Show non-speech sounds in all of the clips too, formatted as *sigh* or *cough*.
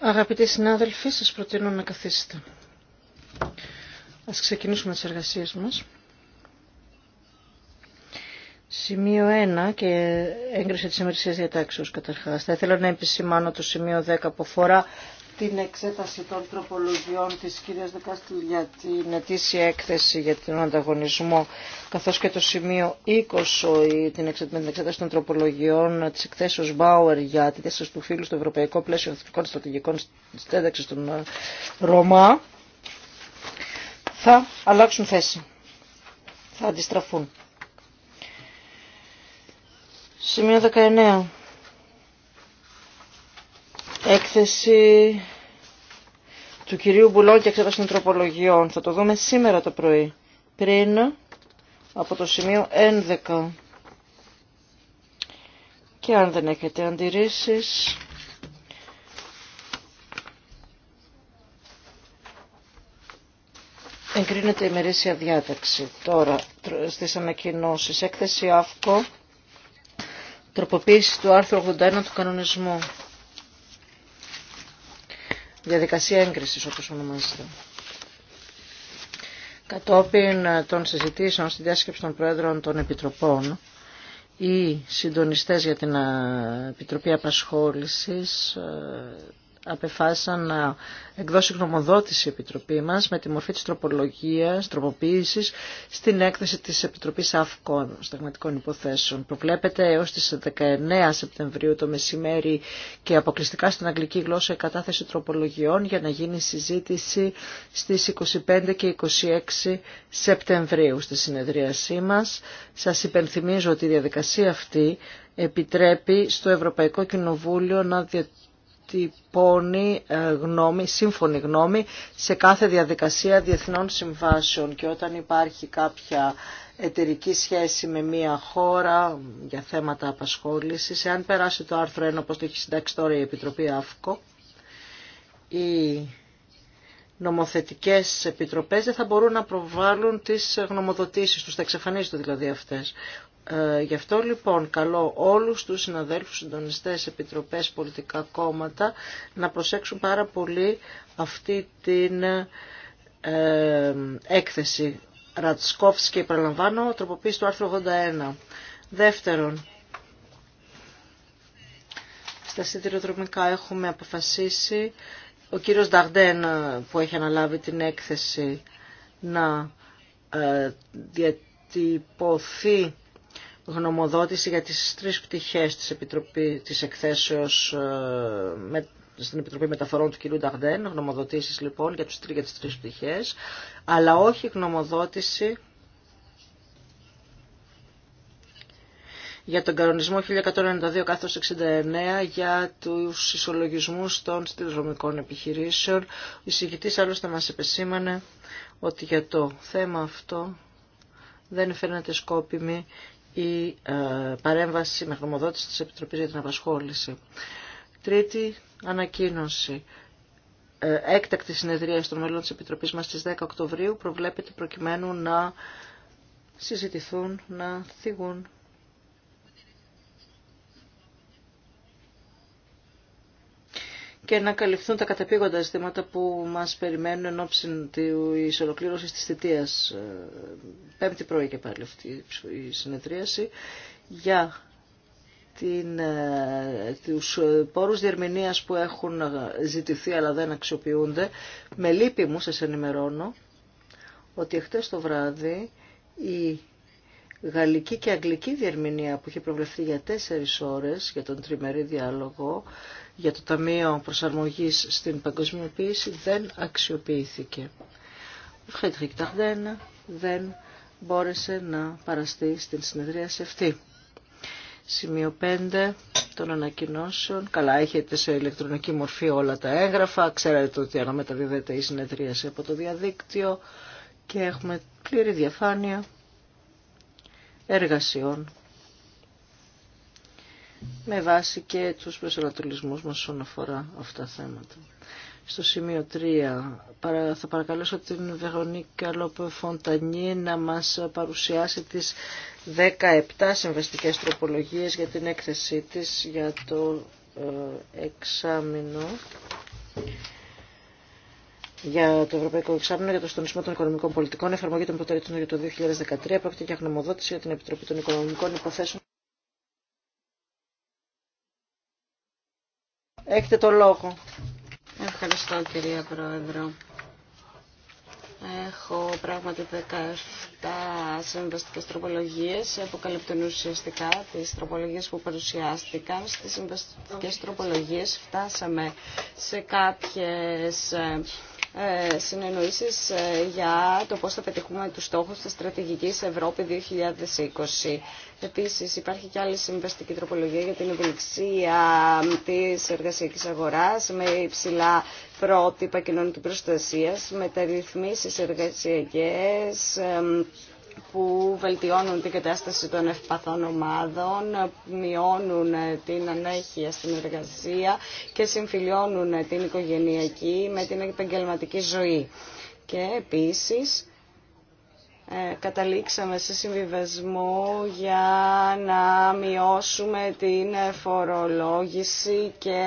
Αγαπητοί συνάδελφοι, σας προτείνω να καθίσετε. Ας ξεκινήσουμε τις εργασίες μας. Σημείο 1 και έγκριση της ημερησίας διατάξεως καταρχάς. Θα ήθελα να επισημάνω το σημείο 10 που αφορά την εξέταση των τροπολογιών της κυρίας Δεκάστηλ για την ετήσια έκθεση για τον ανταγωνισμό, καθώς και το σημείο 20 την με την εξέταση των τροπολογιών της εκθέσεως Μπάουερ για τη θέση του φίλου στο Ευρωπαϊκό Πλαίσιο Εθνικών Στρατηγικών Στέδαξης των Ρωμά, θα αλλάξουν θέση. Θα αντιστραφούν. Σημείο 19 έκθεση του κυρίου Μπουλόν και εξέταση των τροπολογιών. Θα το δούμε σήμερα το πρωί, πριν από το σημείο 11. Και αν δεν έχετε αντιρρήσεις... Εγκρίνεται η μερίσια διάταξη. Τώρα στις ανακοινώσεις. Έκθεση ΑΦΚΟ, τροποποίηση του άρθρου 81 του κανονισμού διαδικασία έγκρισης όπως ονομάζεται. Κατόπιν ε, των συζητήσεων στη διάσκεψη των Πρόεδρων των Επιτροπών, οι συντονιστές για την ε, Επιτροπή Απασχόλησης ε, Απεφάσισαν να εκδώσει γνωμοδότηση η Επιτροπή μας με τη μορφή της τροπολογίας, τροποποίησης στην έκθεση της Επιτροπής ΑΦΚΟΝ, σταγματικών υποθέσεων. Προβλέπεται έως τις 19 Σεπτεμβρίου το μεσημέρι και αποκλειστικά στην αγγλική γλώσσα η κατάθεση τροπολογιών για να γίνει συζήτηση στις 25 και 26 Σεπτεμβρίου στη συνεδρίασή μας. Σας υπενθυμίζω ότι η διαδικασία αυτή επιτρέπει στο Ευρωπαϊκό Κοινοβούλιο να διατηρήσει τυπώνει ε, γνώμη, σύμφωνη γνώμη σε κάθε διαδικασία διεθνών συμβάσεων και όταν υπάρχει κάποια εταιρική σχέση με μία χώρα για θέματα απασχόλησης, εάν περάσει το άρθρο 1 όπως το έχει συντάξει τώρα η Επιτροπή ΑΦΚΟ, οι νομοθετικές επιτροπές δεν θα μπορούν να προβάλλουν τις γνωμοδοτήσεις τους, θα εξαφανίζονται δηλαδή αυτές. Ε, γι' αυτό λοιπόν καλώ όλους τους συναδέλφους, συντονιστές, επιτροπές, πολιτικά κόμματα να προσέξουν πάρα πολύ αυτή την ε, έκθεση Ρατσκόφης και επαναλαμβάνω τροποποίηση του άρθρου 81. Δεύτερον, στα σιδηροδρομικά έχουμε αποφασίσει ο κύριος Νταγντέν ε, που έχει αναλάβει την έκθεση να ε, διατυπωθεί γνωμοδότηση για τις τρεις πτυχές της, Επιτροπή, της εκθέσεως ε, με, στην Επιτροπή Μεταφορών του κ. Νταγδέν, γνωμοδοτήσεις λοιπόν για, τους, για τις τρεις πτυχές, αλλά όχι γνωμοδότηση για τον κανονισμό 1192 καθώς 69 για τους ισολογισμούς των στυλοδρομικών επιχειρήσεων. Ο εισηγητής άλλωστε μας επεσήμανε ότι για το θέμα αυτό δεν φαίνεται σκόπιμη η ε, παρέμβαση με γνωμοδότηση της Επιτροπής για την Απασχόληση. Τρίτη ανακοίνωση. Ε, έκτακτη συνεδρία των μέλων της Επιτροπής μας στις 10 Οκτωβρίου προβλέπεται προκειμένου να συζητηθούν, να θυγούν και να καλυφθούν τα καταπήγοντα ζητήματα που μα περιμένουν εν ώψη τη ολοκλήρωση της θητεία. Ε, Πέμπτη πρωί και πάλι αυτή η συνεδρίαση για την, ε, τους πόρους διερμηνίας που έχουν ζητηθεί αλλά δεν αξιοποιούνται. Με λύπη μου σας ενημερώνω ότι εχθές το βράδυ η γαλλική και αγγλική διερμηνία που είχε προβλεφθεί για τέσσερις ώρες για τον τριμερή διάλογο για το Ταμείο Προσαρμογής στην Παγκοσμιοποίηση δεν αξιοποιήθηκε. Ο Φρέντρικ Ταρντέν δεν μπόρεσε να παραστεί στην συνεδρίαση αυτή. Σημείο 5 των ανακοινώσεων. Καλά, έχετε σε ηλεκτρονική μορφή όλα τα έγγραφα. Ξέρετε ότι αναμεταδίδεται η συνεδρίαση από το διαδίκτυο και έχουμε πλήρη διαφάνεια εργασιών με βάση και τους προσανατολισμούς μας όσον αφορά αυτά τα θέματα. Στο σημείο 3 θα παρακαλέσω την Βερονίκα Λόπε Φοντανή να μας παρουσιάσει τις 17 συμβαστικέ τροπολογίες για την έκθεσή της για το ε, εξάμεινο για το Ευρωπαϊκό Εξάμεινο για το Στονισμό των Οικονομικών Πολιτικών, εφαρμογή των προτεραιότητων για το 2013, πρόκειται για γνωμοδότηση για την Επιτροπή των Οικονομικών Υποθέσεων. Έχετε το λόγο. Ευχαριστώ κυρία Πρόεδρο. Έχω πράγματι 17 συμβαστικέ τροπολογίε που ουσιαστικά τι τροπολογίε που παρουσιάστηκαν. Στι συμβαστικέ τροπολογίε φτάσαμε σε κάποιε ε, ε, συνεννοήσεις ε, για το πώς θα πετυχούμε τους στόχους της στρατηγικής Ευρώπη 2020. Επίσης υπάρχει και άλλη συμβαστική τροπολογία για την ευελιξία της εργασιακής αγοράς με υψηλά πρότυπα κοινωνική προστασίας, μεταρρυθμίσεις εργασιακές, που βελτιώνουν την κατάσταση των ευπαθών ομάδων, μειώνουν την ανέχεια στην εργασία και συμφιλιώνουν την οικογενειακή με την επαγγελματική ζωή. Και επίσης ε, καταλήξαμε σε συμβιβασμό για να μειώσουμε την φορολόγηση και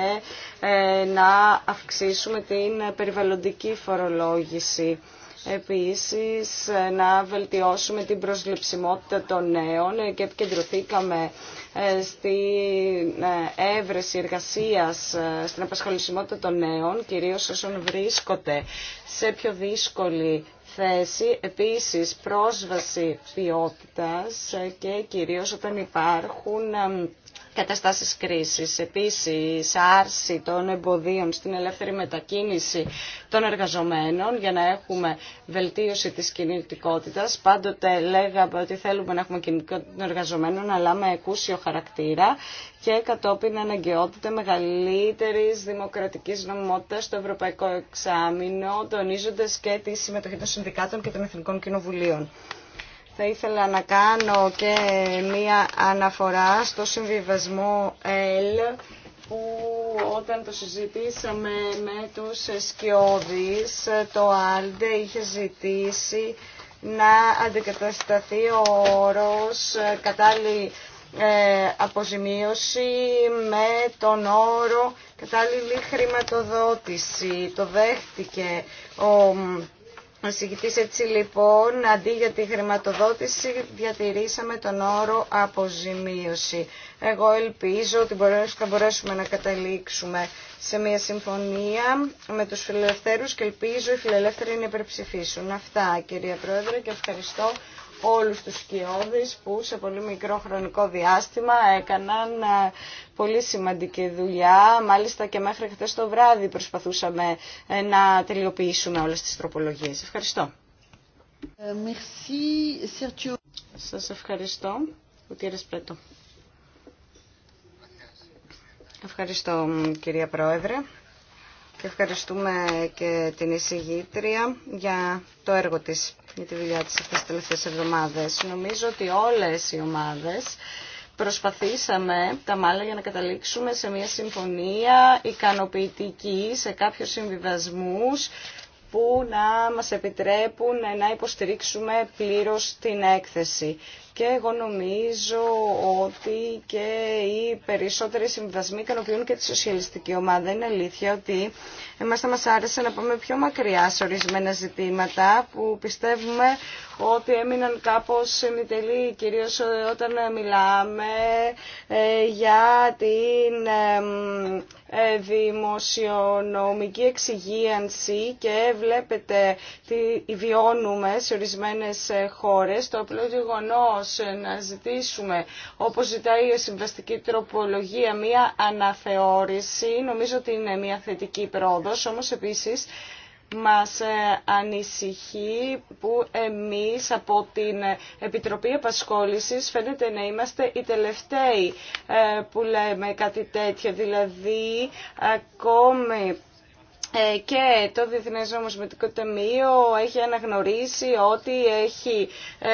ε, να αυξήσουμε την περιβαλλοντική φορολόγηση. Επίσης, να βελτιώσουμε την προσληψιμότητα των νέων και επικεντρωθήκαμε ε, στην ε, έβρεση εργασίας, ε, στην απασχολησιμότητα των νέων, κυρίως όσων βρίσκονται σε πιο δύσκολη θέση, επίσης πρόσβαση ποιότητας και κυρίως όταν υπάρχουν καταστάσεις κρίσης. Επίσης, άρση των εμποδίων στην ελεύθερη μετακίνηση των εργαζομένων για να έχουμε βελτίωση της κινητικότητας. Πάντοτε λέγαμε ότι θέλουμε να έχουμε κινητικότητα των εργαζομένων, αλλά με εκούσιο χαρακτήρα και κατόπιν αναγκαιότητα μεγαλύτερη δημοκρατική νομιμότητα στο Ευρωπαϊκό Εξάμεινο, τονίζοντας και τη συμμετοχή των συνδικάτων και των εθνικών κοινοβουλίων. Θα ήθελα να κάνω και μία αναφορά στο συμβιβασμό ΕΛ, που όταν το συζητήσαμε με τους σκιώδεις το Άλντε είχε ζητήσει να αντικατασταθεί ο όρος κατάλληλη ε, αποζημίωση με τον όρο κατάλληλη χρηματοδότηση. Το δέχτηκε ο συγκητής έτσι λοιπόν, αντί για τη χρηματοδότηση διατηρήσαμε τον όρο αποζημίωση. Εγώ ελπίζω ότι θα μπορέσουμε να καταλήξουμε σε μια συμφωνία με τους φιλελευθέρους και ελπίζω οι φιλελεύθεροι να υπερψηφίσουν. Αυτά κυρία Πρόεδρε και ευχαριστώ όλους τους σκιώδεις που σε πολύ μικρό χρονικό διάστημα έκαναν ε, πολύ σημαντική δουλειά. Μάλιστα και μέχρι χθε το βράδυ προσπαθούσαμε ε, να τελειοποιήσουμε όλες τις τροπολογίες. Ευχαριστώ. Ε, merci, Σας ευχαριστώ. Ο Σπρέτο. Ευχαριστώ κυρία Πρόεδρε και ευχαριστούμε και την εισηγήτρια για το έργο της για τη δουλειά της αυτές τις τελευταίες εβδομάδες. Νομίζω ότι όλες οι ομάδες προσπαθήσαμε τα μάλλα για να καταλήξουμε σε μια συμφωνία ικανοποιητική, σε κάποιους συμβιβασμούς που να μας επιτρέπουν να υποστηρίξουμε πλήρως την έκθεση. Και εγώ νομίζω ότι και οι περισσότεροι συμβασμοί ικανοποιούν και τη σοσιαλιστική ομάδα. Είναι αλήθεια ότι εμάς θα μας άρεσε να πάμε πιο μακριά σε ορισμένα ζητήματα που πιστεύουμε ότι έμειναν κάπως μητελή, κυρίως όταν μιλάμε ε, για την ε, δημοσιονομική εξυγίανση και βλέπετε τι βιώνουμε σε ορισμένες ε, χώρες. Το απλό ε, να ζητήσουμε, όπως ζητάει η συμβαστική τροπολογία, μία αναθεώρηση. Νομίζω ότι είναι μία θετική πρόοδος, όμως επίσης μας ε, ανησυχεί που εμείς από την Επιτροπή Επασχόλησης φαίνεται να είμαστε οι τελευταίοι ε, που λέμε κάτι τέτοιο. Δηλαδή, ακόμη ε, και το Διεθνές Νομοσμητικό Ταμείο έχει αναγνωρίσει ότι έχει ε,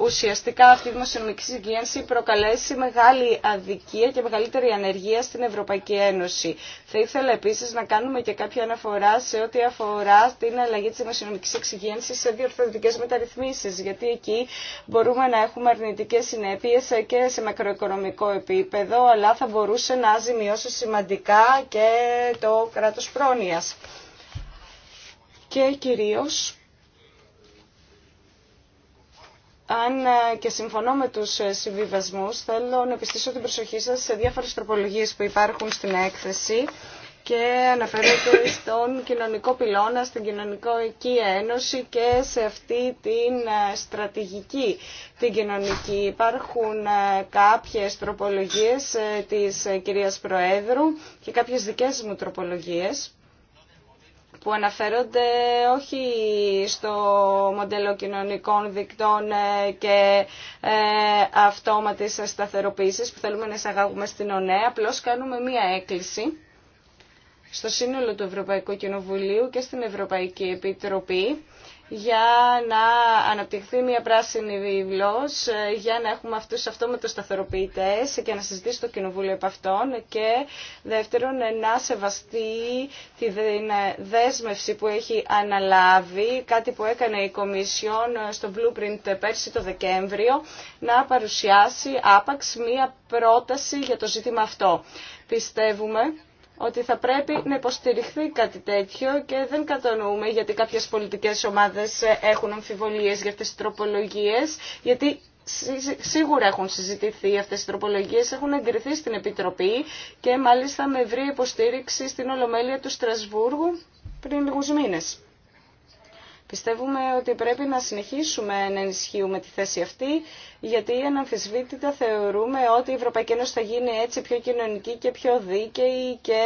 ουσιαστικά αυτή η δημοσιονομική συγκίνηση προκαλέσει μεγάλη αδικία και μεγαλύτερη ανεργία στην Ευρωπαϊκή Ένωση. Θα ήθελα επίσης να κάνουμε και κάποια αναφορά σε ό,τι αφορά την αλλαγή της δημοσιονομικής εξυγένσης σε διορθωτικές μεταρρυθμίσεις, γιατί εκεί μπορούμε να έχουμε αρνητικές συνέπειες και σε μακροοικονομικό επίπεδο, αλλά θα μπορούσε να ζημιώσει σημαντικά και το κράτο πρόνοιας και κυρίως αν ε, και συμφωνώ με τους ε, συμβιβασμούς, θέλω να επιστήσω την προσοχή σας σε διάφορες τροπολογίες που υπάρχουν στην έκθεση και αναφέρεται στον κοινωνικό πυλώνα, στην κοινωνική ένωση και σε αυτή την ε, στρατηγική την κοινωνική. Υπάρχουν κάποιες τροπολογίες της κυρίας Προέδρου και κάποιες δικές μου τροπολογίες που αναφέρονται όχι στο μοντέλο κοινωνικών δικτών ε, και ε, αυτόματης σταθεροποίησης που θέλουμε να εισαγάγουμε στην ΟΝΕ, απλώς κάνουμε μία έκκληση στο σύνολο του Ευρωπαϊκού Κοινοβουλίου και στην Ευρωπαϊκή Επιτροπή για να αναπτυχθεί μια πράσινη βιβλός, για να έχουμε αυτούς τους σταθεροποιητές και να συζητήσει το Κοινοβούλιο επ' αυτόν και δεύτερον να σεβαστεί τη δέσμευση που έχει αναλάβει, κάτι που έκανε η Κομισιόν στο Blueprint πέρσι το Δεκέμβριο, να παρουσιάσει άπαξ μια πρόταση για το ζήτημα αυτό. Πιστεύουμε ότι θα πρέπει να υποστηριχθεί κάτι τέτοιο και δεν κατανοούμε γιατί κάποιες πολιτικές ομάδες έχουν αμφιβολίες για αυτές τις τροπολογίες, γιατί σίγουρα έχουν συζητηθεί αυτές οι τροπολογίες, έχουν εγκριθεί στην Επιτροπή και μάλιστα με βρει υποστήριξη στην Ολομέλεια του Στρασβούργου πριν λίγους μήνες. Πιστεύουμε ότι πρέπει να συνεχίσουμε να ενισχύουμε τη θέση αυτή, γιατί αναμφισβήτητα θεωρούμε ότι η Ευρωπαϊκή Ένωση θα γίνει έτσι πιο κοινωνική και πιο δίκαιη και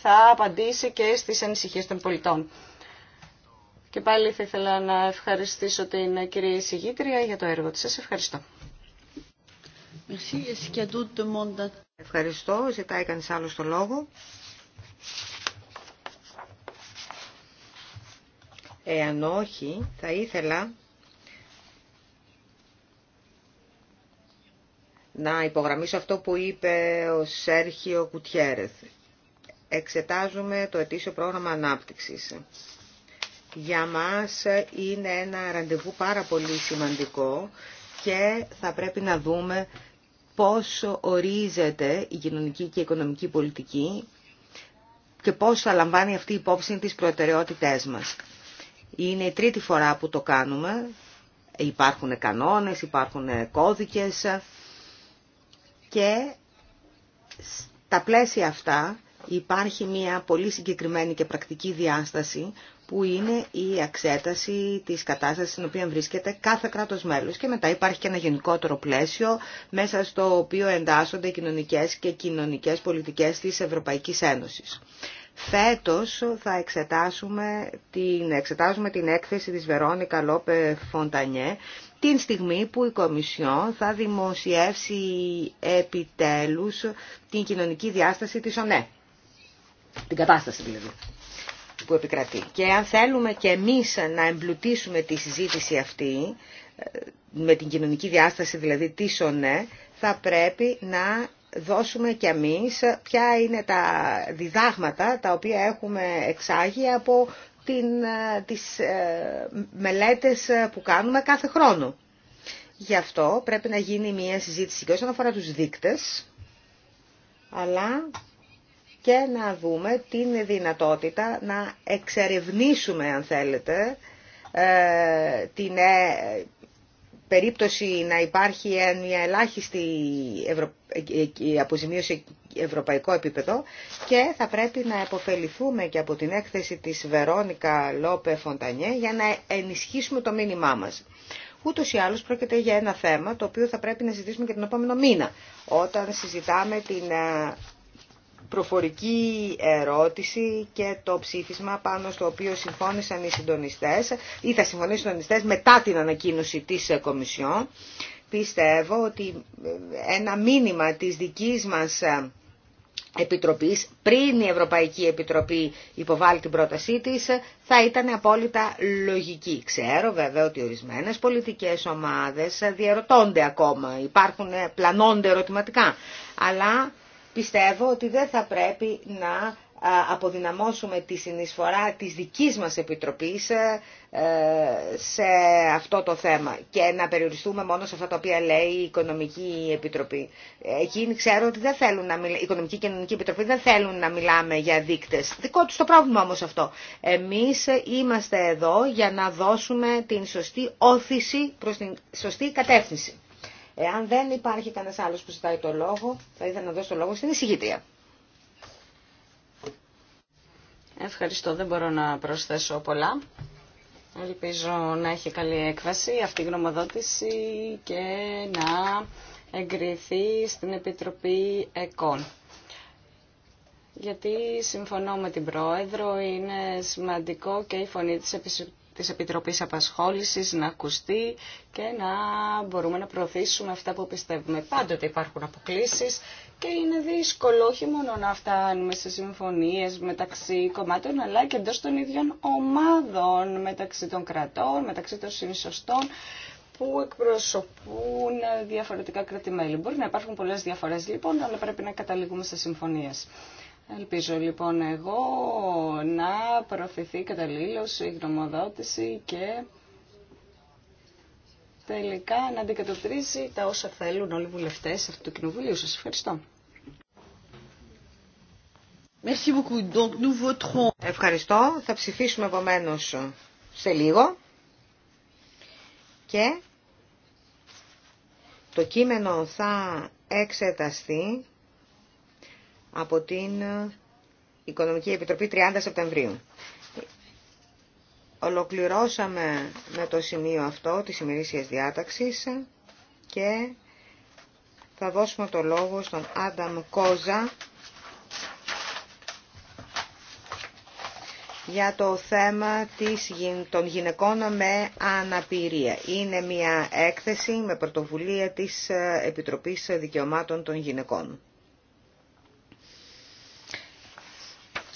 θα απαντήσει και στις ανησυχίες των πολιτών. Και πάλι θα ήθελα να ευχαριστήσω την κυρία εισηγήτρια για το έργο της. Σας ευχαριστώ. Ευχαριστώ. Ζητάει κανείς άλλο το λόγο. Εάν όχι, θα ήθελα να υπογραμμίσω αυτό που είπε ο Σέρχιο Κουτιέρεθ. Εξετάζουμε το ετήσιο πρόγραμμα ανάπτυξης. Για μας είναι ένα ραντεβού πάρα πολύ σημαντικό και θα πρέπει να δούμε πώς ορίζεται η κοινωνική και η οικονομική πολιτική και πώς θα λαμβάνει αυτή η υπόψη τις προτεραιότητές μας. Είναι η τρίτη φορά που το κάνουμε. Υπάρχουν κανόνες, υπάρχουν κώδικες και στα πλαίσια αυτά υπάρχει μια πολύ συγκεκριμένη και πρακτική διάσταση που είναι η εξέταση της κατάστασης στην οποία βρίσκεται κάθε κράτος μέλος και μετά υπάρχει και ένα γενικότερο πλαίσιο μέσα στο οποίο εντάσσονται οι κοινωνικές και κοινωνικές πολιτικές της Ευρωπαϊκής Ένωσης. Φέτος θα εξετάσουμε την, εξετάζουμε την έκθεση της Βερόνικα Λόπε Φοντανιέ την στιγμή που η Κομισιόν θα δημοσιεύσει επιτέλους την κοινωνική διάσταση της ΟΝΕ. Την κατάσταση δηλαδή που επικρατεί. Και αν θέλουμε και εμείς να εμπλουτίσουμε τη συζήτηση αυτή, ε, με την κοινωνική διάσταση δηλαδή της ΟΝΕ, θα πρέπει να δώσουμε κι εμείς ποια είναι τα διδάγματα τα οποία έχουμε εξάγει από την, ε, τις ε, μελέτες που κάνουμε κάθε χρόνο. Γι' αυτό πρέπει να γίνει μια συζήτηση και όσον αφορά τους δείκτες, αλλά και να δούμε την δυνατότητα να εξερευνήσουμε, αν θέλετε, ε, την, περίπτωση να υπάρχει μια ελάχιστη ευρω... Ε, ε, ε, αποζημίωση ευρωπαϊκό επίπεδο και θα πρέπει να επωφεληθούμε και από την έκθεση της Βερόνικα Λόπε Φοντανιέ για να ενισχύσουμε το μήνυμά μας. Ούτω ή άλλω πρόκειται για ένα θέμα το οποίο θα πρέπει να συζητήσουμε και τον επόμενο μήνα, όταν συζητάμε την προφορική ερώτηση και το ψήφισμα πάνω στο οποίο συμφώνησαν οι συντονιστές ή θα συμφωνήσουν οι συντονιστές μετά την ανακοίνωση της Κομισιόν. Πιστεύω ότι ε, ένα μήνυμα της δικής μας ε, Επιτροπής, πριν η Ευρωπαϊκή Επιτροπή υποβάλει την πρότασή της, θα ήταν απόλυτα λογική. Ξέρω βέβαια ότι ορισμένες πολιτικές ομάδες διαρωτώνται ακόμα, υπάρχουν ε, πλανώνται ερωτηματικά, αλλά πιστεύω ότι δεν θα πρέπει να αποδυναμώσουμε τη συνεισφορά της δικής μας Επιτροπής ε, σε αυτό το θέμα και να περιοριστούμε μόνο σε αυτά τα οποία λέει η Οικονομική Επιτροπή. Εκείνοι ξέρω ότι δεν θέλουν να η Οικονομική και Κοινωνική Επιτροπή δεν θέλουν να μιλάμε για δείκτες. Δικό τους το πρόβλημα όμως αυτό. Εμείς είμαστε εδώ για να δώσουμε την σωστή όθηση προς την σωστή κατεύθυνση. Εάν δεν υπάρχει κανένα άλλο που ζητάει το λόγο, θα ήθελα να δώσω το λόγο στην εισηγήτρια. Ευχαριστώ, δεν μπορώ να προσθέσω πολλά. Ελπίζω να έχει καλή έκβαση αυτή η γνωμοδότηση και να εγκριθεί στην Επιτροπή ΕΚΟΝ. Γιατί συμφωνώ με την Πρόεδρο, είναι σημαντικό και η φωνή της της Επιτροπής Απασχόλησης να ακουστεί και να μπορούμε να προωθήσουμε αυτά που πιστεύουμε. Πάντοτε υπάρχουν αποκλήσεις και είναι δύσκολο όχι μόνο να φτάνουμε σε συμφωνίες μεταξύ κομμάτων αλλά και εντός των ίδιων ομάδων μεταξύ των κρατών, μεταξύ των συνισωστών που εκπροσωπούν διαφορετικά κρατημέλη. Μπορεί να υπάρχουν πολλές διαφορές λοιπόν, αλλά πρέπει να καταλήγουμε σε συμφωνίες. Ελπίζω λοιπόν εγώ να προωθηθεί καταλήλως η γνωμοδότηση και τελικά να αντικατοπτρίζει τα όσα θέλουν όλοι οι βουλευτές αυτού του κοινοβουλίου. Σας ευχαριστώ. Ευχαριστώ. Θα ψηφίσουμε επομένω σε λίγο. Και το κείμενο θα εξεταστεί από την ε, Οικονομική Επιτροπή 30 Σεπτεμβρίου. Ολοκληρώσαμε με το σημείο αυτό της ημερήσιας διάταξης και θα δώσουμε το λόγο στον Άνταμ Κόζα για το θέμα της, των γυναικών με αναπηρία. Είναι μια έκθεση με πρωτοβουλία της ε, Επιτροπής Δικαιωμάτων των Γυναικών.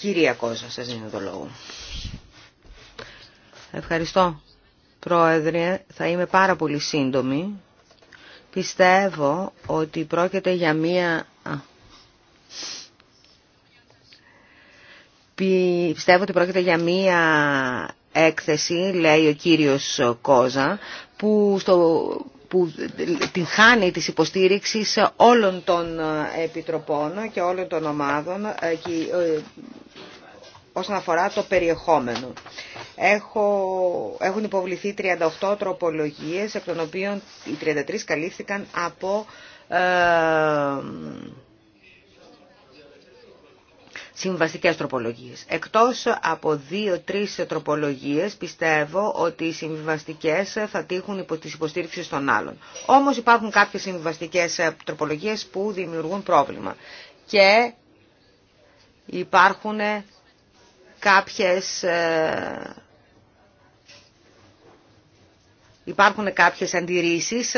Κυρία Κόζα, σας δίνω το λόγο. Ευχαριστώ, Πρόεδρε. Θα είμαι πάρα πολύ σύντομη. Πιστεύω ότι πρόκειται για μία... Πιστεύω ότι πρόκειται για μία έκθεση, λέει ο κύριος Κόζα, που στο που την χάνει της υποστήριξης όλων των ε, επιτροπών και όλων των ομάδων ε, και ε, όσον αφορά το περιεχόμενο. Έχω, έχουν υποβληθεί 38 τροπολογίες, εκ των οποίων οι 33 καλύφθηκαν από συμβαστικές τροπολογίες. Εκτός από δύο-τρεις τροπολογίες πιστεύω ότι οι συμβαστικές θα τύχουν υπό τις υποστήριξεις των άλλων. Όμως υπάρχουν κάποιες συμβαστικές τροπολογίες που δημιουργούν πρόβλημα και υπάρχουν κάποιες... Ε, υπάρχουν κάποιες αντιρρήσεις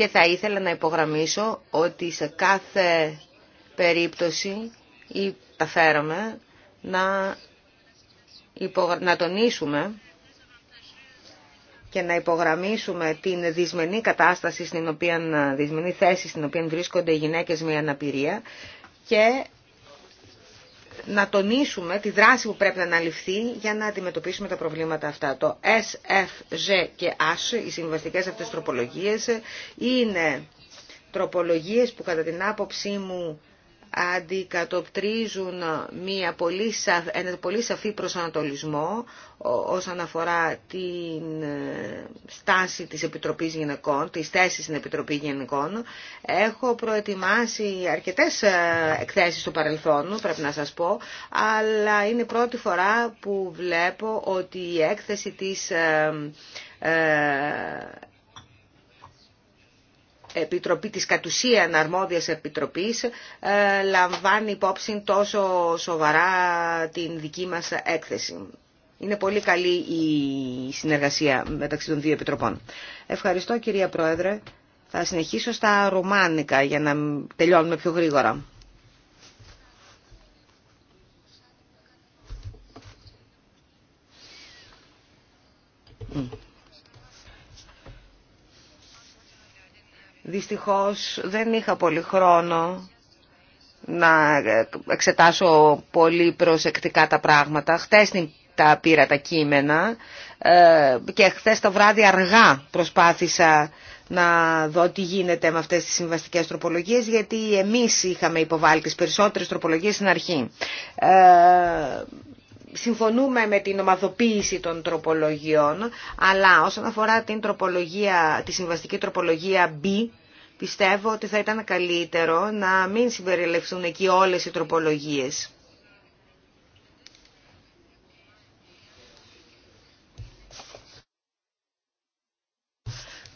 και θα ήθελα να υπογραμμίσω ότι σε κάθε περίπτωση ή να, υπογρα... να τονίσουμε και να υπογραμμίσουμε την δυσμενή κατάσταση στην οποία, δυσμενή θέση στην οποία βρίσκονται οι γυναίκες με αναπηρία και να τονίσουμε τη δράση που πρέπει να αναλυφθεί για να αντιμετωπίσουμε τα προβλήματα αυτά. Το Z και AS οι συμβαστικές αυτές τροπολογίες, είναι τροπολογίες που κατά την άποψή μου αντικατοπτρίζουν μια πολύ, ένα πολύ σαφή προσανατολισμό όσον αφορά την ε, στάση της Επιτροπής Γυναικών, τις θέσεις στην Επιτροπή Γυναικών. Έχω προετοιμάσει αρκετές ε, εκθέσεις στο παρελθόν, πρέπει να σας πω, αλλά είναι η πρώτη φορά που βλέπω ότι η έκθεση της ε, Επιτροπή της κατουσίαν αρμόδιας επιτροπής ε, λαμβάνει υπόψη τόσο σοβαρά την δική μας έκθεση. Είναι πολύ καλή η συνεργασία μεταξύ των δύο επιτροπών. Ευχαριστώ κυρία Πρόεδρε. Θα συνεχίσω στα ρουμάνικα για να τελειώνουμε πιο γρήγορα. Δυστυχώς δεν είχα πολύ χρόνο να εξετάσω πολύ προσεκτικά τα πράγματα. Χτες τα πήρα τα κείμενα ε, και χθες το βράδυ αργά προσπάθησα να δω τι γίνεται με αυτές τις συμβαστικές τροπολογίες γιατί εμείς είχαμε υποβάλει τις περισσότερες τροπολογίες στην αρχή. Ε, συμφωνούμε με την ομαδοποίηση των τροπολογιών, αλλά όσον αφορά την τροπολογία, τη συμβαστική τροπολογία B, Πιστεύω ότι θα ήταν καλύτερο να μην συμπεριληφθούν εκεί όλες οι τροπολογίες.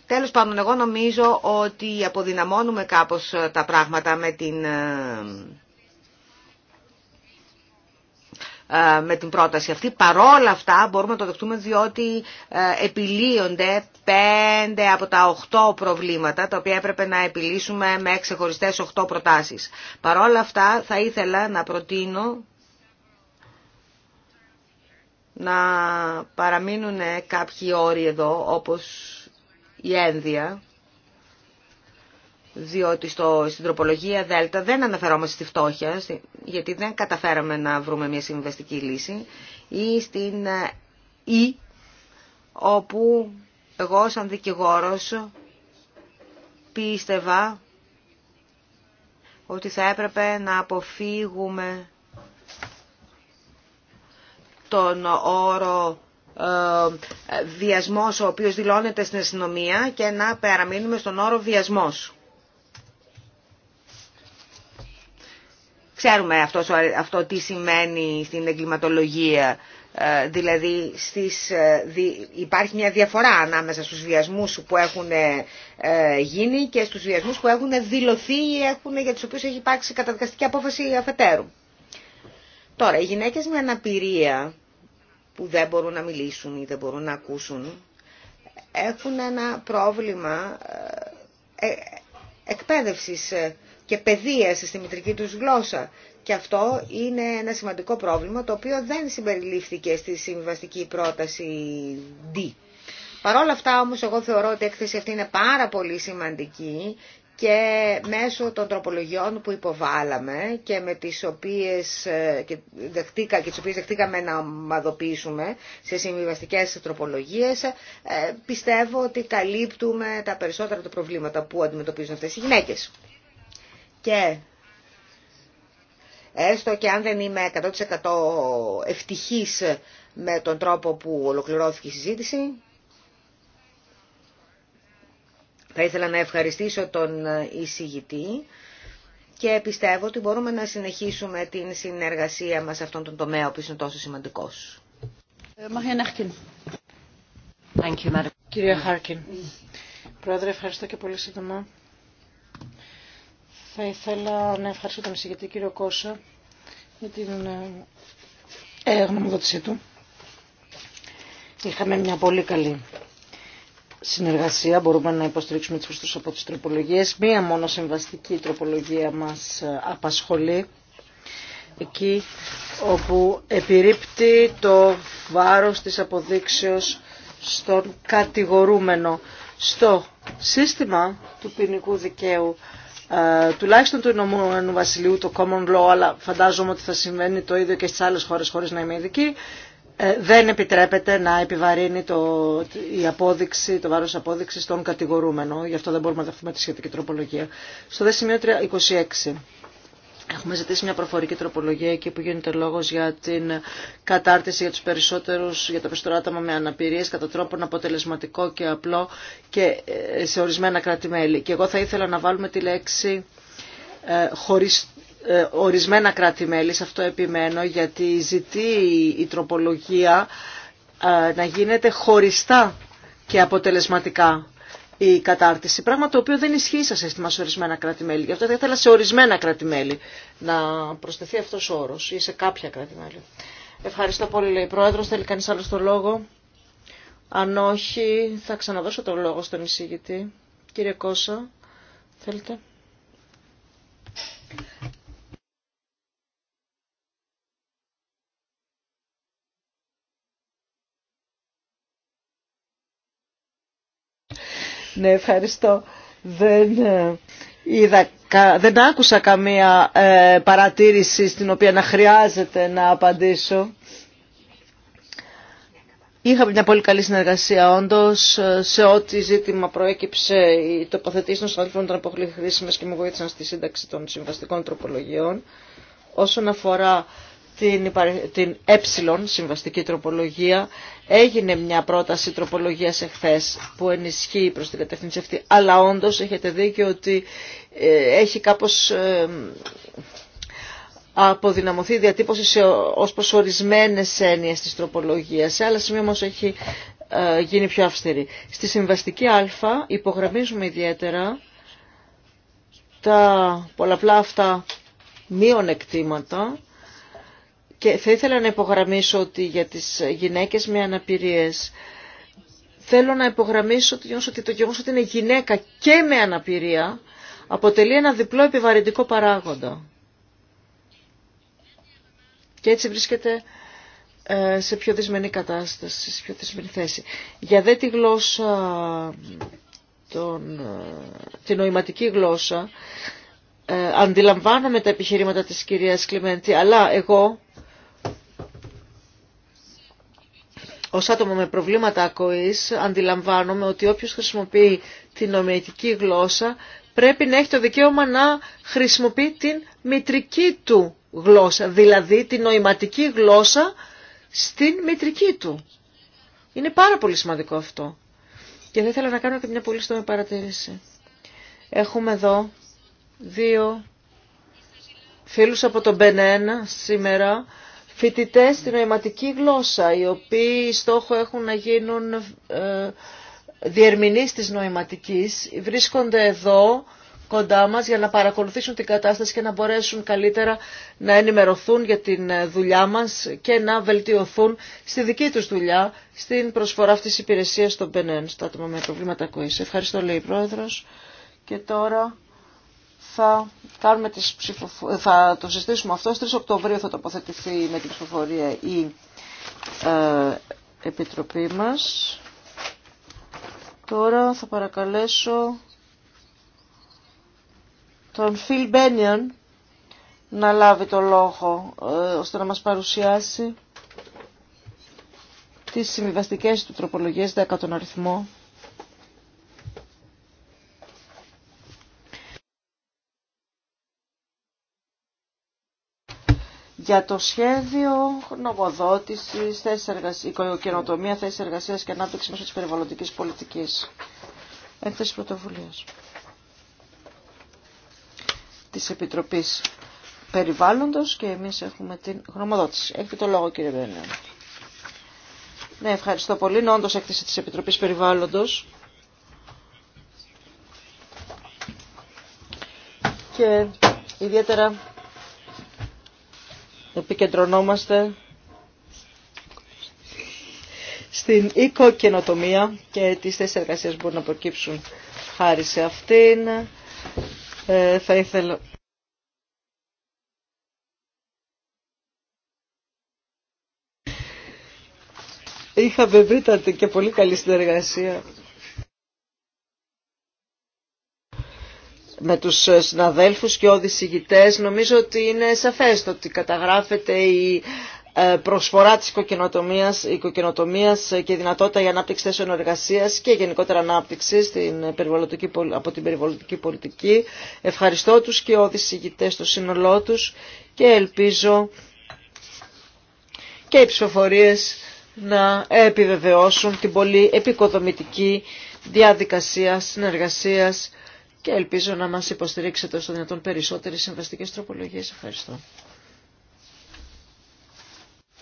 Τέλος πάντων, εγώ νομίζω ότι αποδυναμώνουμε κάπως τα πράγματα με την ε, ε, με την πρόταση αυτή. Παρόλα αυτά μπορούμε να το δεχτούμε διότι ε, επιλύονται πέντε από τα οχτώ προβλήματα τα οποία έπρεπε να επιλύσουμε με ξεχωριστές οχτώ προτάσεις. Παρόλα αυτά θα ήθελα να προτείνω να παραμείνουν κάποιοι όροι εδώ όπως η ένδια διότι στο, στην τροπολογία Δέλτα δεν αναφερόμαστε στη φτώχεια, γιατί δεν καταφέραμε να βρούμε μια συμβαστική λύση, ή στην Ι, ε, όπου εγώ σαν δικηγόρος πίστευα ότι θα έπρεπε να αποφύγουμε τον όρο ε, ε ο οποίος δηλώνεται στην αστυνομία και να παραμείνουμε στον όρο βιασμός. Ξέρουμε αυτό τι σημαίνει στην εγκληματολογία. Ε, δηλαδή στις, ε, υπάρχει μια διαφορά ανάμεσα στους βιασμούς που έχουν ε, γίνει και στους βιασμούς που έχουν δηλωθεί ή έχουν, για τους οποίους έχει υπάρξει καταδικαστική απόφαση αφετέρου. Τώρα, οι γυναίκες με αναπηρία που δεν μπορούν να μιλήσουν ή δεν μπορούν να ακούσουν έχουν ένα πρόβλημα εκπαίδευσης και παιδεία στη μητρική τους γλώσσα. Και αυτό είναι ένα σημαντικό πρόβλημα το οποίο δεν συμπεριλήφθηκε στη συμβαστική πρόταση D. Παρ' όλα αυτά όμως εγώ θεωρώ ότι η έκθεση αυτή είναι πάρα πολύ σημαντική και μέσω των τροπολογιών που υποβάλαμε και με τις οποίες, ε, και δεχτήκα, και δεχτήκαμε να ομαδοποιήσουμε σε συμβιβαστικές τροπολογίες ε, πιστεύω ότι καλύπτουμε τα περισσότερα τα προβλήματα που αντιμετωπίζουν αυτές οι γυναίκες και έστω και αν δεν είμαι 100% ευτυχής με τον τρόπο που ολοκληρώθηκε η συζήτηση, θα ήθελα να ευχαριστήσω τον εισηγητή και πιστεύω ότι μπορούμε να συνεχίσουμε την συνεργασία μας σε αυτόν τον τομέα ο οποίος είναι τόσο σημαντικός. Κυρία Χάρκιν, Πρόεδρε, ευχαριστώ και πολύ σύντομα. Θα ήθελα να ευχαριστώ τον εισηγητή κύριο Κώσα για την ε, ε, γνωμοδότησή του. Είχαμε μια πολύ καλή συνεργασία, μπορούμε να υποστηρίξουμε τις προσθέσεις από τις τροπολογίες. Μία μόνο συμβαστική τροπολογία μας ε, απασχολεί, εκεί όπου επιρρύπτει το βάρος της αποδείξεως στον κατηγορούμενο στο σύστημα του ποινικού δικαίου ε, τουλάχιστον του Ηνωμένου Βασιλείου, το Common Law, αλλά φαντάζομαι ότι θα συμβαίνει το ίδιο και στις άλλες χώρες χωρίς να είμαι ειδική, ε, δεν επιτρέπεται να επιβαρύνει το, η απόδειξη, το βάρος απόδειξης των κατηγορούμενων. Γι' αυτό δεν μπορούμε να δεχθούμε τη σχετική τροπολογία. Στο δε σημείο 26. Έχουμε ζητήσει μια προφορική τροπολογία εκεί που γίνεται λόγο για την κατάρτιση για, τους περισσότερους, για τα περισσότερα άτομα με αναπηρίε κατά τρόπον αποτελεσματικό και απλό και ε, σε ορισμένα κράτη-μέλη. Και εγώ θα ήθελα να βάλουμε τη λέξη ε, ε, ορισμένα κράτη-μέλη, σε αυτό επιμένω, γιατί ζητεί η τροπολογία να γίνεται χωριστά και αποτελεσματικά η κατάρτιση. Πράγμα το οποίο δεν ισχύει σε σύστημα σε ορισμένα κράτη-μέλη. Γι' αυτό θα ήθελα σε ορισμένα κράτη-μέλη να προσθεθεί αυτό ο όρο ή σε κάποια κράτη-μέλη. Ευχαριστώ πολύ, λέει Πρόεδρο. Θέλει κανεί άλλο το λόγο. Αν όχι, θα ξαναδώσω το λόγο στον εισηγητή. Κύριε Κώσα, θέλετε. Ναι, ευχαριστώ. Δεν, ε, είδα, δεν άκουσα καμία ε, παρατήρηση στην οποία να χρειάζεται να απαντήσω. Είχαμε μια πολύ καλή συνεργασία όντω. Ε, σε ό,τι ζήτημα προέκυψε, οι τοποθετήσει των συναδέλφων ήταν πολύ χρήσιμε και με βοήθησαν στη σύνταξη των συμβαστικών τροπολογιών. Όσον αφορά την, ε συμβαστική τροπολογία έγινε μια πρόταση τροπολογίας εχθές που ενισχύει προς την κατεύθυνση αυτή αλλά όντως έχετε δίκιο ότι ε, έχει κάπως ε, αποδυναμωθεί η διατύπωση σε, ως προς ορισμένες έννοιες της τροπολογίας σε άλλα σημεία όμως έχει ε, γίνει πιο αυστηρή. Στη συμβαστική α υπογραμμίζουμε ιδιαίτερα τα πολλαπλά αυτά μείον εκτήματα και θα ήθελα να υπογραμμίσω ότι για τις γυναίκες με αναπηρίες θέλω να υπογραμμίσω ότι το γεγονός ότι είναι γυναίκα και με αναπηρία αποτελεί ένα διπλό επιβαρυντικό παράγοντα. Και έτσι βρίσκεται ε, σε πιο δυσμενή κατάσταση, σε πιο δυσμενή θέση. Για δε τη γλώσσα, τον, ε, την νοηματική γλώσσα, ε, αντιλαμβάνομαι τα επιχειρήματα της κυρίας Κλιμέντη, αλλά εγώ Ω άτομο με προβλήματα ακοής αντιλαμβάνομαι ότι όποιος χρησιμοποιεί την νομιακή γλώσσα πρέπει να έχει το δικαίωμα να χρησιμοποιεί την μητρική του γλώσσα, δηλαδή την νοηματική γλώσσα στην μητρική του. Είναι πάρα πολύ σημαντικό αυτό. Και θα ήθελα να κάνω και μια πολύ στόμη παρατήρηση. Έχουμε εδώ δύο φίλους από τον Μπενένα σήμερα φοιτητέ στη νοηματική γλώσσα, οι οποίοι στόχο έχουν να γίνουν ε, διερμηνείς της νοηματικής, βρίσκονται εδώ κοντά μας για να παρακολουθήσουν την κατάσταση και να μπορέσουν καλύτερα να ενημερωθούν για την ε, δουλειά μας και να βελτιωθούν στη δική τους δουλειά, στην προσφορά αυτής της υπηρεσίας των ΠΕΝΕΝ, στο άτομα με προβλήματα ακοής. Ευχαριστώ λέει η Πρόεδρος. Και τώρα θα, κάνουμε τις θα το συστήσουμε αυτό. Στις 3 Οκτωβρίου θα τοποθετηθεί με την ψηφοφορία η ε, Επιτροπή μας. Τώρα θα παρακαλέσω τον Φιλ Μπένιον να λάβει το λόγο ε, ώστε να μας παρουσιάσει τις συμβιβαστικές του τροπολογίες 10 τον αριθμό. για το σχέδιο νομοδότησης, οικονομία, θέση εργασία και ανάπτυξη μέσω τη περιβαλλοντική πολιτική Έκθεση πρωτοβουλίας της Επιτροπής Περιβάλλοντος και εμείς έχουμε την γνωμοδότηση. Έχετε το λόγο κύριε Βέννε. Ναι, ευχαριστώ πολύ. Είναι όντω έκθεση της Επιτροπής Περιβάλλοντος. Και ιδιαίτερα επικεντρωνόμαστε στην οικοκαινοτομία και τις θέσεις εργασίας μπορούν να προκύψουν χάρη σε αυτήν. Ε, θα ήθελα... Είχαμε βρει και πολύ καλή συνεργασία με τους συναδέλφους και ηγητές νομίζω ότι είναι σαφές ότι καταγράφεται η ε, προσφορά της οικοκαινοτομίας, και δυνατότητα για ανάπτυξη θέσεων εργασία και γενικότερα ανάπτυξη στην περιβαλλοντική από την περιβαλλοντική πολιτική. Ευχαριστώ τους και ηγητές στο σύνολό τους και ελπίζω και οι ψηφοφορίες να επιβεβαιώσουν την πολύ επικοδομητική διαδικασία συνεργασίας και ελπίζω να μας υποστηρίξετε όσο δυνατόν περισσότερες συμβαστικές τροπολογίες. Ευχαριστώ.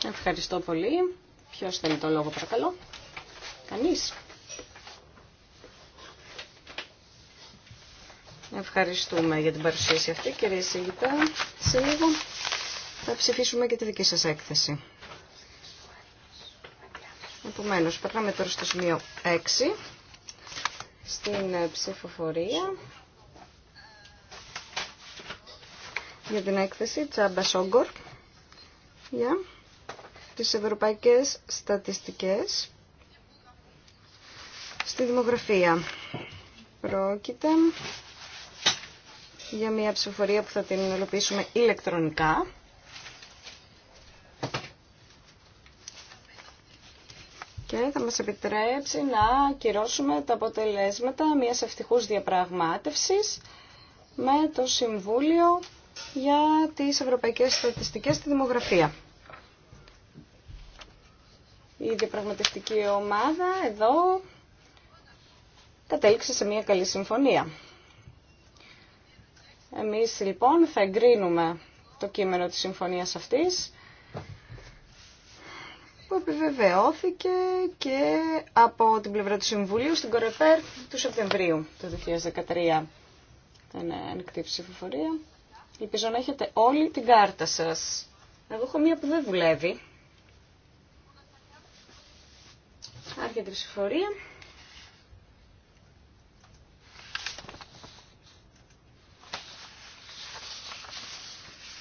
Ευχαριστώ πολύ. Ποιος θέλει το λόγο παρακαλώ. Κανείς. Ευχαριστούμε για την παρουσίαση αυτή κύριε Σίγητα. Σε λίγο θα ψηφίσουμε και τη δική σας έκθεση. Επομένως, περνάμε τώρα στο σημείο 6 στην ε, ψηφοφορία για την έκθεση Τσάμπα Σόγκορ για τις ευρωπαϊκές στατιστικές στη δημογραφία. Πρόκειται για μια ψηφοφορία που θα την υλοποιήσουμε ηλεκτρονικά. και θα μας επιτρέψει να ακυρώσουμε τα αποτελέσματα μιας ευτυχούς διαπραγμάτευσης με το Συμβούλιο για τις Ευρωπαϊκές Στατιστικές στη Δημογραφία. Η διαπραγματευτική ομάδα εδώ κατέληξε σε μια καλή συμφωνία. Εμείς λοιπόν θα εγκρίνουμε το κείμενο της συμφωνίας αυτής που επιβεβαιώθηκε και από την πλευρά του Συμβουλίου στην Κορεπέρ του Σεπτεμβρίου του 2013. Ήταν ανοιχτή ψηφοφορία. Ελπίζω να έχετε όλη την κάρτα σας. Εγώ έχω μία που δεν δουλεύει. Άρχεται η ψηφοφορία.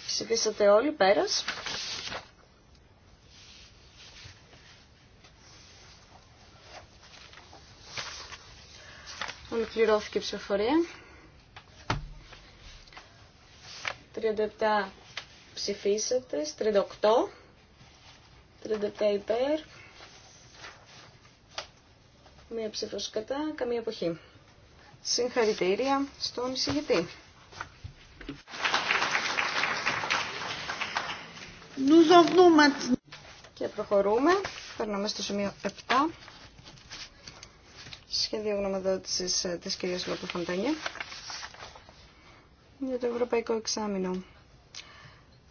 Ψηφίσατε όλοι, πέρας. Ολοκληρώθηκε η ψηφοφορία. 37 ψηφίσατε, 38, 37 υπέρ, μία ψήφος κατά, καμία εποχή. Συγχαρητήρια στον εισηγητή. Και προχωρούμε, περνάμε στο σημείο 7 σχέδιο γνωμοδότηση ε, της κυρίας Λόπου Φοντανιέ για το Ευρωπαϊκό Εξάμεινο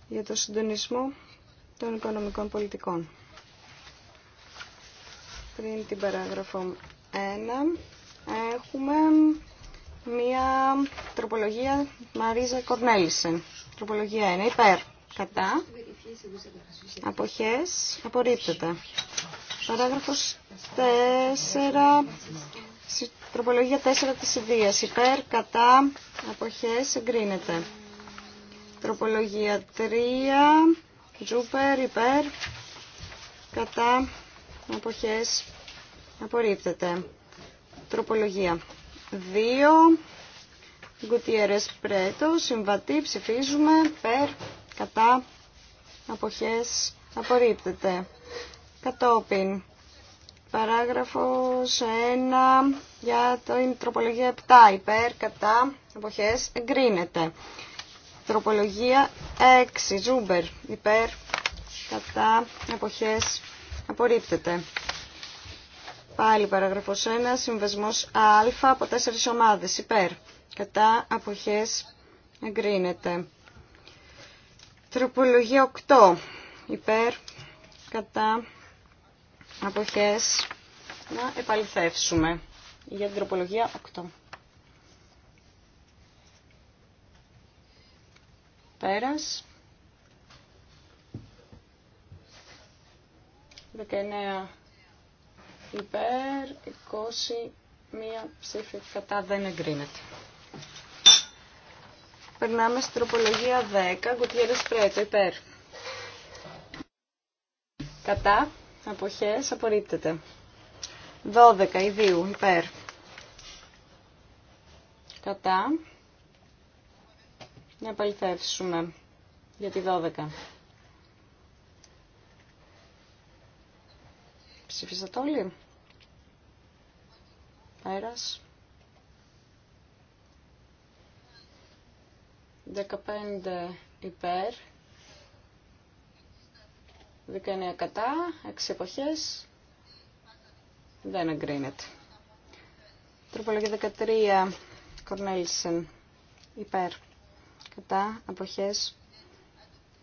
για το συντονισμό των οικονομικών πολιτικών. Πριν την παράγραφο 1 έχουμε μία τροπολογία Μαρίζα Κορνέλισεν. Τροπολογία 1. Υπέρ. Κατά. Αποχές. Απορρίπτεται. Παράγραφος 4. Τροπολογία 4 της Ιδίας. Υπέρ, κατά, αποχές, εγκρίνεται. Τροπολογία 3, Τζούπερ, υπέρ, κατά, αποχές, απορρίπτεται. Τροπολογία 2, Γκουτιέρες Πρέτο, συμβατή, ψηφίζουμε, περ, κατά, αποχές, απορρίπτεται. Κατόπιν, Παράγραφος 1 για το τροπολογία 7 υπέρ κατά εποχές εγκρίνεται. Τροπολογία 6 ζούμπερ υπέρ κατά εποχές απορρίπτεται. Πάλι παράγραφος 1 συμβεσμός α από 4 ομάδες υπέρ κατά εποχές εγκρίνεται. Τροπολογία 8 υπέρ κατά αποχές να επαληθεύσουμε για την τροπολογία 8. Πέρας. 19 υπέρ, 20 μία ψήφη κατά δεν εγκρίνεται. Περνάμε στην τροπολογία 10, Γκουτιέρες Πρέτο, υπέρ. Κατά, αποχές απορρίπτεται. 12 ιδίου υπέρ κατά να επαληθεύσουμε για τη 12. Ψήφισατε όλοι. Πέρας. 15 υπέρ, 19 κατά, 6 εποχές, δεν εγκρίνεται. Τροπολογία 13, Κορνέλισεν, υπέρ, κατά, εποχές,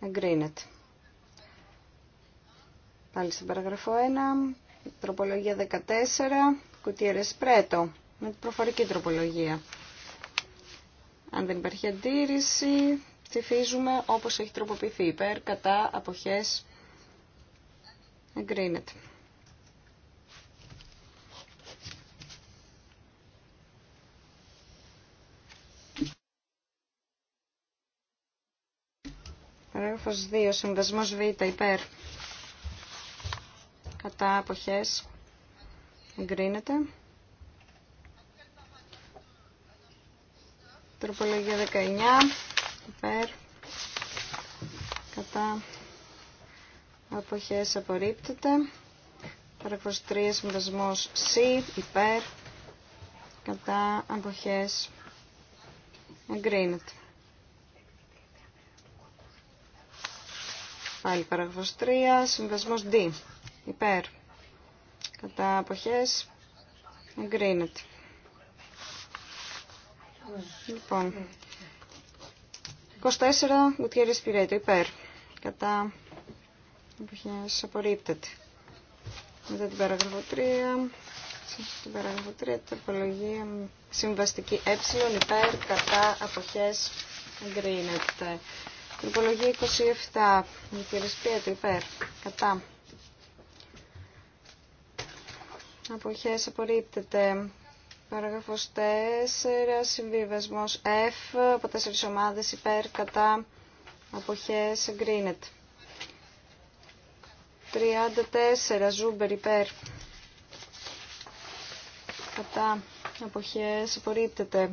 εγκρίνεται. Πάλι στην παραγραφό 1, τροπολογία 14, κουτιέρες πρέτο, με την προφορική τροπολογία. Αν δεν υπάρχει αντίρρηση, ψηφίζουμε όπως έχει τροποποιηθεί υπέρ, κατά, αποχές, Εγκρίνεται. Παράγραφος 2. Συνδεσμός Β. Υπέρ. Κατά αποχές. Εγκρίνεται. Τροπολογία 19. Υπέρ. Κατά αποχές απορρίπτεται. Παραγωγός 3, συμβασμός C, υπέρ, κατά, αποχές, εγκρίνεται. Πάλι παραγωγός 3, συμβασμός D, υπέρ, κατά, αποχές, εγκρίνεται. Λοιπόν, 24, Γουτιέρης Πυρέτο, υπέρ, κατά, σας απορρίπτεται. Μετά την παράγραφο 3, την παράγραφο 3, τροπολογία συμβαστική ε, υπέρ, κατά, αποχές, εγκρίνεται. Τροπολογία 27, η του υπέρ, κατά. Αποχές απορρίπτεται. Παράγραφος 4, συμβιβασμός F, από τέσσερις ομάδες υπέρ, κατά, αποχές, εγκρίνεται. 34 ζούμπερ υπέρ. Κατά αποχές απορρίπτεται.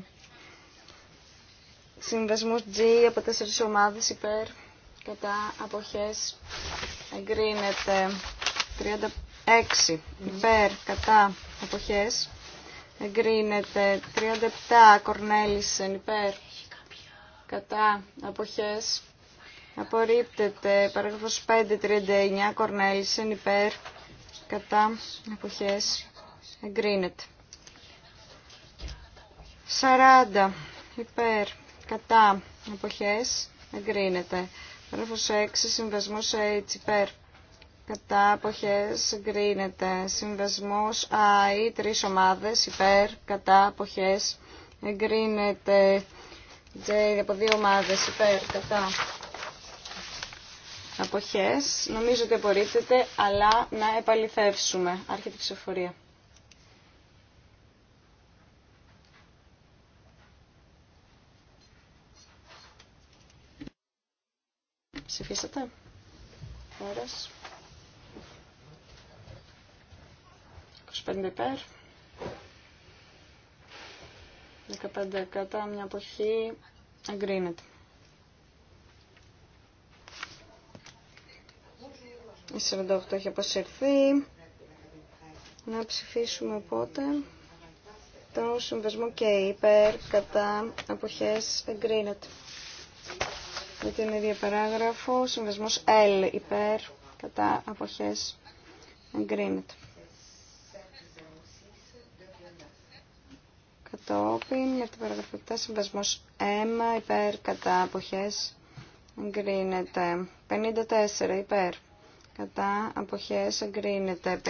Συμβασμός G από 4 ομάδες υπέρ. Κατά αποχές εγκρίνεται. 36 υπέρ. Κατά αποχές εγκρίνεται. 37 κορνέλισεν υπέρ. Κατά αποχές Απορρίπτεται. Παράγραφος 539. Κορνέλισεν υπέρ. Κατά. Αποχές. Εγκρίνεται. 40. Υπέρ. Κατά. Αποχές. Εγκρίνεται. Παράγραφος 6. Συμβασμός H. Υπέρ. Κατά. Αποχές. Εγκρίνεται. Συμβασμός I. Τρεις ομάδες. Υπέρ. Κατά. Αποχές. Εγκρίνεται. J. Από δύο ομάδες. Υπέρ. Κατά αποχές, νομίζω ότι απορρίπτεται, αλλά να επαληθεύσουμε. Άρχεται η ψηφοφορία. Ψηφίσατε. Ώρας. 25 υπέρ. 15 κατά μια αποχή εγκρίνεται. Η 48 έχει αποσυρθεί. Να ψηφίσουμε πότε το συμβασμό και υπέρ κατά αποχές εγκρίνεται. Με την ίδια παράγραφο, συμβασμός L υπέρ κατά αποχές εγκρίνεται. Κατόπιν, με την παράγραφο 7, συμβασμός M υπέρ κατά αποχές εγκρίνεται. 54 υπέρ κατά αποχές εγκρίνεται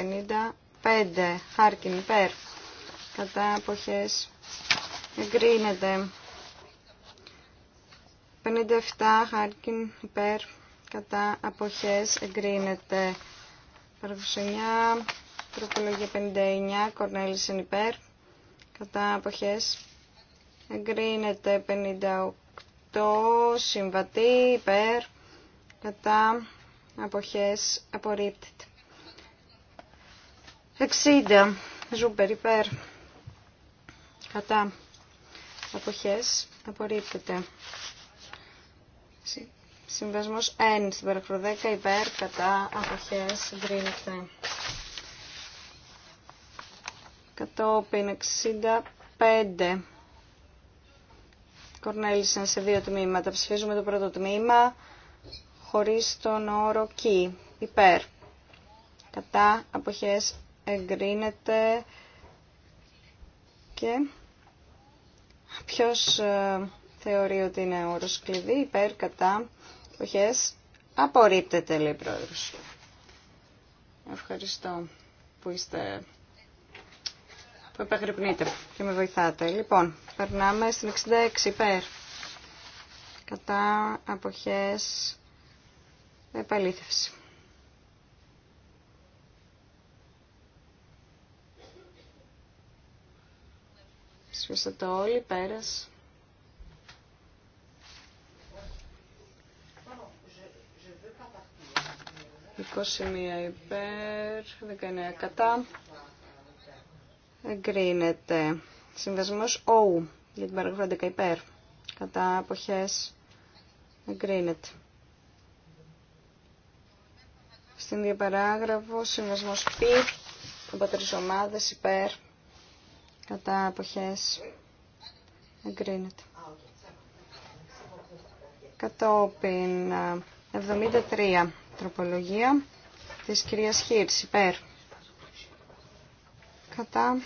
55 χάρκιν υπέρ κατά αποχές εγκρίνεται 57 χάρκιν υπέρ κατά αποχές εγκρίνεται παραγωγή τροπολογία 59 κορνέλισεν υπέρ κατά αποχές εγκρίνεται 58 συμβατή υπέρ κατά αποχές απορρίπτεται. 60 ζούμπερ υπέρ κατά αποχές απορρίπτεται. Συμβασμός 1 στην παρακρο 10 υπέρ κατά αποχές εγκρίνεται. Κατόπιν 65 Κορνέλησαν σε δύο τμήματα. Ψηφίζουμε το πρώτο τμήμα χωρίς τον όρο key, υπέρ. Κατά αποχές εγκρίνεται και ποιος ε, θεωρεί ότι είναι όρος κλειδί, υπέρ, κατά, αποχές, απορρίπτεται, λέει πρόεδρος. Ευχαριστώ που είστε που και με βοηθάτε. Λοιπόν, περνάμε στην 66 υπέρ. Κατά αποχές Επαλήθευση. Σφίστε το όλοι, πέρας. Εικοσιμία υπέρ, 19 κατά. Εγκρίνεται. Συνδεσμός ΟΟΥ για την παραγωγή 11 υπέρ. Κατά αποχές εγκρίνεται. Στην διαπαράγραφο συνασμός πι, από τρεις ομάδες υπέρ κατά αποχές εγκρίνεται. Κατόπιν 73 τροπολογία της κυρίας Χίρς υπέρ κατά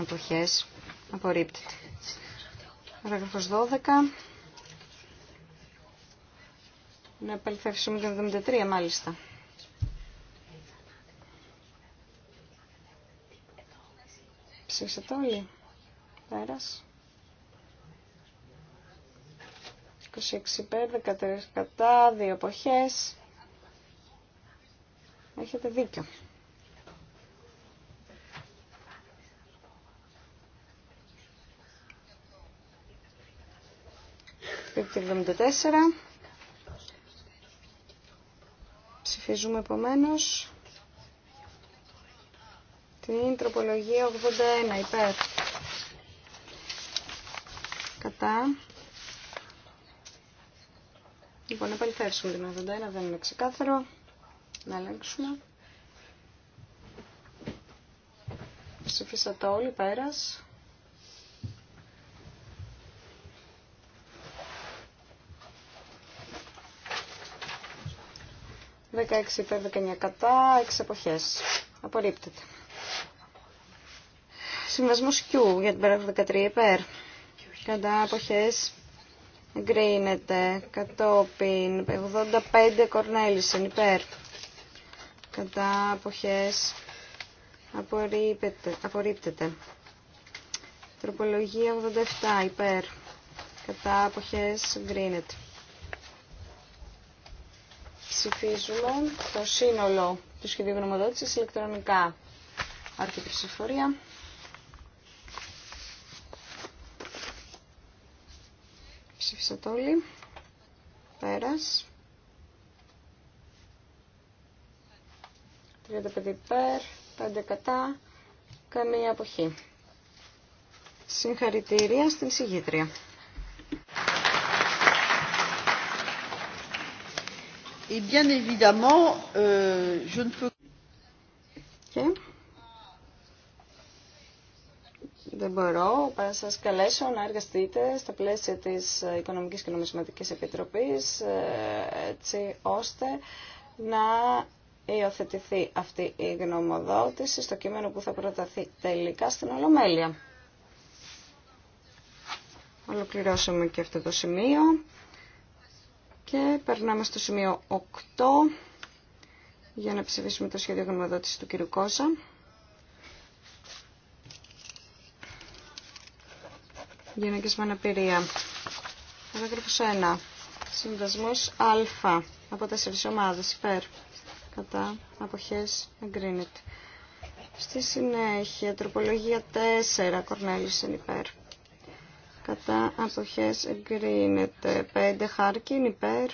αποχές απορρίπτεται. Παραγραφός 12 να επαληθεύσουμε το 73 μάλιστα. Ψήφισατε όλοι. Πέρας. 26 υπέρ, 13 κατά, δύο εποχές. Έχετε δίκιο. Το 74. Ψηφίζουμε επομένω την τροπολογία 81 υπέρ. Κατά. Λοιπόν, επαληθεύσουμε την 81, δεν είναι ξεκάθαρο. Να ελέγξουμε. Ψηφίσατε όλοι, πέρας. 16 υπέρ 19 κατά, 6 εποχέ. Απορρίπτεται. Συμβασμό Q για την παράγραφο 13 υπέρ. Κατά εποχές εγκρίνεται. Κατόπιν 85 Κορνέλισεν υπέρ. Κατά εποχές απορρίπτεται. απορρίπτεται. Τροπολογία 87 υπέρ. Κατά εποχές εγκρίνεται ψηφίζουμε το σύνολο του σχεδίου γνωμοδότησης ηλεκτρονικά. Άρχεται η ψηφορία. Ψήφισατε όλοι. Πέρας. 35 υπέρ, 5 κατά, καμία αποχή. Συγχαρητήρια στην συγγήτρια. Et euh, Δεν μπορώ παρά να σα καλέσω να εργαστείτε στα πλαίσια τη Οικονομική και Νομισματική Επιτροπή, ε, έτσι ώστε να υιοθετηθεί αυτή η γνωμοδότηση στο κείμενο που θα προταθεί τελικά στην Ολομέλεια. Ολοκληρώσαμε και αυτό το σημείο. Και περνάμε στο σημείο 8 για να ψηφίσουμε το σχέδιο γνωμοδότηση του κ. Κώσα. Γυναίκες με αναπηρία. Παράγραφος 1. Συμβασμός Α από 4 ομάδες υπέρ. Κατά αποχές εγκρίνεται. Στη συνέχεια τροπολογία 4 εν υπέρ κατά αποχές εγκρίνεται πέντε χάρκιν υπέρ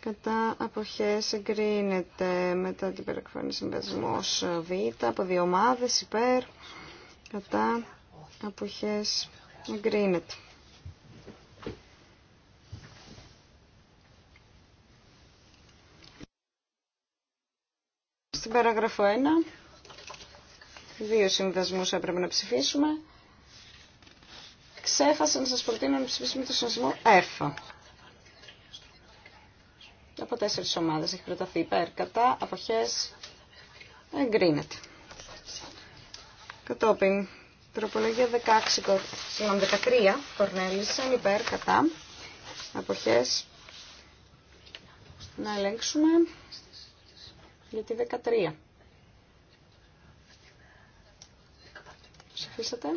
κατά αποχές εγκρίνεται μετά την περιεκφάνη συμβασμός Β από δύο ομάδες υπέρ κατά αποχές εγκρίνεται. Στην παράγραφο 1, δύο συμβασμούς έπρεπε να ψηφίσουμε. Ξέχασα να σας προτείνω να ψηφίσουμε το συνασμό ΕΦΑ. Από τέσσερις ομάδες έχει προταθεί υπέρ, κατά, αποχές, εγκρίνεται. Κατόπιν, τροπολογία 16, συγγνώμη 13, κορνέλησαν υπέρ, κατά, αποχές, να ελέγξουμε για τη 13. Ψηφίσατε,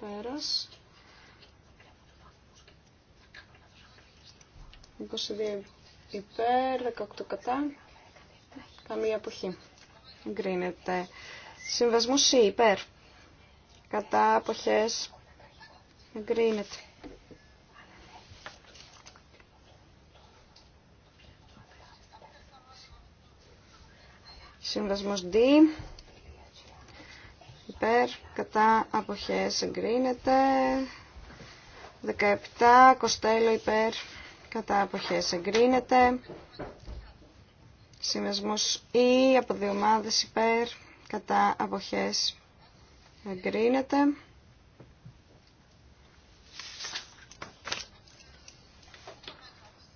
πέρας. 22 υπέρ, 18 κατά, καμία αποχή. Εγκρίνεται. Συμβασμό C υπέρ, κατά αποχές, εγκρίνεται. Συμβασμός D, υπέρ, κατά αποχές, εγκρίνεται. 17, Κοστέλο υπέρ, κατά αποχές εγκρίνεται. Συμβασμό ή e από δύο ομάδες υπέρ κατά αποχές εγκρίνεται.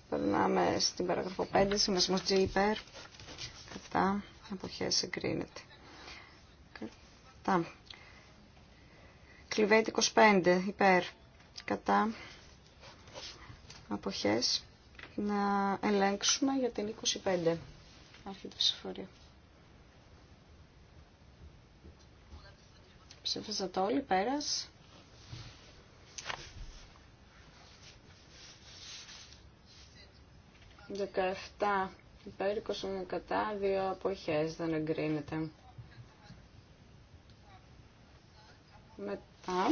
Περνάμε στην παραγραφό 5, συμβασμός G υπέρ κατά αποχές εγκρίνεται. Κατά. Κλειβέτη 25 υπέρ κατά αποχές να ελέγξουμε για την 25 άρχεται ψηφορία. Ψήφισα το όλοι, πέρας. 17. υπέρ 21 κατά, δύο αποχές δεν εγκρίνεται. Μετά,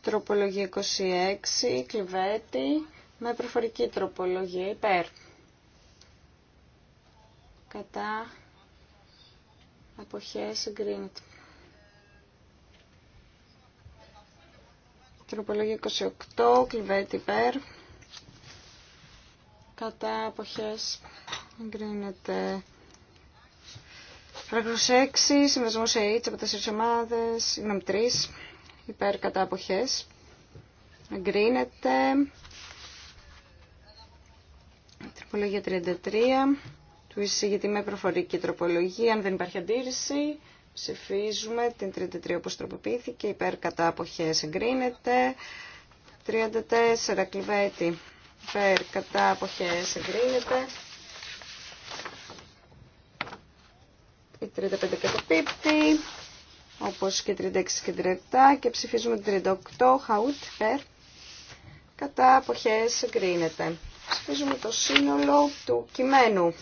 τροπολογία 26, κλειβέτη, με προφορική τροπολογία υπέρ. Κατά αποχές εγκρίνεται. Τροπολογία 28, κλειβέτη υπέρ. Κατά αποχές εγκρίνεται. Παράγραφος 6, συμβασμό σε 8 από 4 ομάδες, συγγνώμη 3, υπέρ κατά αποχές. Εγκρίνεται. Τροπολογία 33 του εισηγητή με προφορική τροπολογία. Αν δεν υπάρχει αντίρρηση, ψηφίζουμε την 33 όπως τροποποιήθηκε. Υπέρ κατά αποχές εγκρίνεται. 34 κλειβέτη. Υπέρ κατά απόχέ, εγκρίνεται. Η 35 καταπίπτει, όπως και 36 και 37 και ψηφίζουμε 38 χαούτ υπέρ κατά αποχές εγκρίνεται. Ψηφίζουμε το σύνολο του κειμένου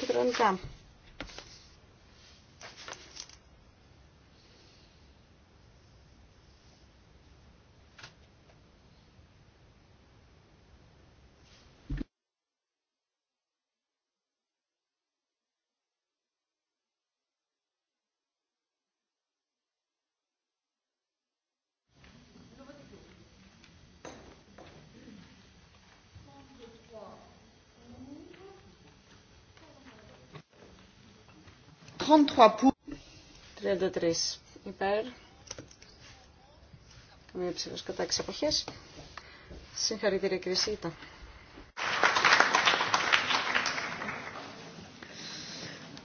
κεντρονικά. 33 pour. 33 υπέρ. Καμία ψήφο κατά τι αποχέ. Συγχαρητήρια κύριε Σίτα.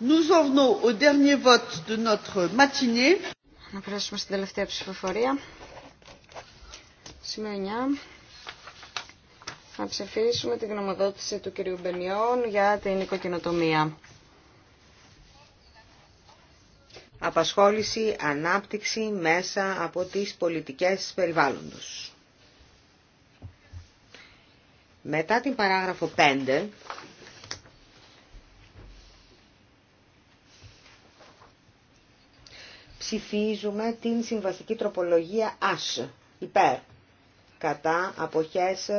Nous en venons au dernier vote de notre matinée. Να περάσουμε στην τελευταία ψηφοφορία. Σημείο 9. Θα ψηφίσουμε τη γνωμοδότηση του κυρίου Μπενιών για την οικοκοινοτομία. απασχόληση, ανάπτυξη μέσα από τις πολιτικές περιβάλλοντος. Μετά την παράγραφο 5, ψηφίζουμε την συμβαστική τροπολογία ΑΣ, υπέρ, κατά, αποχές,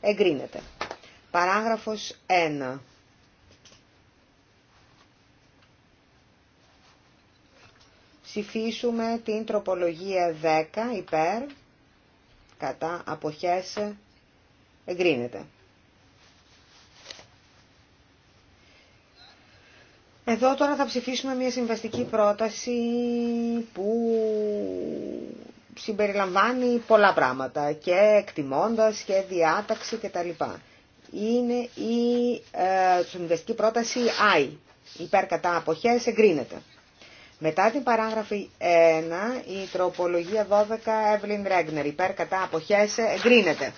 εγκρίνεται. Παράγραφος 1. ψηφίσουμε την τροπολογία 10 υπέρ, κατά αποχές εγκρίνεται. Εδώ τώρα θα ψηφίσουμε μια συμβαστική πρόταση που συμπεριλαμβάνει πολλά πράγματα και εκτιμώντας και διάταξη κτλ. Είναι η ε, συμβαστική πρόταση I. Υπέρ κατά αποχές εγκρίνεται. Μετά την παράγραφη 1, η τροπολογία 12, Evelyn Regner, υπέρ κατά αποχές, εγκρίνεται.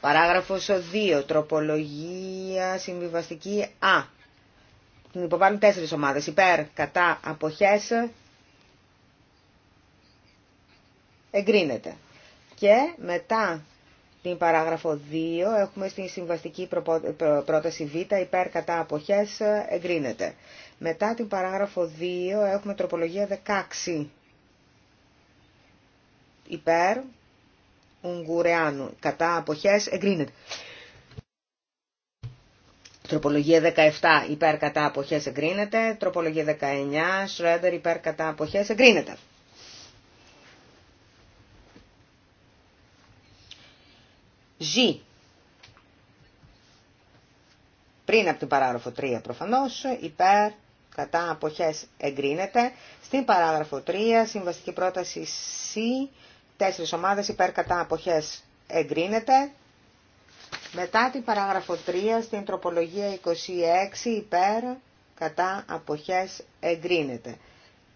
Παράγραφος 2, τροπολογία συμβιβαστική Α. Την υποβάλλουν τέσσερις ομάδες, υπέρ κατά αποχές, εγκρίνεται. Και μετά την παράγραφο 2 έχουμε στην συμβαστική πρόταση Β, υπέρ κατά αποχές εγκρίνεται. Μετά την παράγραφο 2 έχουμε τροπολογία 16. Υπέρ Ουγγουρεάνου. Κατά αποχές εγκρίνεται. Τροπολογία 17 υπέρ κατά αποχές εγκρίνεται. Τροπολογία 19 Σρέντερ υπέρ κατά αποχές εγκρίνεται. Ζ. Πριν από την παράγραφο 3 προφανώς υπέρ κατά αποχές εγκρίνεται. Στην παράγραφο 3, συμβαστική πρόταση C, τέσσερις ομάδες υπέρ κατά αποχές εγκρίνεται. Μετά την παράγραφο 3, στην τροπολογία 26, υπέρ κατά αποχές εγκρίνεται.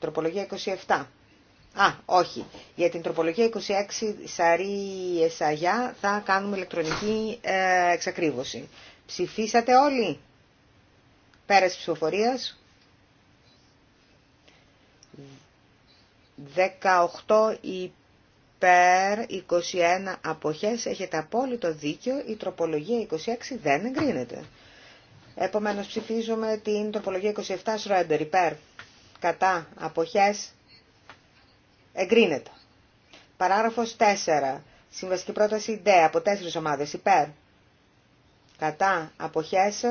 Τροπολογία 27. Α, όχι. Για την τροπολογία 26 Σαρή Εσαγιά θα κάνουμε ηλεκτρονική ε, εξακρίβωση. Ψηφίσατε όλοι. πέρες ψηφοφορίας. 18 υπέρ 21 αποχές έχετε απόλυτο δίκιο η τροπολογία 26 δεν εγκρίνεται επομένως ψηφίζουμε την τροπολογία 27 Σρόντερ υπέρ κατά αποχές εγκρίνεται παράγραφος 4 συμβαστική πρόταση D από 4 ομάδες υπέρ κατά αποχές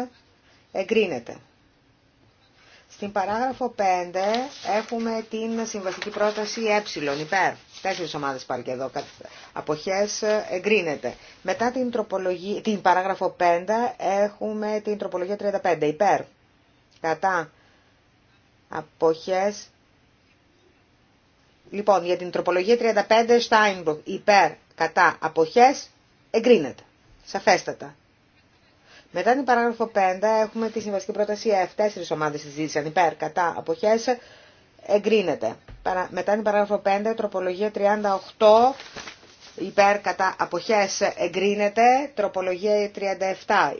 εγκρίνεται στην παράγραφο 5 έχουμε την συμβαστική πρόταση ε, υπέρ. Τέσσερι ομάδε πάλι και εδώ, αποχές ε, εγκρίνεται. Μετά την, τροπολογία, την παράγραφο 5 έχουμε την τροπολογία 35, υπέρ. Κατά αποχές. Λοιπόν, για την τροπολογία 35, υπέρ, κατά αποχές, εγκρίνεται. Σαφέστατα. Μετά την παράγραφο 5 έχουμε τη συμβαστική πρόταση F. Ε, 4 ομάδες συζήτησαν υπέρ, κατά, αποχέσεις. εγκρίνεται. Μετά την παράγραφο 5, τροπολογία 38, υπέρ, κατά, αποχές, εγκρίνεται. Τροπολογία 37,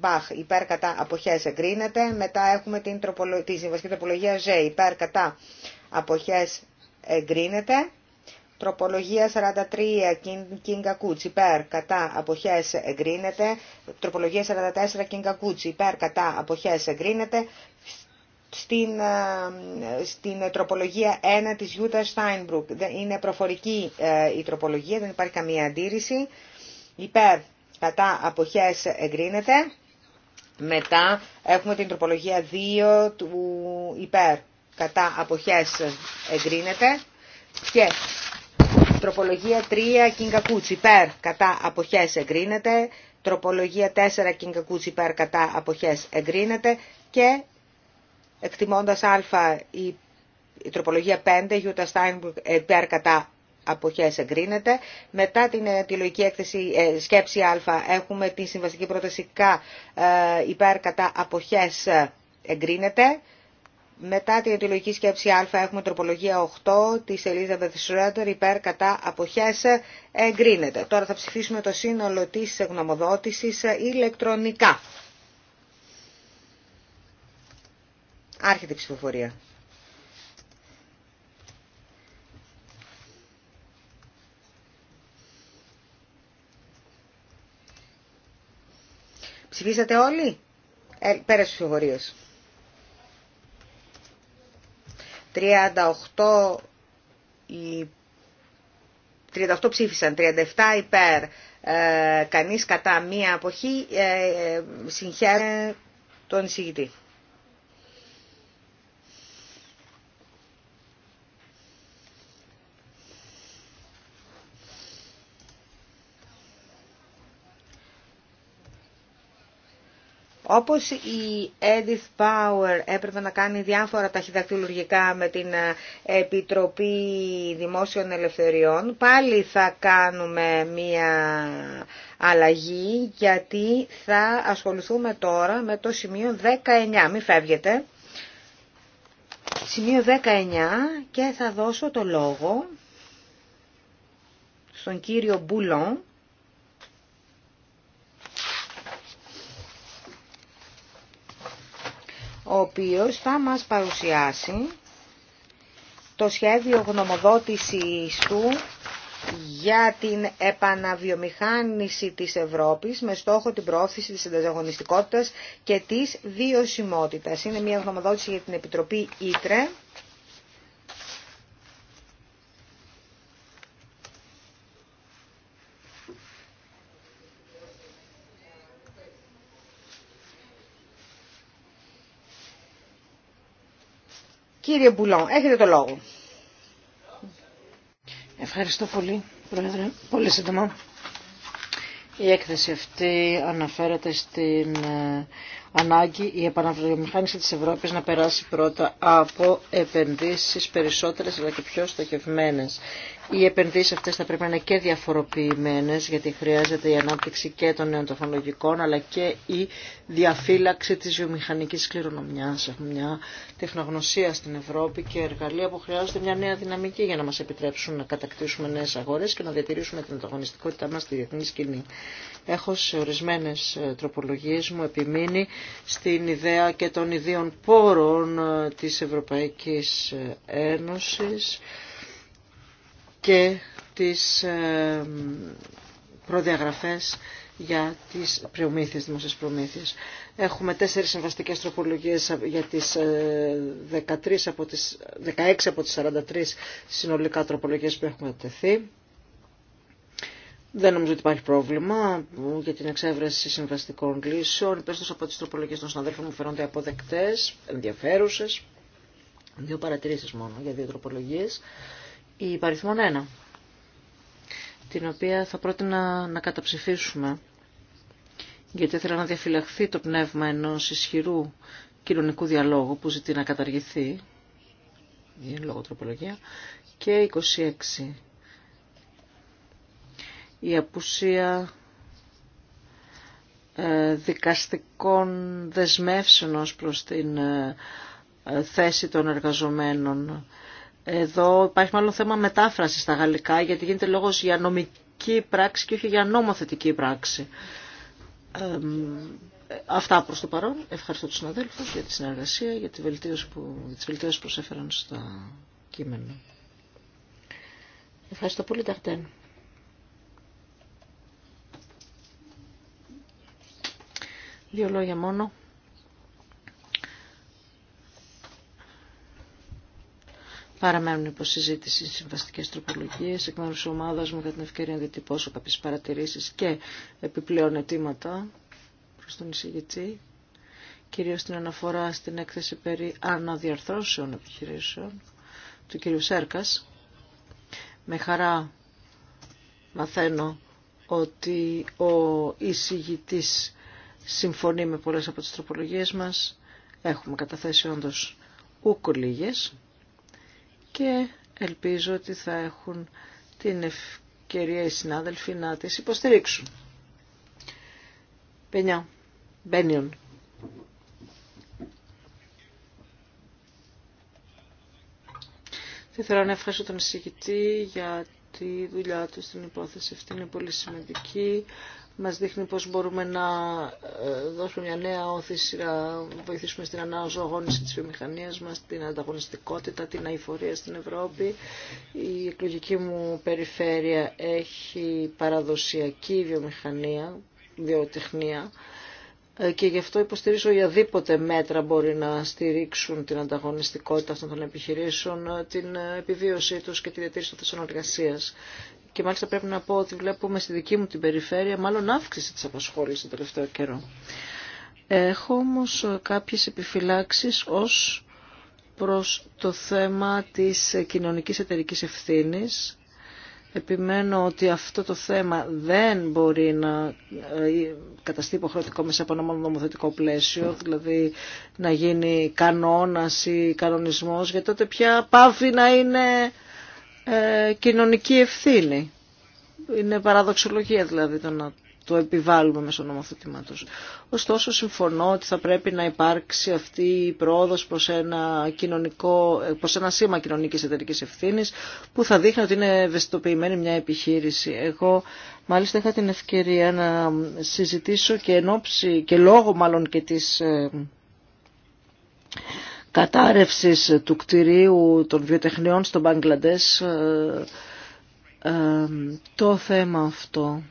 μπαχ, υπέρ, κατά, αποχές, εγκρίνεται. Μετά έχουμε την τροπολο... τη συμβαστική τροπολογία ζ, υπέρ, κατά, αποχές, εγκρίνεται. Τροπολογία 43, Κίνγκα Κούτσι, υπέρ, κατά, αποχέ εγκρίνεται. Τροπολογία 44, Κίνγκα Κούτσι, υπέρ, κατά, αποχέ εγκρίνεται. Στην, ε, στην τροπολογία 1 της Γιούτα Στάινμπρουκ. Είναι προφορική ε, η τροπολογία, δεν υπάρχει καμία αντίρρηση. Υπέρ, κατά, αποχέ εγκρίνεται. Μετά έχουμε την τροπολογία 2 του υπέρ, κατά, αποχές, εγκρίνεται. Και Τροπολογία 3 Κιγκακούτσι υπέρ κατά αποχές εγκρίνεται. Τροπολογία 4 Κιγκακούτσι υπέρ κατά αποχές εγκρίνεται. Και εκτιμώντας α η, τροπολογία 5 Γιούτα Στάινμπουργκ υπέρ κατά αποχές εγκρίνεται. Μετά την ε, τη λογική έκθεση ε, σκέψη α έχουμε τη συμβαστική πρόταση κα ε, υπέρ κατά αποχές εγκρίνεται. Μετά την αιτιολογική σκέψη α έχουμε τροπολογία 8 της Elizabeth Schroeder υπέρ κατά αποχές εγκρίνεται. Τώρα θα ψηφίσουμε το σύνολο της γνωμοδότησης ηλεκτρονικά. Άρχεται η ψηφοφορία. Ψηφίσατε όλοι. Ε, πέρασε ψηφοφορία. 38 38 ψήφισαν, 37 υπέρ, ε, κανείς κατά μία αποχή, ε, ε, τον εισηγητή. Όπως η Edith Power έπρεπε να κάνει διάφορα ταχυδακτηλουργικά με την ε, Επιτροπή Δημόσιων Ελευθεριών, πάλι θα κάνουμε μία αλλαγή γιατί θα ασχοληθούμε τώρα με το σημείο 19. Μην φεύγετε. Σημείο 19 και θα δώσω το λόγο στον κύριο Μπουλόν ο οποίος θα μας παρουσιάσει το σχέδιο γνωμοδότησης του για την επαναβιομηχάνηση της Ευρώπης με στόχο την προώθηση της ανταγωνιστικότητας και της βιωσιμότητας. Είναι μια γνωμοδότηση για την Επιτροπή Ήτρε Κύριε έχετε το λόγο. Ευχαριστώ πολύ, Πρόεδρε. Πολύ σύντομα. Η έκθεση αυτή αναφέρεται στην ε, ανάγκη η επαναβιομηχάνηση της Ευρώπης να περάσει πρώτα από επενδύσεις περισσότερες αλλά και πιο στοχευμένες. Οι επενδύσεις αυτές θα πρέπει να είναι και διαφοροποιημένες γιατί χρειάζεται η ανάπτυξη και των νέων τεχνολογικών αλλά και η διαφύλαξη της βιομηχανικής κληρονομιάς. Έχουμε μια τεχνογνωσία στην Ευρώπη και εργαλεία που χρειάζονται μια νέα δυναμική για να μας επιτρέψουν να κατακτήσουμε νέες αγορές και να διατηρήσουμε την ανταγωνιστικότητά μας στη διεθνή σκηνή. Έχω σε ορισμένες ε, τροπολογίες μου επιμείνει στην ιδέα και των ιδίων πόρων ε, της Ευρωπαϊκής Ένωσης και τις ε, προδιαγραφές για τις προμήθειες, δημόσιες προμήθειες. Έχουμε τέσσερις συμβαστικές τροπολογίες για τις 13 ε, από τις, 16 από τις 43 συνολικά τροπολογίες που έχουμε τεθεί. Δεν νομίζω ότι υπάρχει πρόβλημα για την εξέβρεση συμβαστικών λύσεων. Υπέστος από τι τροπολογίε των συναδέλφων μου φαίνονται αποδεκτέ, ενδιαφέρουσε. Δύο παρατηρήσει μόνο για δύο τροπολογίε. Η παριθμόν 1, την οποία θα πρότεινα να καταψηφίσουμε, γιατί ήθελα να διαφυλαχθεί το πνεύμα ενό ισχυρού κοινωνικού διαλόγου που ζητεί να καταργηθεί, η λόγω τροπολογία, και 26 η απουσία ε, δικαστικών δεσμεύσεων ως προς την ε, ε, θέση των εργαζομένων. Εδώ υπάρχει μάλλον θέμα μετάφρασης στα γαλλικά γιατί γίνεται λόγος για νομική πράξη και όχι για νομοθετική πράξη. αυτά προς το παρόν. Ευχαριστώ τους συναδέλφους για τη συνεργασία, για, τη βελτίωση που, για τις βελτίωσεις που προσέφεραν στα κείμενα. Ευχαριστώ πολύ Ταρτέν. Δύο λόγια μόνο. Παραμένουν υποσυζήτηση οι συμβαστικέ τροπολογίε. Εκ μέρου τη ομάδα μου είχα την ευκαιρία να διατυπώσω κάποιε παρατηρήσει και επιπλέον αιτήματα προ τον εισηγητή. Κυρίω στην αναφορά στην έκθεση περί αναδιαρθρώσεων επιχειρήσεων του κυρίου Σέρκα. Με χαρά μαθαίνω ότι ο εισηγητής συμφωνεί με πολλές από τις τροπολογίες μας. Έχουμε καταθέσει όντως ούκο και ελπίζω ότι θα έχουν την ευκαιρία οι συνάδελφοι να τις υποστηρίξουν. Πενιά. Μπένιον. Θα ήθελα να ευχαριστώ τον εισηγητή για τη δουλειά του στην υπόθεση αυτή. Είναι πολύ σημαντική μας δείχνει πώς μπορούμε να ε, δώσουμε μια νέα όθηση, να βοηθήσουμε στην αναζωογόνηση της βιομηχανίας μας, την ανταγωνιστικότητα, την αηφορία στην Ευρώπη. Η εκλογική μου περιφέρεια έχει παραδοσιακή βιομηχανία, βιοτεχνία ε, και γι' αυτό υποστηρίζω οποιαδήποτε μέτρα μπορεί να στηρίξουν την ανταγωνιστικότητα αυτών των επιχειρήσεων, ε, την επιβίωσή τους και τη διατήρηση των θέσεων και μάλιστα πρέπει να πω ότι βλέπουμε στη δική μου την περιφέρεια μάλλον αύξηση της απασχόλησης το τελευταίο καιρό. Έχω όμως κάποιες επιφυλάξεις ως προς το θέμα της κοινωνικής εταιρικής ευθύνης. Επιμένω ότι αυτό το θέμα δεν μπορεί να ε, καταστεί υποχρεωτικό μέσα από ένα μόνο νομοθετικό πλαίσιο, δηλαδή να γίνει κανόνας ή κανονισμός, γιατί τότε πια πάβει να είναι ε, κοινωνική ευθύνη. Είναι παραδοξολογία δηλαδή το να το επιβάλλουμε μέσω νομοθετήματος. Ωστόσο συμφωνώ ότι θα πρέπει να υπάρξει αυτή η πρόοδος προς ένα, κοινωνικό, προς ένα σήμα κοινωνικής εταιρική ευθύνης που θα δείχνει ότι είναι ευαισθητοποιημένη μια επιχείρηση. Εγώ μάλιστα είχα την ευκαιρία να συζητήσω και εν και λόγω μάλλον και της ε, κατάρρευσης του κτηρίου των βιοτεχνιών στο Μπαγκλαντές ε, ε, το θέμα αυτό.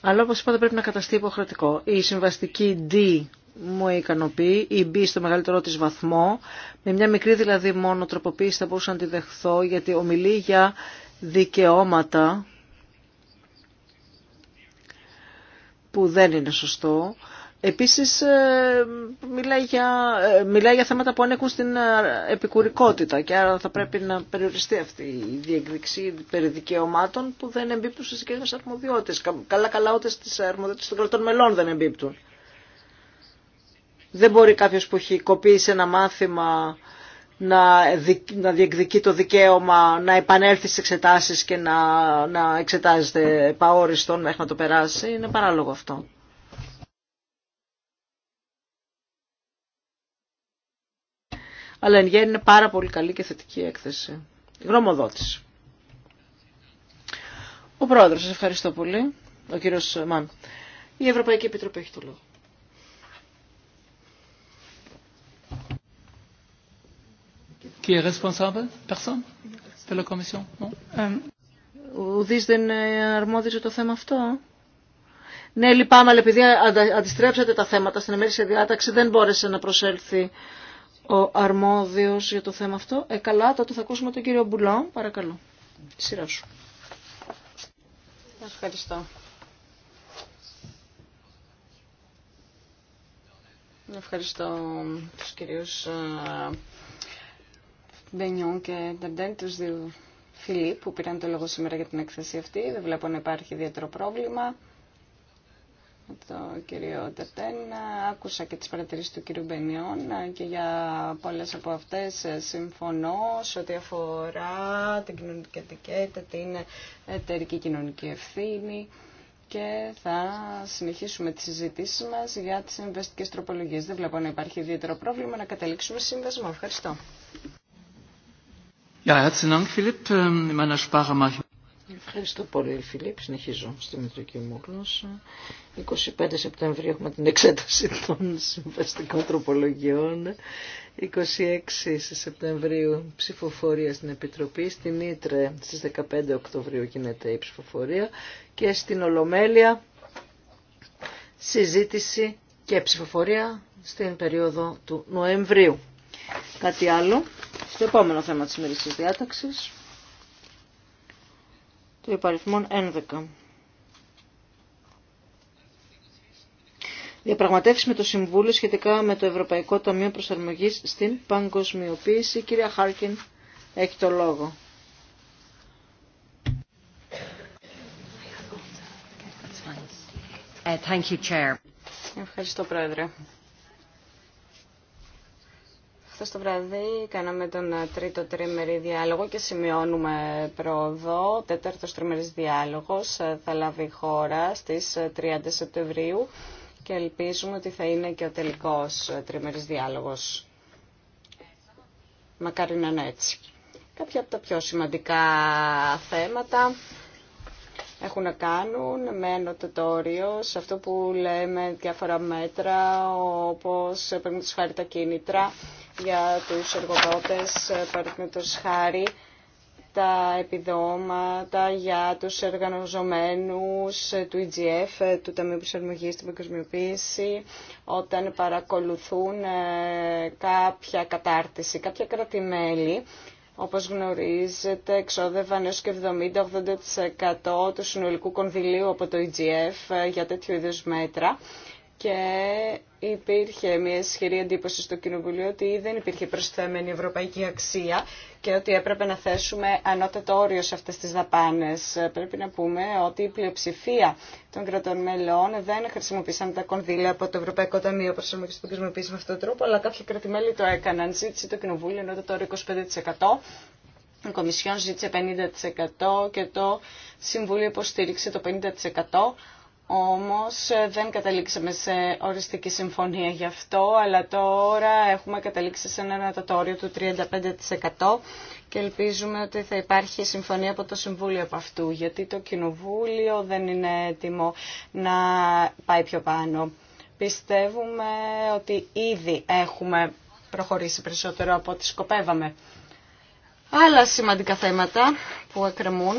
Αλλά όπως είπατε πρέπει να καταστεί υποχρεωτικό. Η συμβαστική D μου ικανοποιεί, η B στο μεγαλύτερό της βαθμό, με μια μικρή δηλαδή μόνο τροποποίηση θα μπορούσα να τη δεχθώ γιατί ομιλεί για δικαιώματα που δεν είναι σωστό Επίσης ε, μιλάει για, ε, μιλάει για θέματα που ανήκουν στην ε, επικουρικότητα και άρα θα πρέπει να περιοριστεί αυτή η διεκδικήση περί δικαιωμάτων που δεν εμπίπτουν στις συγκεκριμένες αρμοδιότητες. Καλά καλά ούτε στις αρμοδιότητες των κρατών μελών δεν εμπίπτουν. Δεν μπορεί κάποιος που έχει κοπεί σε ένα μάθημα να διεκδικεί το δικαίωμα να επανέλθει στις εξετάσεις και να, να εξετάζεται επαόριστον μέχρι να το περάσει. Είναι παράλογο αυτό. αλλά εν γέννη είναι πάρα πολύ καλή και θετική έκθεση. Γνωμοδότηση. Ο πρόεδρος, σας ευχαριστώ πολύ. Ο κύριος Μάν. Η Ευρωπαϊκή Επιτροπή έχει το λόγο. Qui est Ουδής δεν αρμόδιζε το θέμα αυτό. Ναι, λυπάμαι, αλλά επειδή αντιστρέψατε τα θέματα στην εμέρηση διάταξη, δεν μπόρεσε να προσέλθει ο αρμόδιος για το θέμα αυτό. Ε, καλά, τότε θα ακούσουμε τον κύριο Μπουλόν. Παρακαλώ. Σειρά σου. Ευχαριστώ. Ευχαριστώ τους κυρίους ε, Μπενιόν και Νταντέν, τους δύο φίλοι που πήραν το λόγο σήμερα για την έκθεση αυτή. Δεν βλέπω να υπάρχει ιδιαίτερο πρόβλημα το κύριο Τερτέν, άκουσα και τις παρατηρήσεις του κύριου Μπενιών και για πολλές από αυτές συμφωνώ σε ό,τι αφορά την κοινωνική ετικέτα, την εταιρική κοινωνική ευθύνη και θα συνεχίσουμε τις συζητήσεις μας για τις συμβεστικές τροπολογίες. Δεν βλέπω να υπάρχει ιδιαίτερο πρόβλημα να καταλήξουμε σύνδεσμο. Ευχαριστώ. Ja, herzlichen Dank, Philipp. Ähm, in meiner Sprache Ευχαριστώ πολύ, Φιλίπ. Συνεχίζω στη μητρική μου 25 Σεπτεμβρίου έχουμε την εξέταση των συμβαστικών τροπολογιών. 26 Σεπτεμβρίου ψηφοφορία στην Επιτροπή. Στην Ήτρε στις 15 Οκτωβρίου γίνεται η ψηφοφορία. Και στην Ολομέλεια συζήτηση και ψηφοφορία στην περίοδο του Νοεμβρίου. Κάτι άλλο. Στο επόμενο θέμα της ημερησής διάταξης. Το υπαριθμών 11. Διαπραγματεύσει με το Συμβούλιο σχετικά με το Ευρωπαϊκό Ταμείο Προσαρμογής στην Παγκοσμιοποίηση. Κυρία Χάρκιν, έχει το λόγο. Ε, Ευχαριστώ, Πρόεδρε. Χθε το βράδυ κάναμε τον τρίτο τριμερή διάλογο και σημειώνουμε πρόοδο. Τέταρτο τριμερής διάλογος ε, θα λάβει η χώρα στις 30 ε, Σεπτεμβρίου και ελπίζουμε ότι θα είναι και ο τελικός ε, τριμερής διάλογος. Μακάρι να είναι έτσι. Κάποια από τα πιο σημαντικά θέματα έχουν να κάνουν με τετόριο σε αυτό που λέμε διάφορα μέτρα όπως παίρνουν τους χάρη τα κίνητρα για τους εργοδότες, ε, παραδείγματος χάρη, τα επιδόματα για τους εργαζομένους ε, του EGF, ε, του Ταμείου Προσαρμογής στην Παγκοσμιοποίηση, όταν παρακολουθούν κάποια κατάρτιση, κάποια κρατημέλη. Όπως γνωρίζετε, εξόδευαν έως και 70-80% του συνολικού κονδυλίου από το EGF για τέτοιου είδους μέτρα και υπήρχε μια ισχυρή εντύπωση στο Κοινοβουλίο ότι δεν υπήρχε προσθέμενη ευρωπαϊκή αξία και ότι έπρεπε να θέσουμε ανώτατο όριο σε αυτές τις δαπάνες. Πρέπει να πούμε ότι η πλειοψηφία των κρατών μελών δεν χρησιμοποίησαν τα κονδύλια από το Ευρωπαϊκό Ταμείο Προσαρμογής που Κοσμοποίηση με αυτόν τον τρόπο, αλλά κάποια κρατημέλη το έκαναν. Ζήτησε το Κοινοβούλιο ανώτατο όριο 25%. Η Κομισιόν ζήτησε 50% και το Συμβούλιο υποστήριξε το 50% όμως ε, δεν καταλήξαμε σε οριστική συμφωνία γι' αυτό, αλλά τώρα έχουμε καταλήξει σε ένα ανατατόριο του 35% και ελπίζουμε ότι θα υπάρχει συμφωνία από το Συμβούλιο από αυτού, γιατί το Κοινοβούλιο δεν είναι έτοιμο να πάει πιο πάνω. Πιστεύουμε ότι ήδη έχουμε προχωρήσει περισσότερο από ό,τι σκοπεύαμε. Άλλα σημαντικά θέματα που εκκρεμούν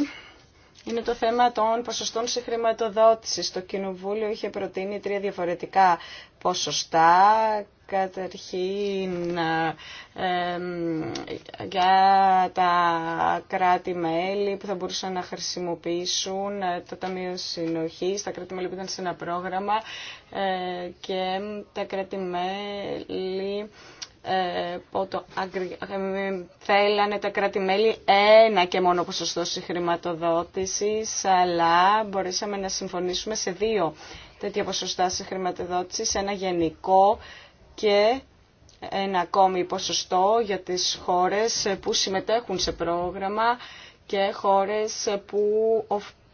είναι το θέμα των ποσοστών σε χρηματοδότηση. Το Κοινοβούλιο είχε προτείνει τρία διαφορετικά ποσοστά. Καταρχήν για τα κράτη-μέλη που θα μπορούσαν να χρησιμοποιήσουν ε, το Ταμείο Συνοχής, τα κράτη-μέλη που ήταν σε ένα πρόγραμμα ε, και τα κράτη-μέλη ε, ε, θέλανε τα κράτη-μέλη ένα και μόνο ποσοστό συγχρηματοδότησης, αλλά μπορέσαμε να συμφωνήσουμε σε δύο τέτοια ποσοστά συγχρηματοδότησης, ένα γενικό και ένα ακόμη ποσοστό για τις χώρες που συμμετέχουν σε πρόγραμμα και χώρες που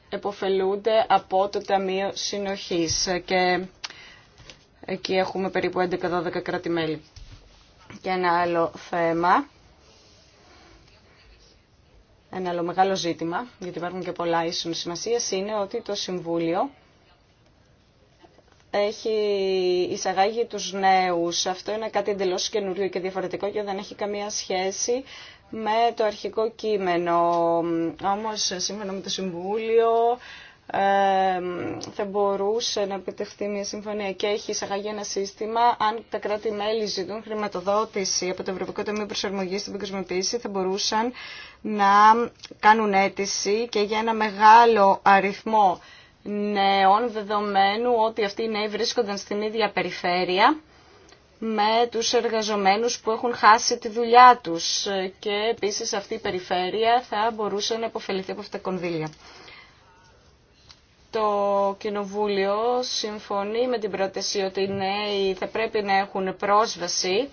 εποφελούνται από το Ταμείο Συνοχής. Και εκεί έχουμε περίπου 11-12 κράτη-μέλη. Και ένα άλλο θέμα, ένα άλλο μεγάλο ζήτημα, γιατί υπάρχουν και πολλά ίσουν σημασία, είναι ότι το Συμβούλιο έχει εισαγάγει τους νέους. Αυτό είναι κάτι εντελώ καινούριο και διαφορετικό και δεν έχει καμία σχέση με το αρχικό κείμενο. Όμως, σύμφωνα με το Συμβούλιο, θα μπορούσε να επιτευχθεί μια συμφωνία και έχει εισαγαγεί ένα σύστημα. Αν τα κράτη-μέλη ζητούν χρηματοδότηση από το Ευρωπαϊκό Ταμείο Προσαρμογή στην θα μπορούσαν να κάνουν αίτηση και για ένα μεγάλο αριθμό νέων, δεδομένου ότι αυτοί οι νέοι βρίσκονταν στην ίδια περιφέρεια με τους εργαζομένους που έχουν χάσει τη δουλειά τους και επίσης αυτή η περιφέρεια θα μπορούσε να υποφεληθεί από αυτά τα κονδύλια το Κοινοβούλιο συμφωνεί με την πρόταση ότι οι νέοι θα πρέπει να έχουν πρόσβαση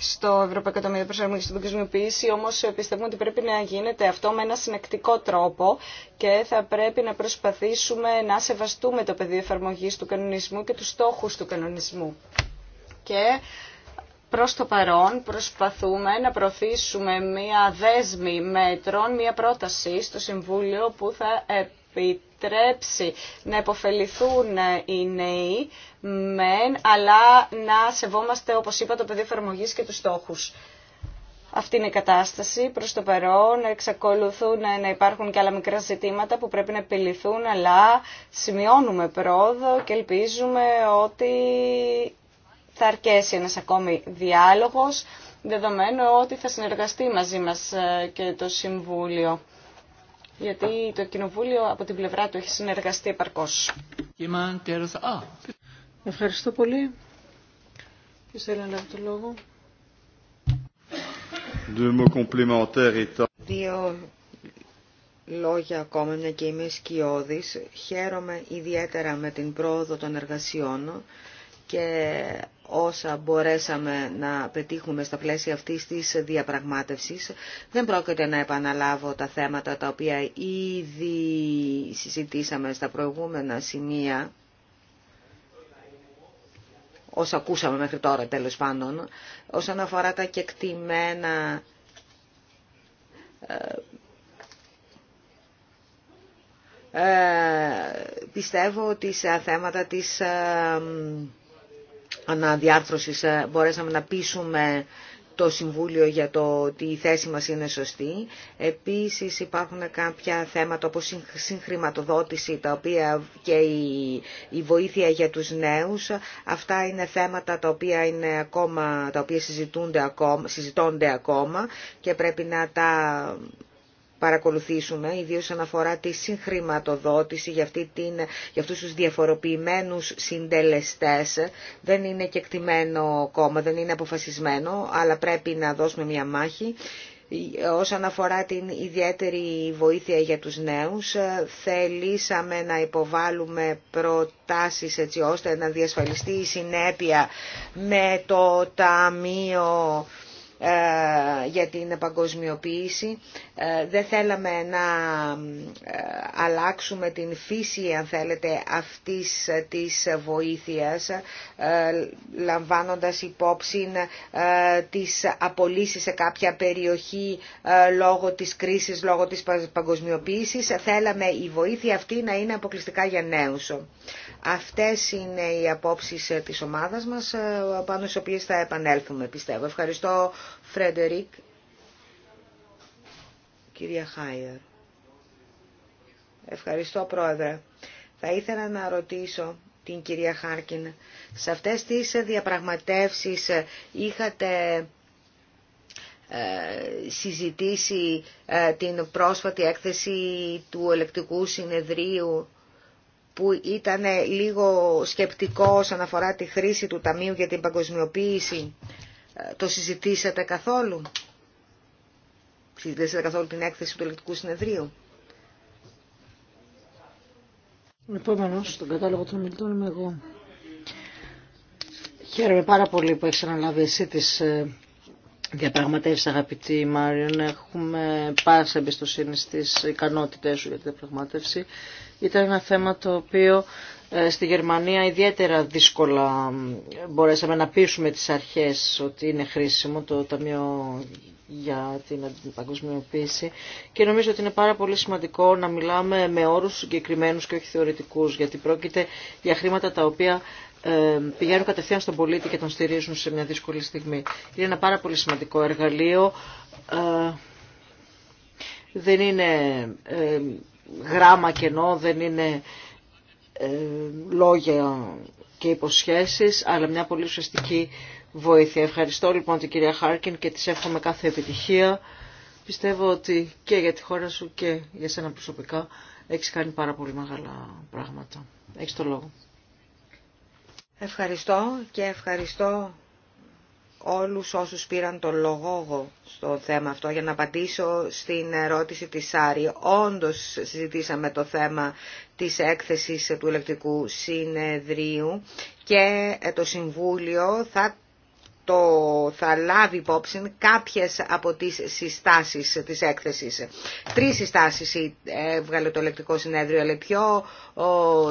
στο Ευρωπαϊκό Ταμείο Προσαρμογή στην Παγκοσμιοποίηση, όμω πιστεύουμε ότι πρέπει να γίνεται αυτό με ένα συνεκτικό τρόπο και θα πρέπει να προσπαθήσουμε να σεβαστούμε το πεδίο εφαρμογή του κανονισμού και του στόχου του κανονισμού. Και προς το παρόν προσπαθούμε να προωθήσουμε μία δέσμη μέτρων, μία πρόταση στο Συμβούλιο που θα επιτρέψει επιτρέψει να υποφεληθούν οι νέοι, μεν, αλλά να σεβόμαστε, όπως είπα, το πεδίο εφαρμογή και τους στόχους. Αυτή είναι η κατάσταση. Προς το παρόν εξακολουθούν να υπάρχουν και άλλα μικρά ζητήματα που πρέπει να επιληθούν, αλλά σημειώνουμε πρόοδο και ελπίζουμε ότι θα αρκέσει ένας ακόμη διάλογος, δεδομένου ότι θα συνεργαστεί μαζί μας ε, και το Συμβούλιο γιατί το Κοινοβούλιο από την πλευρά του έχει συνεργαστεί επαρκώς. Ευχαριστώ πολύ. Ποιο θέλει να λάβει το λόγο. Δύο λόγια ακόμα, μια και είμαι σκιώδη. Χαίρομαι ιδιαίτερα με την πρόοδο των εργασιών και όσα μπορέσαμε να πετύχουμε στα πλαίσια αυτής της διαπραγμάτευσης. Δεν πρόκειται να επαναλάβω τα θέματα τα οποία ήδη συζητήσαμε στα προηγούμενα σημεία, όσα ακούσαμε μέχρι τώρα τέλος πάντων, όσον αφορά τα κεκτημένα ε, ε πιστεύω ότι σε θέματα της ε, αναδιάρθρωσης ε, μπορέσαμε να πείσουμε το Συμβούλιο για το ότι η θέση μας είναι σωστή. Επίσης υπάρχουν κάποια θέματα όπως συγχρηματοδότηση τα οποία και η, βοήθεια για τους νέους. Αυτά είναι θέματα τα οποία, είναι ακόμα, τα οποία συζητούνται ακόμα, συζητώνται ακόμα και πρέπει να τα παρακολουθήσουμε, ιδίως αφορά τη συγχρηματοδότηση για, την, για αυτούς τους διαφοροποιημένους συντελεστές. Δεν είναι κεκτημένο κόμμα, δεν είναι αποφασισμένο, αλλά πρέπει να δώσουμε μια μάχη. Όσον αφορά την ιδιαίτερη βοήθεια για τους νέους, θελήσαμε να υποβάλουμε προτάσεις έτσι ώστε να διασφαλιστεί η συνέπεια με το Ταμείο ε, για την παγκοσμιοποίηση. Ε, δεν θέλαμε να ε, αλλάξουμε την φύση, αν θέλετε, αυτής της βοήθειας, λαμβάνοντας υπόψη της απολύσεις σε κάποια περιοχή λόγω της κρίσης, λόγω της παγκοσμιοποίησης. Θέλαμε η βοήθεια αυτή να είναι αποκλειστικά για νέους. Αυτές είναι οι απόψεις της ομάδας μας, πάνω στις οποίες θα επανέλθουμε, πιστεύω. Ευχαριστώ Φρέντερικ, κυρία Χάιερ. Ευχαριστώ πρόεδρε. Θα ήθελα να ρωτήσω την κυρία Χάρκιν. Σε αυτές τις διαπραγματεύσεις ε, είχατε ε, συζητήσει ε, την πρόσφατη έκθεση του ελεκτικού συνεδρίου που ήταν λίγο σκεπτικό όσον αφορά τη χρήση του Ταμείου για την παγκοσμιοποίηση το συζητήσατε καθόλου. Συζητήσατε καθόλου την έκθεση του ελεκτικού συνεδρίου. Επόμενο, στον κατάλογο των μιλητών είμαι εγώ. Χαίρομαι πάρα πολύ που έχει αναλάβει εσύ τι ε, διαπραγματεύσει, αγαπητή Μάριον. Έχουμε πάσα εμπιστοσύνη στι ικανότητέ σου για τη διαπραγμάτευση ήταν ένα θέμα το οποίο ε, στη Γερμανία ιδιαίτερα δύσκολα μπορέσαμε να πείσουμε τις αρχές ότι είναι χρήσιμο το Ταμείο για την Αντιπαγκοσμιοποίηση και νομίζω ότι είναι πάρα πολύ σημαντικό να μιλάμε με όρους συγκεκριμένους και όχι θεωρητικούς γιατί πρόκειται για χρήματα τα οποία ε, πηγαίνουν κατευθείαν στον πολίτη και τον στηρίζουν σε μια δύσκολη στιγμή. Είναι ένα πάρα πολύ σημαντικό εργαλείο. Ε, δεν είναι γράμμα κενό, δεν είναι ε, λόγια και υποσχέσεις, αλλά μια πολύ ουσιαστική βοήθεια. Ευχαριστώ λοιπόν την κυρία Χάρκιν και της εύχομαι κάθε επιτυχία. Πιστεύω ότι και για τη χώρα σου και για σένα προσωπικά έχει κάνει πάρα πολύ μεγάλα πράγματα. Έχει το λόγο. Ευχαριστώ και ευχαριστώ όλους όσους πήραν το λόγο στο θέμα αυτό για να απαντήσω στην ερώτηση της Σάρη. Όντως συζητήσαμε το θέμα της έκθεσης του ελεκτικού συνεδρίου και ε, το Συμβούλιο θα το θα λάβει υπόψη κάποιες από τις συστάσεις της έκθεσης. Τρεις συστάσεις ε, έβγαλε το ελεκτικό συνέδριο, αλλά πιο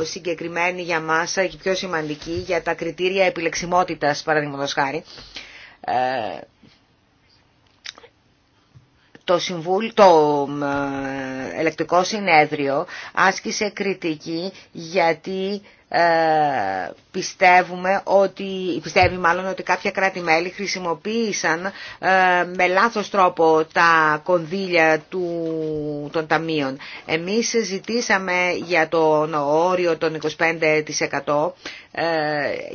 συγκεκριμένη για μας και πιο σημαντική για τα κριτήρια επιλεξιμότητας, παραδείγματος χάρη. Ε, το, συμβούλ, το ε, ελεκτικό συνέδριο άσκησε κριτική γιατί ε, πιστεύουμε ότι, πιστεύει μάλλον ότι κάποια κράτη-μέλη χρησιμοποίησαν ε, με λάθος τρόπο τα κονδύλια του, των ταμείων. Εμείς ζητήσαμε για τον όριο των 25% ε,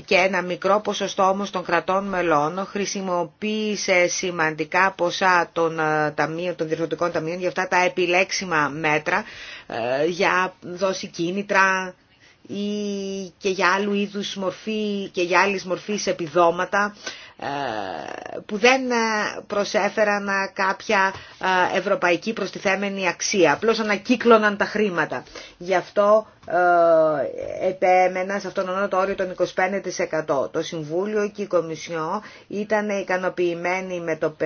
και ένα μικρό ποσοστό όμως των κρατών μελών χρησιμοποίησε σημαντικά ποσά των, ταμείων, των διευθυντικών ταμείων για αυτά τα επιλέξιμα μέτρα για δώσει κίνητρα ή και για άλλου είδους μορφή και για άλλης μορφής επιδόματα που δεν ε, προσέφεραν ε, κάποια ε, ευρωπαϊκή προστιθέμενη αξία. Απλώς ανακύκλωναν τα χρήματα. Γι' αυτό επέμενα σε αυτόν τον όριο των 25%. Το Συμβούλιο και η Κομισιό ήταν ικανοποιημένοι με το 50%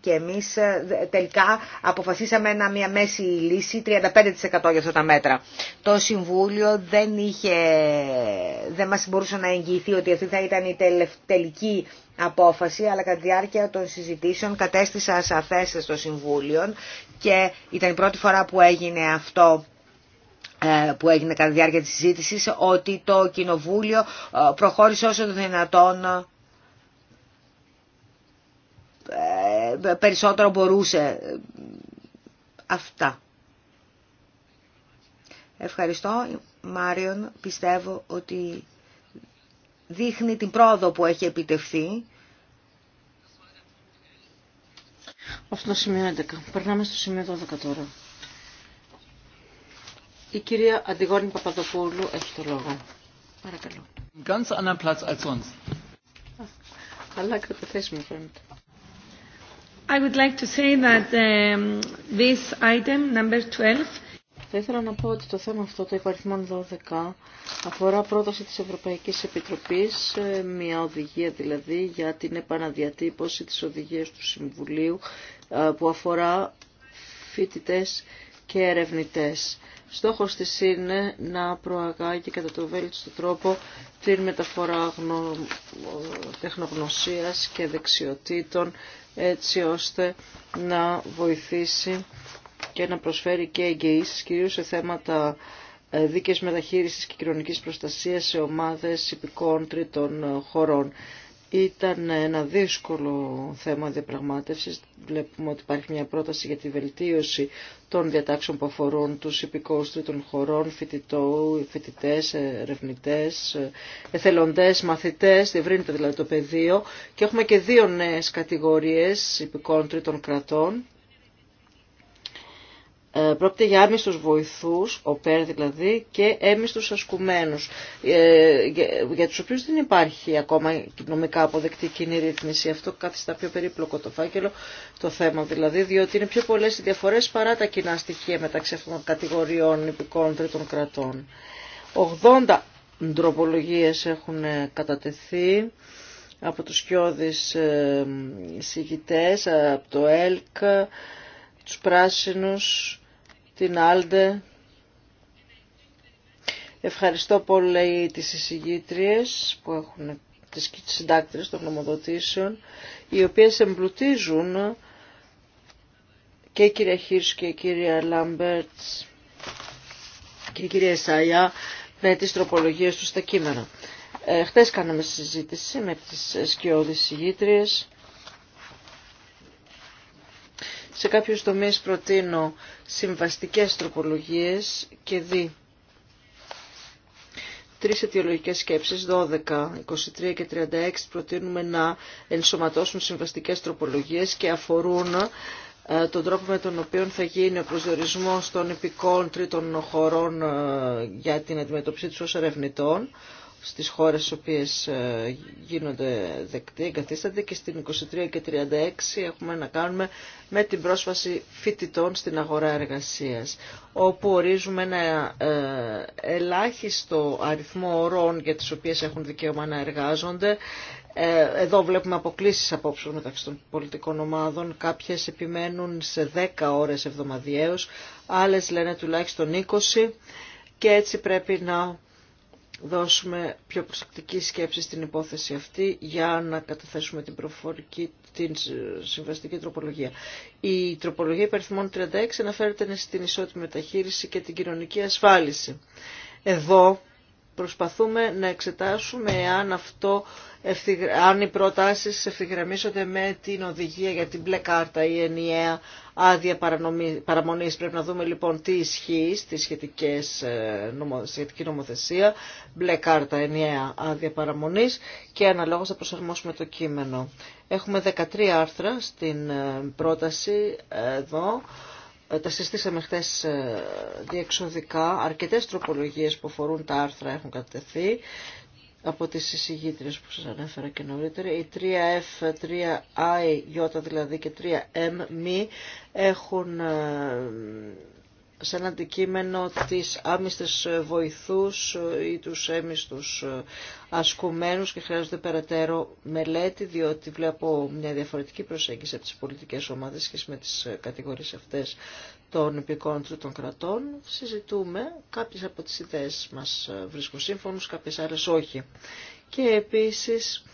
και εμείς τελικά αποφασίσαμε ένα μια μέση λύση 35% για αυτά τα μέτρα. Το Συμβούλιο δεν, είχε, δεν μας μπορούσε να εγγυηθεί ότι αυτή θα ήταν η τελική απόφαση, αλλά κατά τη διάρκεια των συζητήσεων κατέστησα σαφές στο Συμβούλιο και ήταν η πρώτη φορά που έγινε αυτό ε, που έγινε κατά τη διάρκεια της συζήτησης ότι το Κοινοβούλιο ε, προχώρησε όσο το δυνατόν ε, περισσότερο μπορούσε αυτά. Ευχαριστώ Μάριον, πιστεύω ότι δείχνει την πρόοδο που έχει επιτευχθεί. Αυτό το σημείο 11. Περνάμε στο σημείο 12 τώρα. Η κυρία Αντιγόνη Παπαδοπούλου έχει το λόγο. Παρακαλώ. Ganz anderen Platz als sonst. Αλλά κατά θέση μου φαίνεται. I would like to say that um, this item, number 12, θα ήθελα να πω ότι το θέμα αυτό, το υπαριθμόν 12, αφορά πρόταση της Ευρωπαϊκής Επιτροπής, ε, μια οδηγία δηλαδή για την επαναδιατύπωση της οδηγίας του Συμβουλίου ε, που αφορά φοιτητέ και ερευνητές. Στόχος της είναι να προαγάγει κατά το βέλτιστο τρόπο την μεταφορά τεχνογνωσίας και δεξιοτήτων έτσι ώστε να βοηθήσει και να προσφέρει και εγγυήσει κυρίως σε θέματα ε, δίκαιης μεταχείρισης και κοινωνικής προστασίας σε ομάδες υπηκών τρίτων ε, χωρών. Ήταν ένα δύσκολο θέμα διαπραγμάτευσης. Βλέπουμε ότι υπάρχει μια πρόταση για τη βελτίωση των διατάξεων που αφορούν τους υπηκόους τρίτων χωρών, φοιτητέ, φοιτητές, ε, ερευνητέ, εθελοντές, μαθητές, διευρύνεται δηλαδή το πεδίο. Και έχουμε και δύο νέες κατηγορίες υπηκών τρίτων κρατών ε, πρόκειται για άμυστους βοηθούς, ο ΠΕΡ δηλαδή, και έμυστους ασκουμένους, ε, για, για τους οποίους δεν υπάρχει ακόμα νομικά αποδεκτή κοινή ρύθμιση. Αυτό καθιστά πιο περίπλοκο το φάκελο, το θέμα δηλαδή, διότι είναι πιο πολλές οι διαφορές παρά τα κοινά στοιχεία μεταξύ αυτών των κατηγοριών υπηκών τρίτων κρατών. 80 ντροπολογίες έχουν ε, κατατεθεί από τους χιώδεις εισηγητές, από το ΕΛΚ, τους πράσινους την Άλντε. Ευχαριστώ πολύ τις εισηγήτριες που έχουν τις συντάκτρες των νομοδοτήσεων οι οποίες εμπλουτίζουν και η κυρία Χίρς και η κυρία Λάμπερτς και η κυρία Σάια με τις τροπολογίες του στα κείμενα. Ε, χτες κάναμε συζήτηση με τις σκιώδεις συγγήτριες σε κάποιους τομείς προτείνω συμβαστικές τροπολογίες και δι. Τρεις αιτιολογικές σκέψεις, 12, 23 και 36, προτείνουμε να ενσωματώσουν συμβαστικές τροπολογίες και αφορούν ε, τον τρόπο με τον οποίο θα γίνει ο προσδιορισμός των επικών τρίτων χωρών ε, για την αντιμετώπιση τους ως ερευνητών, στις χώρες στις οποίες ε, γίνονται δεκτοί, εγκαθίστανται και στην 23 και 36 έχουμε να κάνουμε με την πρόσφαση φοιτητών στην αγορά εργασίας, όπου ορίζουμε ένα ε, ελάχιστο αριθμό ορών για τις οποίες έχουν δικαίωμα να εργάζονται. Ε, εδώ βλέπουμε αποκλήσεις απόψεων μεταξύ των πολιτικών ομάδων. Κάποιες επιμένουν σε 10 ώρες εβδομαδιαίως, άλλες λένε τουλάχιστον 20 και έτσι πρέπει να δώσουμε πιο προσεκτική σκέψη στην υπόθεση αυτή για να καταθέσουμε την προφορική, την συμβαστική τροπολογία. Η τροπολογία υπερθυμών 36 αναφέρεται στην ισότιμη μεταχείριση και την κοινωνική ασφάλιση. Εδώ προσπαθούμε να εξετάσουμε αν, αυτό, αν οι προτάσεις ευθυγραμμίζονται με την οδηγία για την μπλε κάρτα ή ενιαία άδεια παραμονής. Πρέπει να δούμε λοιπόν τι ισχύει στη σχετικές, ε, σχετική νομοθεσία, μπλε κάρτα, ενιαία άδεια παραμονής και αναλόγως θα προσαρμόσουμε το κείμενο. Έχουμε 13 άρθρα στην ε, πρόταση ε, εδώ. Ε, τα συστήσαμε χθε ε, διεξοδικά. αρκετέ τροπολογίε που αφορούν τα άρθρα έχουν κατευθεί από τις εισηγήτριες που σας ανέφερα και νωρίτερα. Οι 3F, 3I, δηλαδή και 3M, μη έχουν ε, σε ένα αντικείμενο της άμυστες βοηθούς ή τους έμιστους ασκουμένους και χρειάζεται περαιτέρω μελέτη διότι βλέπω μια διαφορετική προσέγγιση από τις πολιτικές ομάδες και με τις κατηγορίες αυτές των υπηκών τρίτων κρατών. Συζητούμε, κάποιες από τις ιδέες μας βρίσκουν σύμφωνους, κάποιες άλλες όχι. Και επίσης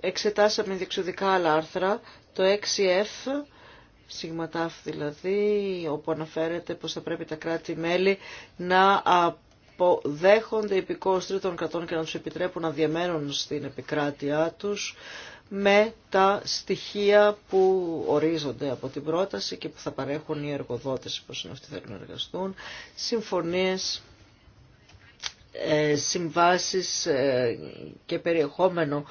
εξετάσαμε διεξοδικά άλλα άρθρα, το 6F, σιγματάφ δηλαδή, όπου αναφέρεται πως θα πρέπει τα κράτη-μέλη να αποδέχονται υπηκόους τρίτων κρατών και να τους επιτρέπουν να διαμένουν στην επικράτειά τους με τα στοιχεία που ορίζονται από την πρόταση και που θα παρέχουν οι εργοδότες, όπως είναι αυτοί θέλουν να εργαστούν, συμφωνίες, ε, συμβάσεις ε, και περιεχόμενο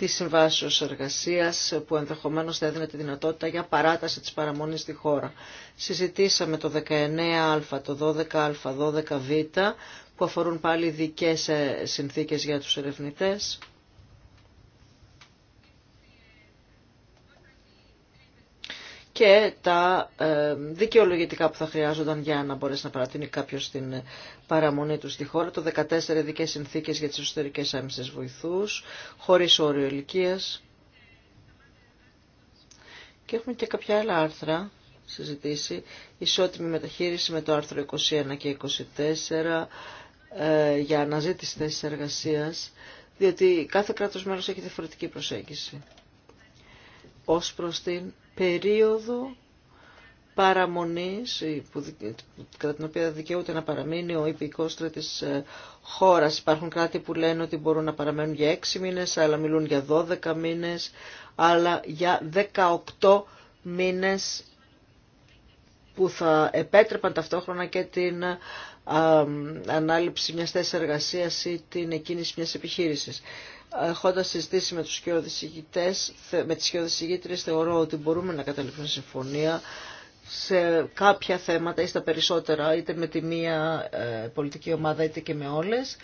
τη συμβάσεω εργασία, που ενδεχομένω θα έδινε τη δυνατότητα για παράταση τη παραμονή στη χώρα. Συζητήσαμε το 19α, το 12α, 12β που αφορούν πάλι ειδικέ ε, συνθήκε για του ερευνητέ. και τα ε, δικαιολογητικά που θα χρειάζονταν για να μπορέσει να παρατείνει κάποιο την παραμονή του στη χώρα. Το 14 ειδικέ συνθήκες για τις εσωτερικέ άμεσε βοηθού, χωρί όριο ηλικία. Και έχουμε και κάποια άλλα άρθρα συζητήσει. Ισότιμη μεταχείριση με το άρθρο 21 και 24 ε, για αναζήτηση θέσης εργασίας, διότι κάθε κράτος μέλος έχει διαφορετική προσέγγιση ως προς την περίοδο παραμονής κατά την οποία δικαιούται να παραμείνει ο υπηκός της ε, χώρας. Υπάρχουν κράτη που λένε ότι μπορούν να παραμένουν για 6 μήνες, άλλα μιλούν για 12 μήνες, άλλα για 18 μήνες που θα επέτρεπαν ταυτόχρονα και την ε, ε, ανάληψη μιας θέσης εργασίας ή την εκκίνηση μιας επιχείρησης. Έχοντα συζητήσει με, τους με τις χειροδησηγήτριε, θεωρώ ότι μπορούμε να καταλήξουμε συμφωνία σε κάποια θέματα ή στα περισσότερα είτε με τη μία ε, πολιτική ομάδα είτε και με όλες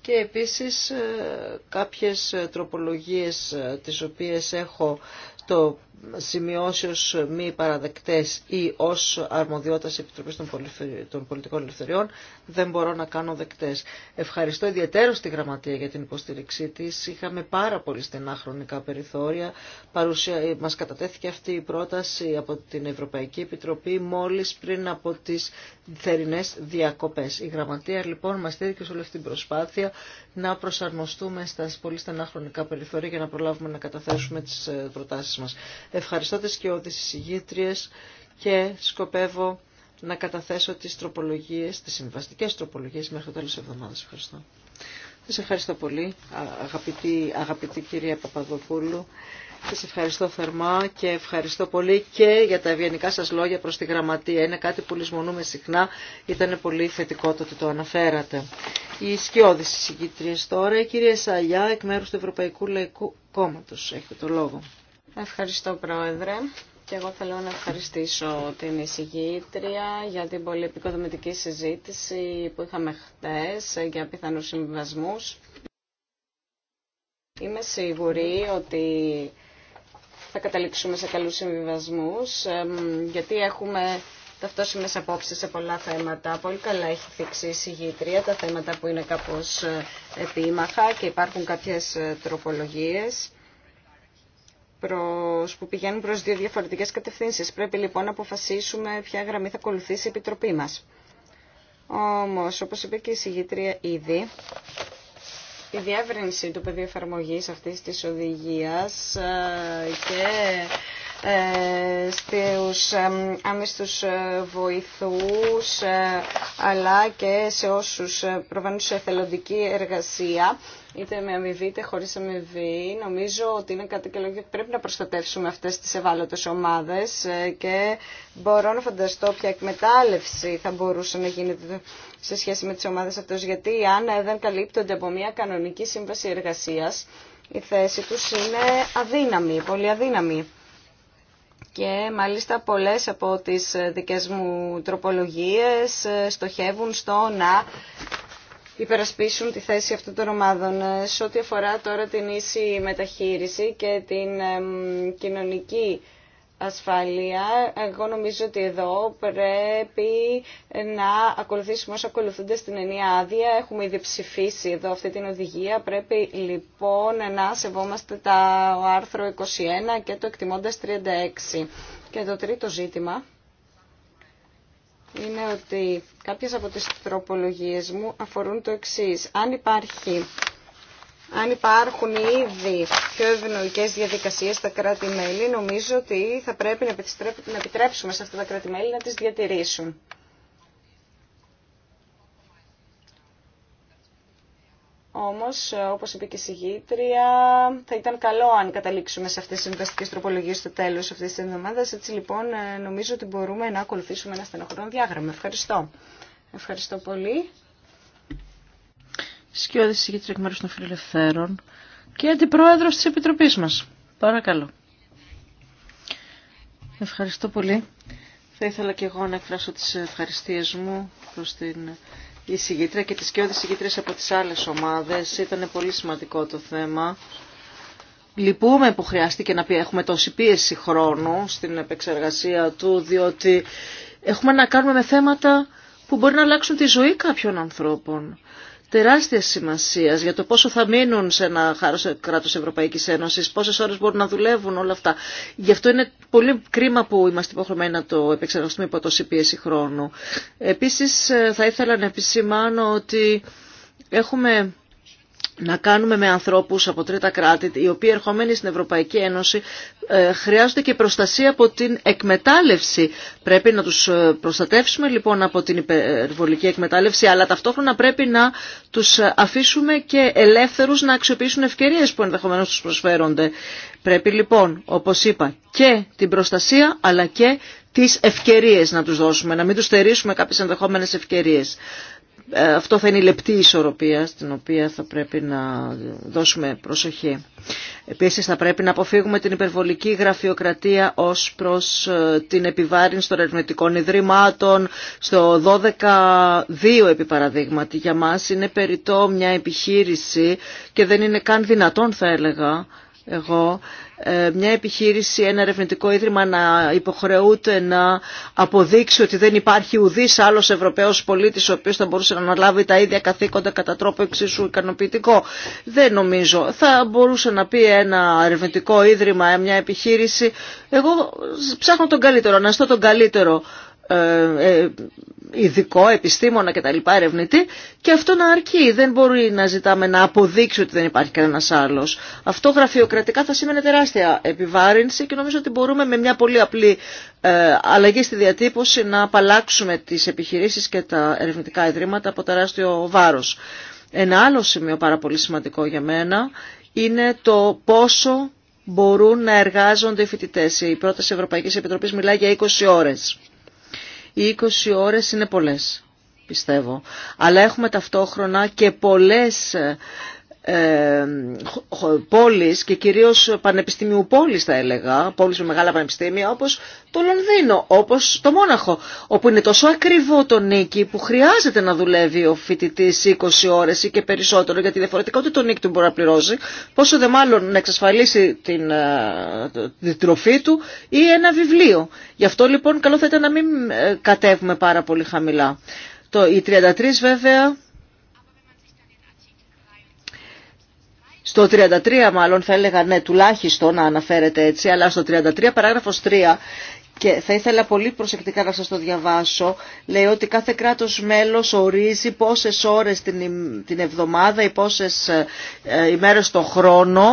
και επίσης ε, κάποιες ε, τροπολογίες τις οποίες έχω το σημειώσει μη παραδεκτές ή ως αρμοδιότητας Επιτροπής των Πολιτικών Ελευθεριών δεν μπορώ να κάνω δεκτές. Ευχαριστώ ιδιαίτερως τη Γραμματεία για την υποστήριξή της. Είχαμε πάρα πολύ στενά χρονικά περιθώρια. Παρουσία, ε, μας κατατέθηκε αυτή η πρόταση από την Ευρωπαϊκή Επιτροπή μόλις πριν από τις θερινές διακοπές. Η Γραμματεία λοιπόν μας στήριξε σε όλη αυτή την προσπάθεια να προσαρμοστούμε στα πολύ στενά χρονικά περιθώρια για να προλάβουμε να καταθέσουμε τι ε, προτάσεις Ευχαριστώ τις και όλες και σκοπεύω να καταθέσω τις τροπολογίες, τις συμβαστικές τροπολογίες μέχρι το τέλος της εβδομάδας. Ευχαριστώ. Σας ευχαριστώ πολύ, αγαπητή, αγαπητή κυρία Παπαδοπούλου. σα ευχαριστώ θερμά και ευχαριστώ πολύ και για τα ευγενικά σα λόγια προ τη γραμματεία. Είναι κάτι που λησμονούμε συχνά. Ήταν πολύ θετικό το ότι το αναφέρατε. Οι σκιώδει συγκίτριε τώρα, η κυρία Σαλιά εκ μέρου του Ευρωπαϊκού Λαϊκού Κόμματο, Έχετε το λόγο. Ευχαριστώ Πρόεδρε και εγώ θέλω να ευχαριστήσω την εισηγήτρια για την πολύ επικοδομητική συζήτηση που είχαμε χτες για πιθανούς συμβιβασμούς. Είμαι σίγουρη ότι θα καταλήξουμε σε καλούς συμβιβασμούς γιατί έχουμε ταυτόσιμες απόψεις σε πολλά θέματα. Πολύ καλά έχει θίξει η εισηγήτρια τα θέματα που είναι κάπως επίμαχα και υπάρχουν κάποιες τροπολογίες προς, που πηγαίνουν προς δύο διαφορετικές κατευθύνσεις. Πρέπει λοιπόν να αποφασίσουμε ποια γραμμή θα ακολουθήσει η Επιτροπή μας. Όμως, όπως είπε και η συγγήτρια ήδη, η διεύρυνση του πεδίου εφαρμογή αυτής της οδηγίας ε, και ε, στους άμεστους ε, ε, βοηθούς αλλά και σε όσους προβαίνουν σε εθελοντική εργασία είτε με αμοιβή είτε χωρίς αμοιβή. Νομίζω ότι είναι κάτι και λόγιο ότι πρέπει να προστατεύσουμε αυτές τις ευάλωτες ομάδες και μπορώ να φανταστώ ποια εκμετάλλευση θα μπορούσε να γίνεται σε σχέση με τις ομάδες αυτές γιατί αν δεν καλύπτονται από μια κανονική σύμβαση εργασίας η θέση τους είναι αδύναμη, πολύ αδύναμη και μάλιστα πολλές από τις δικές μου τροπολογίες ε, στοχεύουν στο να υπερασπίσουν τη θέση αυτών των ομάδων. Ε, σε ό,τι αφορά τώρα την ίση μεταχείριση και την κοινωνική ασφάλεια. Εγώ νομίζω ότι εδώ πρέπει να ακολουθήσουμε όσα ακολουθούνται στην ενία άδεια. Έχουμε ήδη ψηφίσει εδώ αυτή την οδηγία. Πρέπει λοιπόν να σεβόμαστε τα άρθρο 21 και το εκτιμώντας 36. Και το τρίτο ζήτημα είναι ότι κάποιες από τις τροπολογίες μου αφορούν το εξής. Αν υπάρχει αν υπάρχουν ήδη πιο ευνοϊκέ διαδικασίε στα κράτη-μέλη, νομίζω ότι θα πρέπει να επιτρέψουμε σε αυτά τα κράτη-μέλη να τι διατηρήσουν. Όμως, όπως είπε και η συγγήτρια, θα ήταν καλό αν καταλήξουμε σε αυτές τις συμβαστικές τροπολογίες στο τέλος αυτής της εβδομάδας. Έτσι λοιπόν, νομίζω ότι μπορούμε να ακολουθήσουμε ένα στενοχωρό διάγραμμα. Ευχαριστώ. Ευχαριστώ πολύ σκιώδη συγκήτρια εκ μέρου των φιλελευθέρων και αντιπρόεδρο τη επιτροπή μα. Παρακαλώ. Ευχαριστώ πολύ. Θα ήθελα και εγώ να εκφράσω τι ευχαριστίες μου προ την εισηγήτρια και τι σκιώδη συγκήτριες από τι άλλε ομάδε. Ήταν πολύ σημαντικό το θέμα. Λυπούμε που χρειάστηκε να πει έχουμε τόση πίεση χρόνου στην επεξεργασία του, διότι έχουμε να κάνουμε με θέματα που μπορεί να αλλάξουν τη ζωή κάποιων ανθρώπων. Τεράστια σημασία για το πόσο θα μείνουν σε ένα χάρο κράτος Ευρωπαϊκής Ένωση, πόσες ώρες μπορούν να δουλεύουν όλα αυτά. Γι' αυτό είναι πολύ κρίμα που είμαστε υποχρεωμένοι να το επεξεργαστούμε υπό τόση πίεση χρόνου. Επίση, ε, θα ήθελα να επισημάνω ότι έχουμε να κάνουμε με ανθρώπου από τρίτα κράτη, οι οποίοι ερχόμενοι στην Ευρωπαϊκή Ένωση ε, χρειάζονται και προστασία από την εκμετάλλευση. Πρέπει να του ε, προστατεύσουμε λοιπόν από την υπερβολική εκμετάλλευση, αλλά ταυτόχρονα πρέπει να του αφήσουμε και ελεύθερου, να αξιοποιήσουν ευκαιρίε που ενδεχομένω του προσφέρονται. Πρέπει λοιπόν, όπω είπα, και την προστασία αλλά και τι ευκαιρίε να του δώσουμε, να μην του στερήσουμε κάποιε ενδεχομένε ευκαιρίε. Ε, αυτό θα είναι η λεπτή ισορροπία στην οποία θα πρέπει να δώσουμε προσοχή. Επίσης θα πρέπει να αποφύγουμε την υπερβολική γραφειοκρατία ως προς ε, την επιβάρυνση των ερευνητικών ιδρυμάτων στο 12-2 επί παραδείγματι. Για μας είναι περιττό μια επιχείρηση και δεν είναι καν δυνατόν θα έλεγα εγώ ε, μια επιχείρηση, ένα ερευνητικό ίδρυμα να υποχρεούται να αποδείξει ότι δεν υπάρχει ουδής άλλος Ευρωπαίος πολίτης ο οποίος θα μπορούσε να αναλάβει τα ίδια καθήκοντα κατά τρόπο εξίσου ικανοποιητικό. Δεν νομίζω. Θα μπορούσε να πει ένα ερευνητικό ίδρυμα, μια επιχείρηση. Εγώ ψάχνω τον καλύτερο, αναστώ τον καλύτερο ε, ε, ειδικό, επιστήμονα κτλ. ερευνητή και αυτό να αρκεί. Δεν μπορεί να ζητάμε να αποδείξει ότι δεν υπάρχει κανένα άλλο. Αυτό γραφειοκρατικά θα σήμαινε τεράστια επιβάρυνση και νομίζω ότι μπορούμε με μια πολύ απλή ε, αλλαγή στη διατύπωση να απαλλάξουμε τι επιχειρήσει και τα ερευνητικά ιδρύματα από τεράστιο βάρο. Ένα άλλο σημείο πάρα πολύ σημαντικό για μένα είναι το πόσο μπορούν να εργάζονται οι φοιτητέ. Η πρόταση Ευρωπαϊκή Επιτροπή μιλάει για 20 ώρες. Οι 20 ώρες είναι πολλές, πιστεύω. Αλλά έχουμε ταυτόχρονα και πολλές ε, ε, πόλεις και κυρίως πανεπιστημίου πόλεις θα έλεγα, πόλεις με μεγάλα πανεπιστήμια όπως το Λονδίνο, όπως το Μόναχο, όπου είναι τόσο ακριβό το νίκη που χρειάζεται να δουλεύει ο φοιτητή 20 ώρες ή και περισσότερο γιατί διαφορετικά ούτε το νίκη του μπορεί να πληρώσει, πόσο δε μάλλον να εξασφαλίσει την, ε, τροφή του ή ένα βιβλίο. Γι' αυτό λοιπόν καλό θα ήταν να μην ε, κατέβουμε πάρα πολύ χαμηλά. Το, οι 33 βέβαια στο 33 μάλλον θα έλεγα ναι τουλάχιστον να αναφέρεται έτσι, αλλά στο 33 παράγραφος 3 και θα ήθελα πολύ προσεκτικά να σας το διαβάσω, λέει ότι κάθε κράτος μέλος ορίζει πόσες ώρες την εβδομάδα ή πόσες ε, ε, ημέρες το χρόνο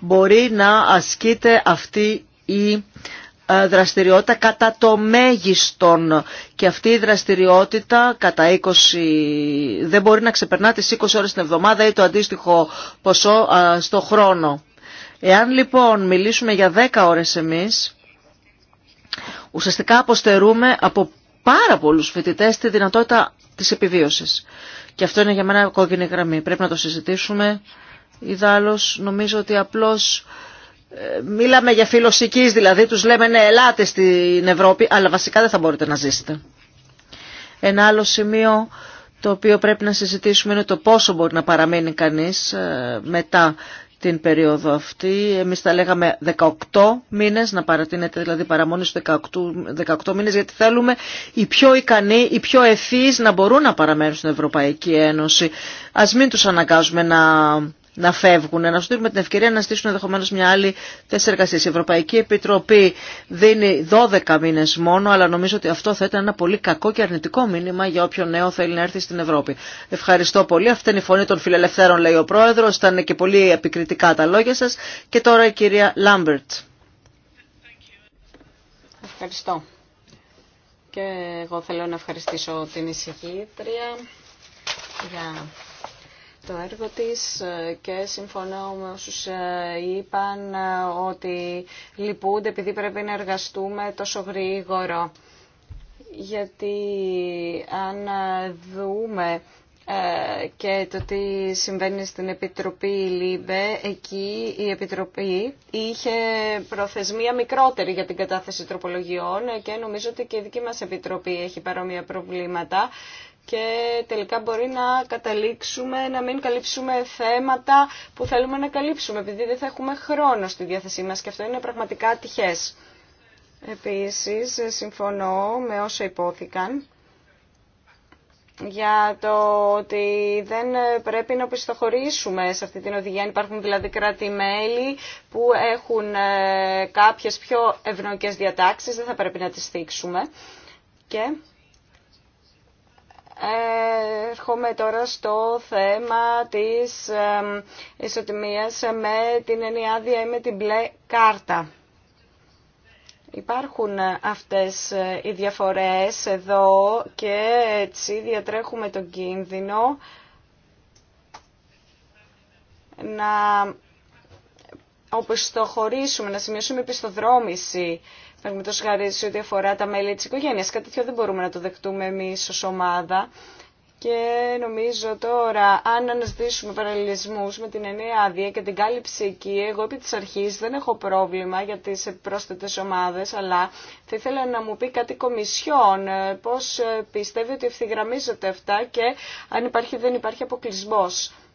μπορεί να ασκείται αυτή η ε, δραστηριότητα κατά το μέγιστον και αυτή η δραστηριότητα κατά 20 δεν μπορεί να ξεπερνά τις 20 ώρες την εβδομάδα ή το αντίστοιχο ποσό ε, στο χρόνο. Εάν λοιπόν μιλήσουμε για 10 ώρες εμείς, ουσιαστικά αποστερούμε από πάρα πολλούς φοιτητές τη δυνατότητα της επιβίωσης. Και αυτό είναι για μένα κόκκινη γραμμή. Πρέπει να το συζητήσουμε. Ιδάλλως νομίζω ότι απλώς Μίλαμε για φιλοσικείς δηλαδή τους λέμε ναι ελάτε στην Ευρώπη, αλλά βασικά δεν θα μπορείτε να ζήσετε. Ένα άλλο σημείο το οποίο πρέπει να συζητήσουμε είναι το πόσο μπορεί να παραμείνει κανείς ε, μετά την περίοδο αυτή. Εμείς τα λέγαμε 18 μήνες, να παρατείνετε δηλαδή παραμονή 18, 18 μήνες, γιατί θέλουμε οι πιο ικανοί, οι πιο ευθύς να μπορούν να παραμένουν στην Ευρωπαϊκή Ένωση. Ας μην τους αναγκάζουμε να να φεύγουν, να σου δίνουμε την ευκαιρία να στήσουν ενδεχομένω μια άλλη θέση εργασία. Η Ευρωπαϊκή Επιτροπή δίνει 12 μήνε μόνο, αλλά νομίζω ότι αυτό θα ήταν ένα πολύ κακό και αρνητικό μήνυμα για όποιον νέο θέλει να έρθει στην Ευρώπη. Ευχαριστώ πολύ. Αυτή είναι η φωνή των φιλελευθέρων, λέει ο Πρόεδρο. Ήταν και πολύ επικριτικά τα λόγια σα. Και τώρα η κυρία Λάμπερτ. Ευχαριστώ. Και εγώ θέλω να ευχαριστήσω την εισηγήτρια για το έργο της ε, και συμφωνώ με όσους ε, είπαν ε, ότι λυπούνται επειδή πρέπει να εργαστούμε τόσο γρήγορο. Γιατί αν δούμε και το τι συμβαίνει στην Επιτροπή ΛΥΜΠΕ, εκεί η Επιτροπή είχε προθεσμία μικρότερη για την κατάθεση τροπολογιών και νομίζω ότι και η δική μας Επιτροπή έχει παρόμοια προβλήματα και τελικά μπορεί να καταλήξουμε να μην καλύψουμε θέματα που θέλουμε να καλύψουμε επειδή δεν θα έχουμε χρόνο στη διάθεσή μας και αυτό είναι πραγματικά τυχές. Επίσης, συμφωνώ με όσα υπόθηκαν για το ότι δεν πρέπει να πιστοχωρήσουμε σε αυτή την οδηγία. Υπάρχουν δηλαδή κράτη-μέλη που έχουν ε, κάποιες πιο ευνοϊκές διατάξεις, δεν θα πρέπει να τις θίξουμε. Και Έρχομαι τώρα στο θέμα της ισοτιμίας με την άδεια ή με την μπλε κάρτα. Υπάρχουν αυτές οι διαφορές εδώ και έτσι διατρέχουμε τον κίνδυνο να οπισθοχωρήσουμε, να σημειώσουμε επιστοδρόμηση παραδείγματο τόσο σε ό,τι αφορά τα μέλη τη οικογένεια. Κάτι τέτοιο δεν μπορούμε να το δεχτούμε εμεί ω ομάδα. Και νομίζω τώρα, αν αναζητήσουμε παραλληλισμού με την εννέα άδεια και την κάλυψη εκεί, εγώ επί τη αρχή δεν έχω πρόβλημα για τι πρόσθετε ομάδε, αλλά θα ήθελα να μου πει κάτι κομισιόν, ε, πώ ε, πιστεύει ότι ευθυγραμμίζονται αυτά και αν υπάρχει δεν υπάρχει αποκλεισμό.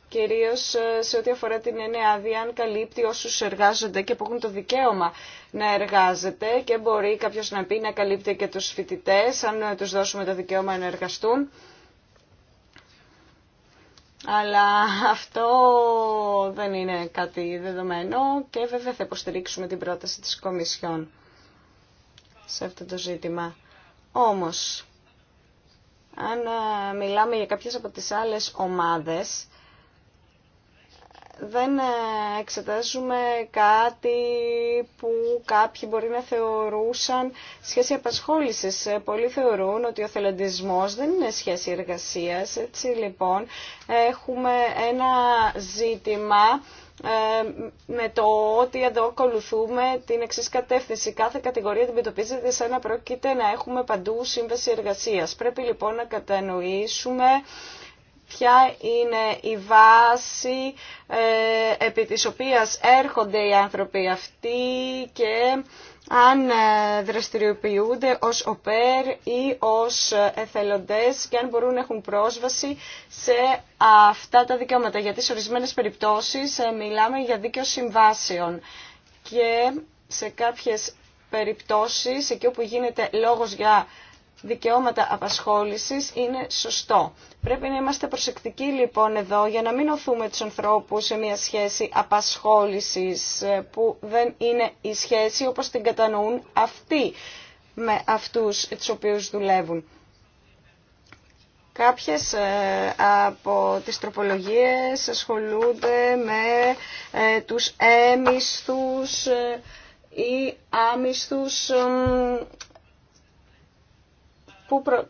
Κυρίω ε, σε ό,τι αφορά την νέα άδεια, αν καλύπτει όσου εργάζονται και που έχουν το δικαίωμα να εργάζεται και μπορεί κάποιο να πει να καλύπτει και του φοιτητέ αν ε, του δώσουμε το δικαίωμα να εργαστούν. Αλλά *laughs* αυτό δεν είναι κάτι δεδομένο και βέβαια θα υποστηρίξουμε την πρόταση της Κομισιόν σε αυτό το ζήτημα. Όμως, αν ε, μιλάμε για κάποιες από τις άλλες ομάδες, δεν ε, εξετάζουμε κάτι που κάποιοι μπορεί να θεωρούσαν σχέση απασχόλησης. Ε, πολλοί θεωρούν ότι ο θελοντισμός δεν είναι σχέση εργασίας. Έτσι λοιπόν έχουμε ένα ζήτημα ε, με το ότι εδώ ακολουθούμε την εξή κατεύθυνση. Κάθε κατηγορία αντιμετωπίζεται σαν να πρόκειται να έχουμε παντού σύμβαση εργασίας. Πρέπει λοιπόν να κατανοήσουμε ποια είναι η βάση ε, επί της οποίας έρχονται οι άνθρωποι αυτοί και αν ε, δραστηριοποιούνται ως οπέρ ή ως εθελοντές και αν μπορούν να έχουν πρόσβαση σε αυτά τα δικαιώματα. Γιατί σε ορισμένες περιπτώσεις ε, μιλάμε για δίκαιο συμβάσεων και σε κάποιες περιπτώσεις, εκεί όπου γίνεται λόγος για δικαιώματα απασχόλησης είναι σωστό. Πρέπει να είμαστε προσεκτικοί λοιπόν εδώ για να μην οθούμε τους ανθρώπους σε μια σχέση απασχόλησης ε, που δεν είναι η σχέση όπως την κατανοούν αυτοί με αυτούς τους οποίους δουλεύουν. Κάποιες ε, από τις τροπολογίες ασχολούνται με ε, τους έμισθους ή άμισθους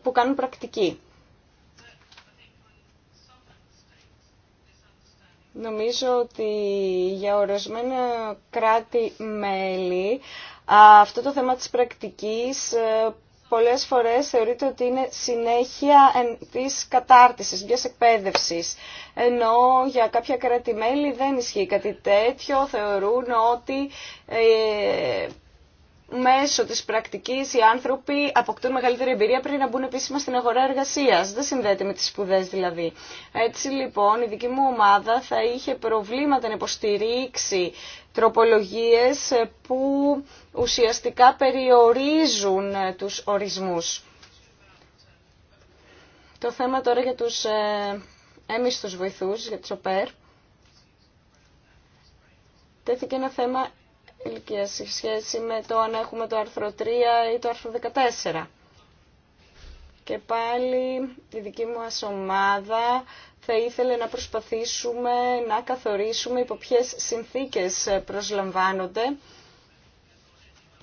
που, κάνουν πρακτική. Νομίζω ότι για ορισμένα κράτη-μέλη αυτό το θέμα της πρακτικής ε, πολλές φορές θεωρείται ότι είναι συνέχεια της κατάρτισης, μιας εκπαίδευσης. Ενώ για κάποια κράτη-μέλη δεν ισχύει κάτι τέτοιο, θεωρούν ότι ε, μέσω της πρακτικής οι άνθρωποι αποκτούν μεγαλύτερη εμπειρία πριν να μπουν επίσημα στην αγορά εργασίας. Δεν συνδέεται με τις σπουδέ, δηλαδή. Έτσι λοιπόν η δική μου ομάδα θα είχε προβλήματα να υποστηρίξει τροπολογίες ε, που ουσιαστικά περιορίζουν ε, τους ορισμούς. Το θέμα τώρα για τους ε, τους βοηθούς, για τους ΟΠΕΡ, τέθηκε ένα θέμα ηλικία σε σχέση με το αν έχουμε το άρθρο 3 ή το άρθρο 14. Και πάλι η δική μου ομάδα θα ήθελε να προσπαθήσουμε να καθορίσουμε υπό ποιες συνθήκες προσλαμβάνονται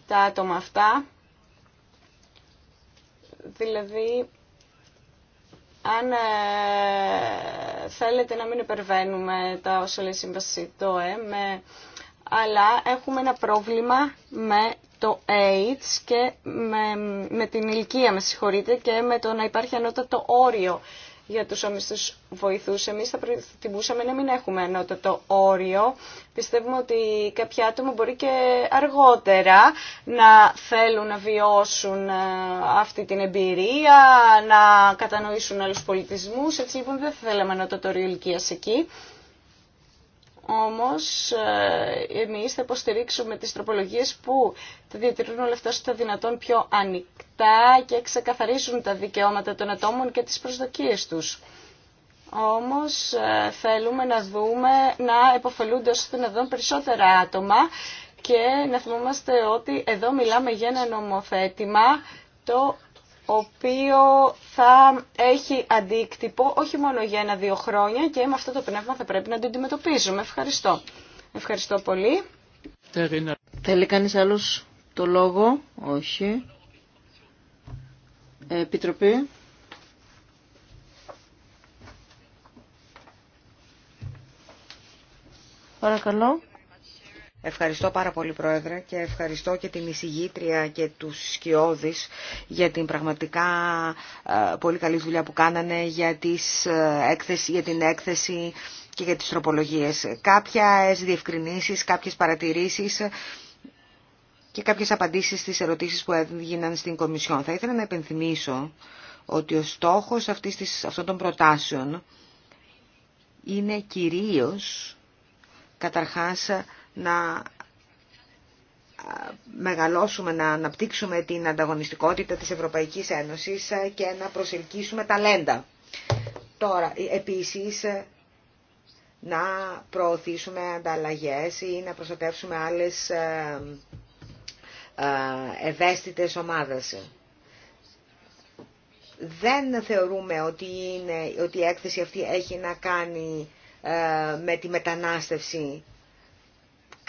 τα άτομα αυτά. Δηλαδή, αν ε, θέλετε να μην υπερβαίνουμε τα όσα λέει η σύμβαση το αλλά έχουμε ένα πρόβλημα με το AIDS και με, με την ηλικία, με συγχωρείτε, και με το να υπάρχει ανώτατο όριο για τους όμιστους βοηθούς. Εμείς θα προτιμούσαμε να μην έχουμε ανώτατο όριο. Πιστεύουμε ότι κάποια άτομα μπορεί και αργότερα να θέλουν να βιώσουν ε, αυτή την εμπειρία, να κατανοήσουν άλλους πολιτισμούς. Έτσι λοιπόν δεν θέλαμε ανώτατο όριο ηλικίας εκεί. Όμως ε, εμείς θα υποστηρίξουμε τις τροπολογίες που θα διατηρούν όλα αυτά στο δυνατόν πιο ανοιχτά και ξεκαθαρίζουν τα δικαιώματα των ατόμων και τις προσδοκίες τους. Όμως ε, θέλουμε να δούμε να επωφελούνται όσο δυνατόν περισσότερα άτομα και να θυμόμαστε ότι εδώ μιλάμε για ένα νομοθέτημα το οποίο θα έχει αντίκτυπο όχι μόνο για ένα-δύο χρόνια και με αυτό το πνεύμα θα πρέπει να το αντιμετωπίζουμε. Ευχαριστώ. Ευχαριστώ πολύ. Θέλει κανείς άλλος το λόγο. Όχι. Επιτροπή. Παρακαλώ. Ευχαριστώ πάρα πολύ Πρόεδρε και ευχαριστώ και την εισηγήτρια και τους σκιώδεις για την πραγματικά ε, πολύ καλή δουλειά που κάνανε για, τις, ε, έκθεση, για την έκθεση και για τις τροπολογίες. Κάποια διευκρινήσεις, κάποιες παρατηρήσεις και κάποιες απαντήσεις στις ερωτήσεις που έγιναν στην Κομισιόν. Θα ήθελα να επενθυμίσω ότι ο στόχος αυτής της, αυτών των προτάσεων είναι κυρίως καταρχάς να μεγαλώσουμε, να αναπτύξουμε την ανταγωνιστικότητα της Ευρωπαϊκής Ένωσης και να προσελκύσουμε ταλέντα. Τώρα, ε, επίσης, ε, να προωθήσουμε ανταλλαγές ή να προστατεύσουμε άλλες ε, ευαίσθητες ομάδες. Δεν θεωρούμε ότι, είναι, ότι η έκθεση αυτή έχει να κάνει με τη μετανάστευση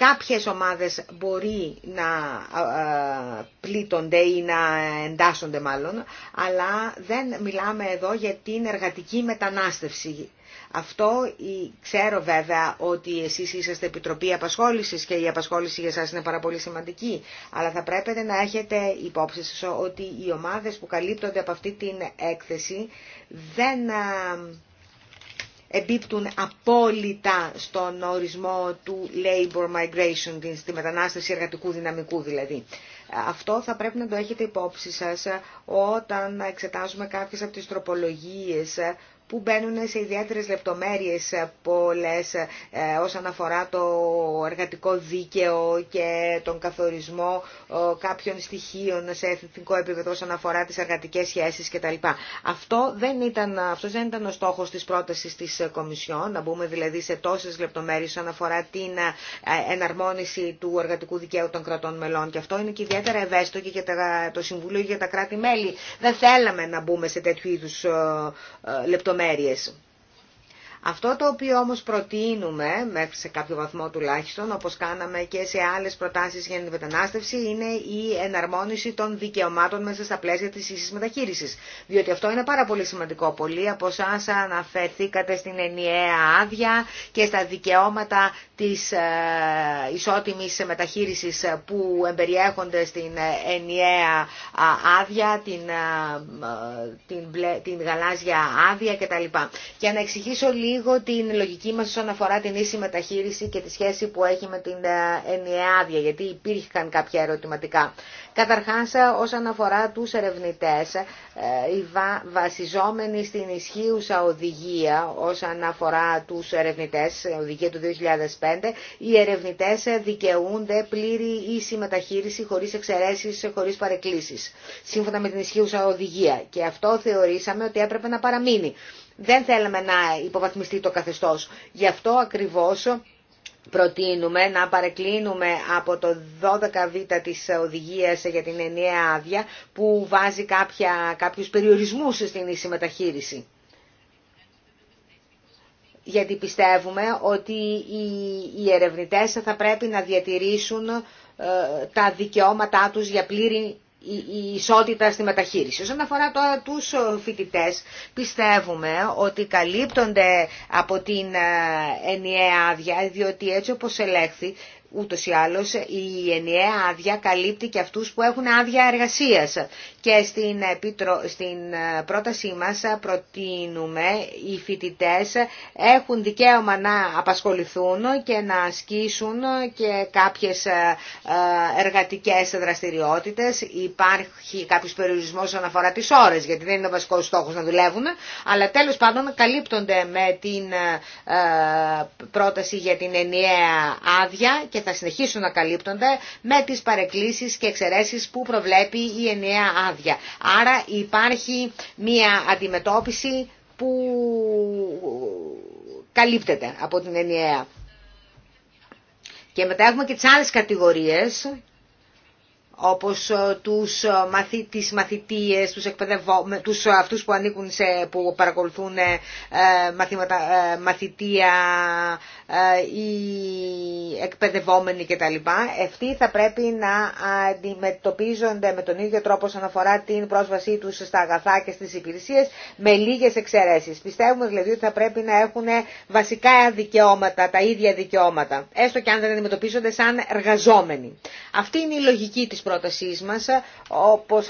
Κάποιες ομάδες μπορεί να πλήττονται ή να εντάσσονται μάλλον, αλλά δεν μιλάμε εδώ για την εργατική μετανάστευση. Αυτό ξέρω βέβαια ότι εσείς είσαστε Επιτροπή Απασχόλησης και η απασχόληση για σας είναι πάρα πολύ σημαντική, αλλά θα πρέπει να έχετε υπόψη σας ότι οι ομάδες που καλύπτονται από αυτή την έκθεση δεν εμπίπτουν απόλυτα στον ορισμό του labor migration, στη μετανάστευση εργατικού δυναμικού δηλαδή. Αυτό θα πρέπει να το έχετε υπόψη σας όταν εξετάζουμε κάποιες από τις τροπολογίες που μπαίνουν σε ιδιαίτερες λεπτομέρειες ε, πολλές ε, όσον αφορά το εργατικό δίκαιο και τον καθορισμό ε, κάποιων στοιχείων σε εθνικό επίπεδο όσον αφορά τις εργατικές σχέσεις κτλ. Αυτό δεν ήταν, αυτός δεν ήταν ο στόχος της πρότασης της Κομισιόν, να μπούμε δηλαδή σε τόσες λεπτομέρειες όσον αφορά την εναρμόνιση του εργατικού δικαίου των κρατών μελών και αυτό είναι και ιδιαίτερα ευαίσθητο και για το Συμβούλιο για τα κράτη-μέλη. Δεν θέλαμε να μπούμε σε τέτοιου είδους λεπτομέρειες λεπτομέρειες. Αυτό το οποίο όμως προτείνουμε, μέχρι σε κάποιο βαθμό τουλάχιστον, όπως κάναμε και σε άλλες προτάσεις για την μετανάστευση, είναι η εναρμόνιση των δικαιωμάτων μέσα στα πλαίσια της ίσης μεταχείρισης. Διότι αυτό είναι πάρα πολύ σημαντικό. Πολλοί από εσά αναφερθήκατε στην ενιαία άδεια και στα δικαιώματα της ε, ισότιμης μεταχείρισης που εμπεριέχονται στην ε, ενιαία άδεια, την, ε, την, την γαλάζια άδεια κτλ. Για να εξηγήσω λίγο λίγο την λογική μας όσον αφορά την ίση μεταχείριση και τη σχέση που έχει με την ε, ενιαία άδεια, γιατί υπήρχαν κάποια ερωτηματικά. Καταρχάς, ε, όσον αφορά τους ερευνητές, ε, βασιζόμενοι στην ισχύουσα οδηγία όσον αφορά τους ερευνητές, οδηγία του 2005, οι ερευνητές δικαιούνται πλήρη ίση μεταχείριση χωρίς εξαιρέσεις, χωρίς παρεκκλήσεις, σύμφωνα με την ισχύουσα οδηγία. Και αυτό θεωρήσαμε ότι έπρεπε να παραμείνει. Δεν θέλαμε να υποβαθμιστεί το καθεστώς. Γι' αυτό ακριβώς προτείνουμε να παρεκκλίνουμε από το 12β της οδηγίας για την ενιαία άδεια που βάζει κάποια, κάποιους περιορισμούς στην ίση μεταχείριση. Γιατί πιστεύουμε ότι οι, ερευνητές θα πρέπει να διατηρήσουν ε, τα δικαιώματά τους για πλήρη η ισότητα στη μεταχείριση. Όσον αφορά τώρα τους ε, φοιτητές, πιστεύουμε ότι καλύπτονται από την ε, ενιαία άδεια, διότι έτσι όπως ελέγχθη ούτως ή άλλως η ενιαία άδεια καλύπτει και αυτούς που έχουν άδεια εργασίας. Και στην, στην ε, πρότασή μας προτείνουμε οι φοιτητές έχουν δικαίωμα να απασχοληθούν και να ασκήσουν και κάποιες ε, ε, εργατικές δραστηριότητες. Υπάρχει κάποιος περιορισμός όσον αφορά τις ώρες, γιατί δεν είναι ο βασικός στόχος να δουλεύουν, αλλά τέλος πάντων καλύπτονται με την πρόταση για την ενιαία άδεια και θα συνεχίσουν να καλύπτονται με τις παρεκκλήσεις και εξαιρέσεις που προβλέπει η ενιαία άδεια. Άρα υπάρχει μια αντιμετώπιση που καλύπτεται από την ενιαία. Και μετά έχουμε και τις άλλες κατηγορίες, όπως ε, τους ε, μαθη, τις μαθητείες, τους, εκπαιδευό, τους ε, αυτούς που, ανήκουν σε, που παρακολουθούν μαθήματα, μαθητεία, ε, οι εκπαιδευόμενοι κτλ. Ευτοί θα πρέπει να αντιμετωπίζονται με τον ίδιο τρόπο να αφορά την πρόσβασή τους στα αγαθά και στις υπηρεσίες με λίγες εξαιρέσεις. Πιστεύουμε δηλαδή ότι θα πρέπει να έχουν βασικά δικαιώματα, τα ίδια δικαιώματα, έστω και αν δεν αντιμετωπίζονται σαν εργαζόμενοι. Αυτή είναι η λογική της πρότασή μας, όπως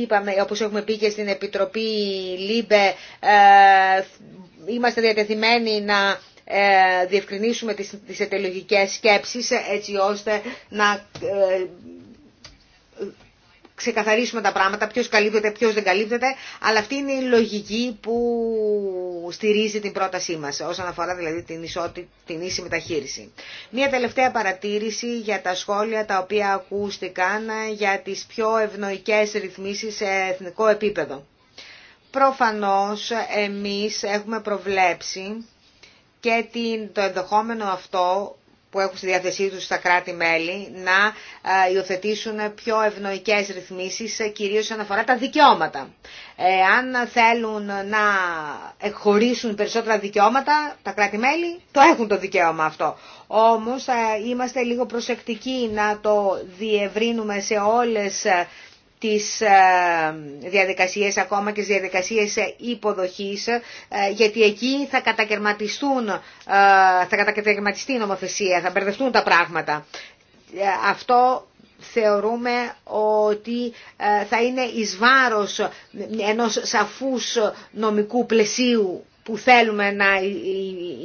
είπαμε, όπως έχουμε πει και στην Επιτροπή ΛΥΜΠΕ, ε, είμαστε διατεθειμένοι να ε, διευκρινίσουμε τις, τις ετελογικές σκέψεις ε, έτσι ώστε να ε, ξεκαθαρίσουμε τα πράγματα, ποιος καλύπτεται, ποιος δεν καλύπτεται, αλλά αυτή είναι η λογική που στηρίζει την πρότασή μας, όσον αφορά δηλαδή την, ισότη, την ίση μεταχείριση. Μία τελευταία παρατήρηση για τα σχόλια τα οποία ακούστηκαν για τις πιο ευνοϊκές ρυθμίσεις σε εθνικό επίπεδο. Προφανώς εμείς έχουμε προβλέψει και το ενδεχόμενο αυτό που έχουν στη διάθεσή τους τα κράτη-μέλη να ε, υιοθετήσουν πιο ευνοϊκές ρυθμίσεις, ε, κυρίως όσον αφορά τα δικαιώματα. Ε, αν θέλουν να εκχωρήσουν περισσότερα δικαιώματα, τα κράτη-μέλη το έχουν το δικαίωμα αυτό. Όμως είμαστε λίγο προσεκτικοί να το διευρύνουμε σε όλες τις ε, διαδικασίες, ακόμα και τις διαδικασίες ε, υποδοχής, ε, γιατί εκεί θα, κατακαιρματιστούν, θα κατακαιρματιστεί η νομοθεσία, θα μπερδευτούν τα πράγματα. Αυτό θεωρούμε ότι θα είναι εις βάρος ενός σαφούς νομικού πλαισίου που θέλουμε να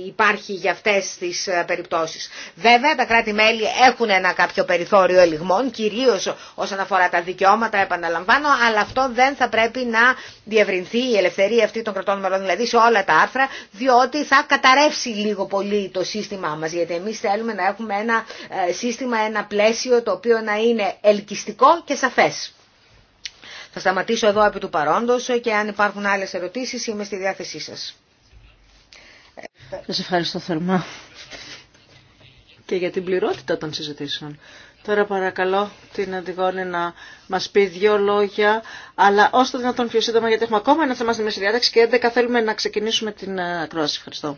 υπάρχει για αυτές τις ε, περιπτώσεις. Βέβαια τα κράτη-μέλη έχουν ένα κάποιο περιθώριο ελιγμών, κυρίως όσον αφορά τα δικαιώματα, επαναλαμβάνω, αλλά αυτό δεν θα πρέπει να διευρυνθεί η ελευθερία αυτή των κρατών μελών, δηλαδή σε όλα τα άρθρα, διότι θα καταρρεύσει λίγο πολύ το σύστημά μας, γιατί εμείς θέλουμε να έχουμε ένα ε, σύστημα, ένα πλαίσιο το οποίο να είναι ελκυστικό και σαφές. Θα σταματήσω εδώ επί του παρόντος και αν υπάρχουν άλλες ερωτήσεις είμαι στη διάθεσή σας. Σα ευχαριστώ θερμά και για την πληρότητα των συζητήσεων. Τώρα παρακαλώ την Αντιγόνη να μα πει δύο λόγια, αλλά όσο το δυνατόν πιο σύντομα, γιατί έχουμε ακόμα ένα θέμα στη μέση διάταξη και 11 θέλουμε να ξεκινήσουμε την ε, ακρόαση. Ευχαριστώ.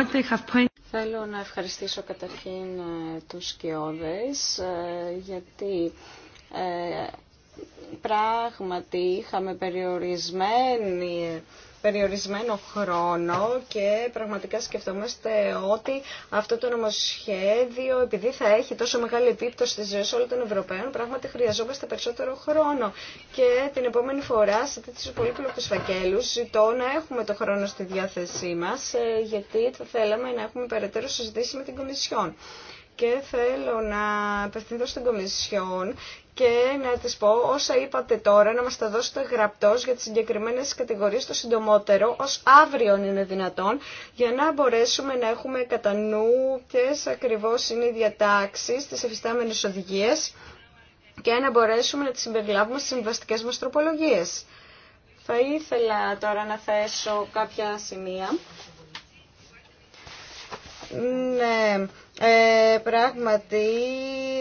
Uh, Θέλω να ευχαριστήσω καταρχήν ε, τους Κιώδες, ε, γιατί πράγματι είχαμε περιορισμένη περιορισμένο χρόνο και πραγματικά σκεφτόμαστε ότι αυτό το νομοσχέδιο, επειδή θα έχει τόσο μεγάλη επίπτωση στη ζωή όλων των Ευρωπαίων, πράγματι χρειαζόμαστε περισσότερο χρόνο. Και την επόμενη φορά σε τέτοιου πολύπλοκου φακέλου ζητώ να έχουμε το χρόνο στη διάθεσή μα ε, γιατί θα θέλαμε να έχουμε περαιτέρω συζητήσει με την Κομισιόν και θέλω να απευθυνθώ στην Κομισιόν και να της πω όσα είπατε τώρα, να μας τα δώσετε γραπτός για τις συγκεκριμένες κατηγορίες το συντομότερο, ως αύριο είναι δυνατόν, για να μπορέσουμε να έχουμε κατά νου ποιες ακριβώς είναι οι διατάξεις της εφιστάμενης και να μπορέσουμε να τις συμπεριλάβουμε στις συμβαστικές μας τροπολογίες. Θα ήθελα τώρα να θέσω κάποια σημεία. Ναι. Ε, πράγματι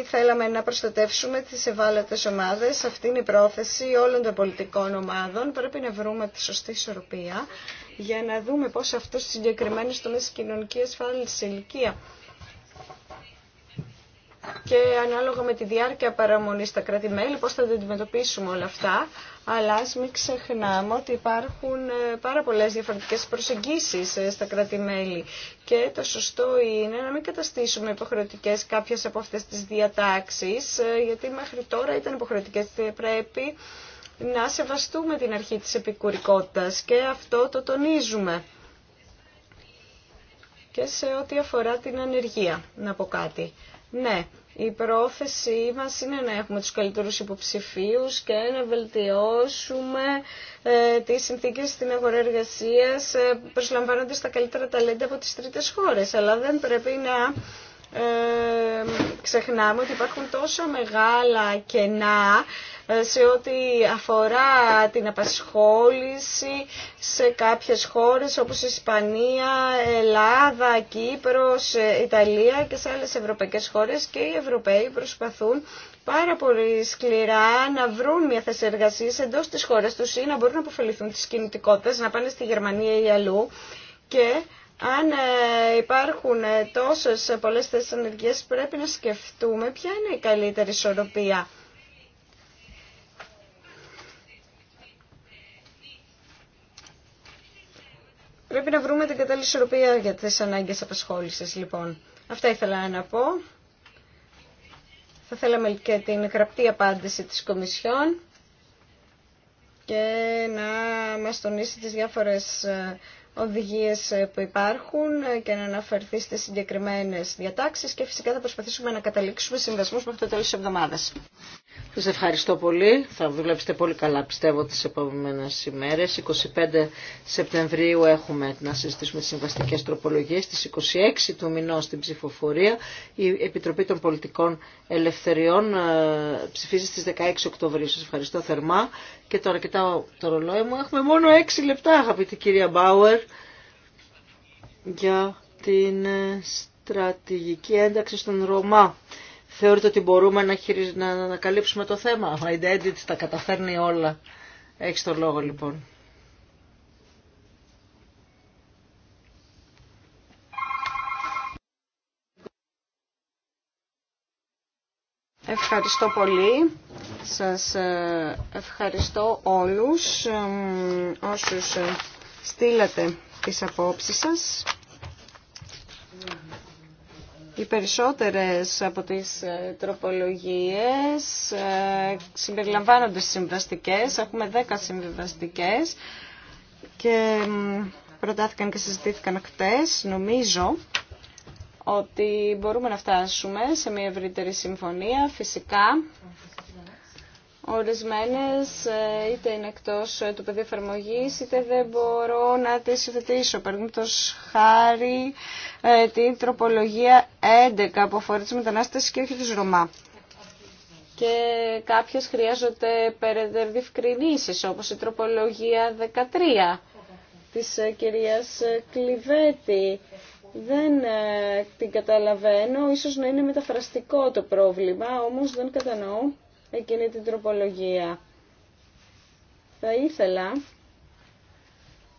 θέλαμε να προστατεύσουμε τις ευάλωτες ομάδες. Αυτή είναι η πρόθεση όλων των πολιτικών ομάδων. Πρέπει να βρούμε τη σωστή ισορροπία για να δούμε πώς αυτό στις συγκεκριμένες τομείς κοινωνική ασφάλισης ηλικία και ανάλογα με τη διάρκεια παραμονή στα κράτη-μέλη πώς θα αντιμετωπίσουμε όλα αυτά. Αλλά α μην ξεχνάμε ότι υπάρχουν ε, πάρα πολλέ διαφορετικέ προσεγγίσεις ε, στα κράτη-μέλη και το σωστό είναι να μην καταστήσουμε υποχρεωτικές κάποιε από αυτέ τι διατάξει. Ε, γιατί μέχρι τώρα ήταν υποχρεωτικές πρέπει να σεβαστούμε την αρχή της επικουρικότητας και αυτό το τονίζουμε και σε ό,τι αφορά την ανεργία, να πω κάτι. Ναι, η πρόθεσή μας είναι να έχουμε τους καλύτερους υποψηφίους και να βελτιώσουμε ε, τις συνθήκες στην αγορά εργασίας ε, προσλαμβάνοντας τα καλύτερα ταλέντα από τις τρίτες χώρες. Αλλά δεν πρέπει να ε, ξεχνάμε ότι υπάρχουν τόσο μεγάλα κενά ε, σε ό,τι αφορά την απασχόληση σε κάποιες χώρες όπως Ισπανία, Ελλάδα, Κύπρος, ε, Ιταλία και σε άλλες ευρωπαϊκές χώρες και οι Ευρωπαίοι προσπαθούν πάρα πολύ σκληρά να βρουν μια θέση εργασία εντό της χώρας του ή να μπορούν να αποφεληθούν τις κινητικότητες, να πάνε στη Γερμανία ή αλλού. Και αν ε, υπάρχουν τόσες πολλές θέσεις ανεργίας πρέπει να σκεφτούμε ποια είναι η καλύτερη ισορροπία Πρέπει να βρούμε την κατάλληλη ισορροπία για τις ανάγκες απασχόλησης, λοιπόν. Αυτά ήθελα να πω. Θα θέλαμε και την γραπτή απάντηση της Κομισιόν και να μας τονίσει τις διάφορες ε, οδηγίες ε, που υπάρχουν ε, και να αναφερθεί στις συγκεκριμένες διατάξεις και φυσικά θα προσπαθήσουμε να καταλήξουμε συμβασμούς μέχρι το τέλος της εβδομάδας. Σας ευχαριστώ πολύ. Θα δουλέψετε πολύ καλά πιστεύω τις επόμενες ημέρες. 25 Σεπτεμβρίου έχουμε να συζητήσουμε τις συμβαστικές τροπολογίες. Στις 26 του μηνό στην ψηφοφορία η Επιτροπή των Πολιτικών Ελευθεριών ε, ψηφίζει στις 16 Οκτωβρίου. Σας ευχαριστώ θερμά. Και τώρα κοιτάω το ρολόι μου. Έχουμε μόνο 6 λεπτά αγαπητή κυρία Μπάουερ για την ε, στρατηγική ένταξη στον Ρωμά. Θεωρείτε ότι μπορούμε να, χειρι... να ανακαλύψουμε το θέμα. Η τα καταφέρνει όλα. Έχει το λόγο λοιπόν. Ευχαριστώ πολύ. Σας ε, ευχαριστώ όλους όσους ε, στείλατε τις απόψεις σας. Οι περισσότερες από τις ε, τροπολογίες ε, συμπεριλαμβάνονται στις συμβαστικές. Έχουμε δέκα συμβαστικές και προτάθηκαν και συζητήθηκαν χτες. Νομίζω ότι μπορούμε να φτάσουμε σε μια ευρύτερη συμφωνία. Φυσικά Ορισμένες ε, είτε είναι εκτός ε, του πεδίου εφαρμογή, είτε δεν μπορώ να τις υφετήσω. Παραδείγματος χάρη ε, την τροπολογία 11 που αφορά τις μετανάστες και όχι τους Ρωμά. Και κάποιες χρειάζονται περαιτέρω διευκρινήσεις όπως η τροπολογία 13 της κυρίας Κλειβέτη. Δεν την καταλαβαίνω, ίσως να είναι μεταφραστικό το πρόβλημα, όμως δεν κατανοώ εκείνη την τροπολογία. Θα ήθελα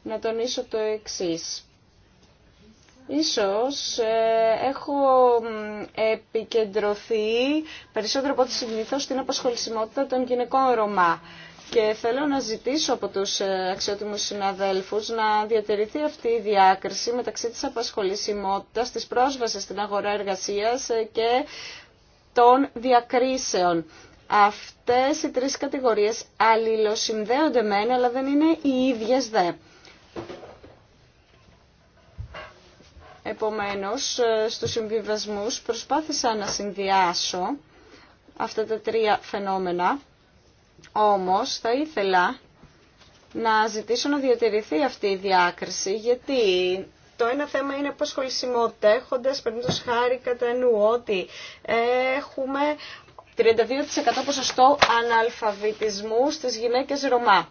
να τονίσω το εξής. Ίσως ε, έχω επικεντρωθεί περισσότερο από ό,τι συνηθώ στην απασχολησιμότητα των γυναικών Ρωμά. Και θέλω να ζητήσω από τους ε, αξιότιμους συναδέλφους να διατηρηθεί αυτή η διάκριση μεταξύ της απασχολησιμότητας, της πρόσβασης στην αγορά εργασίας ε, και των διακρίσεων. Αυτές οι τρεις κατηγορίες αλληλοσυνδέονται μεν, αλλά δεν είναι οι ίδιες δε. Επομένως, ε, στους συμβιβασμούς προσπάθησα να συνδυάσω αυτά τα τρία φαινόμενα, όμως θα ήθελα να ζητήσω να διατηρηθεί αυτή η διάκριση, γιατί το ένα θέμα είναι απασχολησιμότητα, έχοντας περίπτωση χάρη κατά νου ότι έχουμε 32% ποσοστό αναλφαβητισμού στις γυναίκες Ρωμά.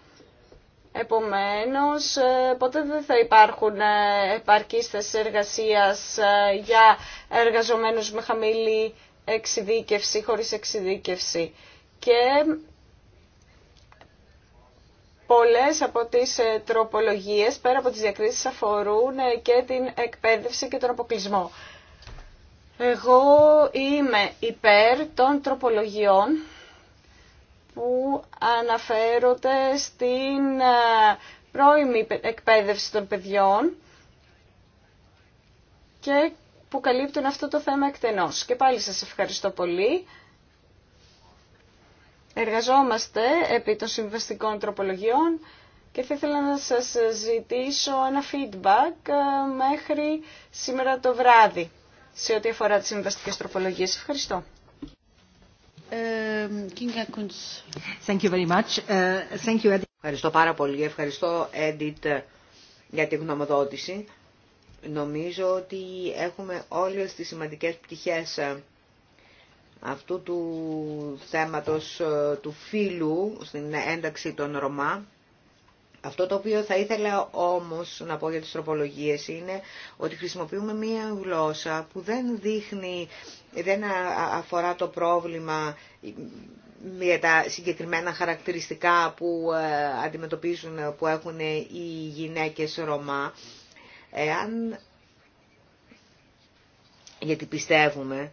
Επομένως, ε, ποτέ δεν θα υπάρχουν ε, επαρκείς θέσεις εργασίας ε, για εργαζομένους με χαμηλή εξειδίκευση, χωρίς εξειδίκευση. Και πολλές από τις τροπολογίες, πέρα από τις διακρίσεις, αφορούν και την εκπαίδευση και τον αποκλεισμό. Εγώ είμαι υπέρ των τροπολογιών που αναφέρονται στην ε, πρώιμη εκπαίδευση των παιδιών και που καλύπτουν αυτό το θέμα εκτενώς. Και πάλι σας ευχαριστώ πολύ. Εργαζόμαστε επί των συμβαστικών τροπολογιών και θα ήθελα να σας ζητήσω ένα feedback ε, μέχρι σήμερα το βράδυ σε ό,τι αφορά τις συμβαστικές τροπολογίες. Ευχαριστώ. Ε, ε, Ευχαριστώ πάρα πολύ. Ευχαριστώ, Έντιτ, για την γνωμοδότηση. Νομίζω ότι έχουμε όλες τις σημαντικές πτυχές ε, αυτού του θέματος του φίλου στην ένταξη των Ρωμά. Αυτό το οποίο θα ήθελα όμως να πω για τις τροπολογίες είναι ότι χρησιμοποιούμε μία γλώσσα που δεν δείχνει, δεν αφορά το πρόβλημα για τα συγκεκριμένα χαρακτηριστικά που ε, αντιμετωπίζουν, που έχουν οι γυναίκες Ρωμά. Εάν, γιατί πιστεύουμε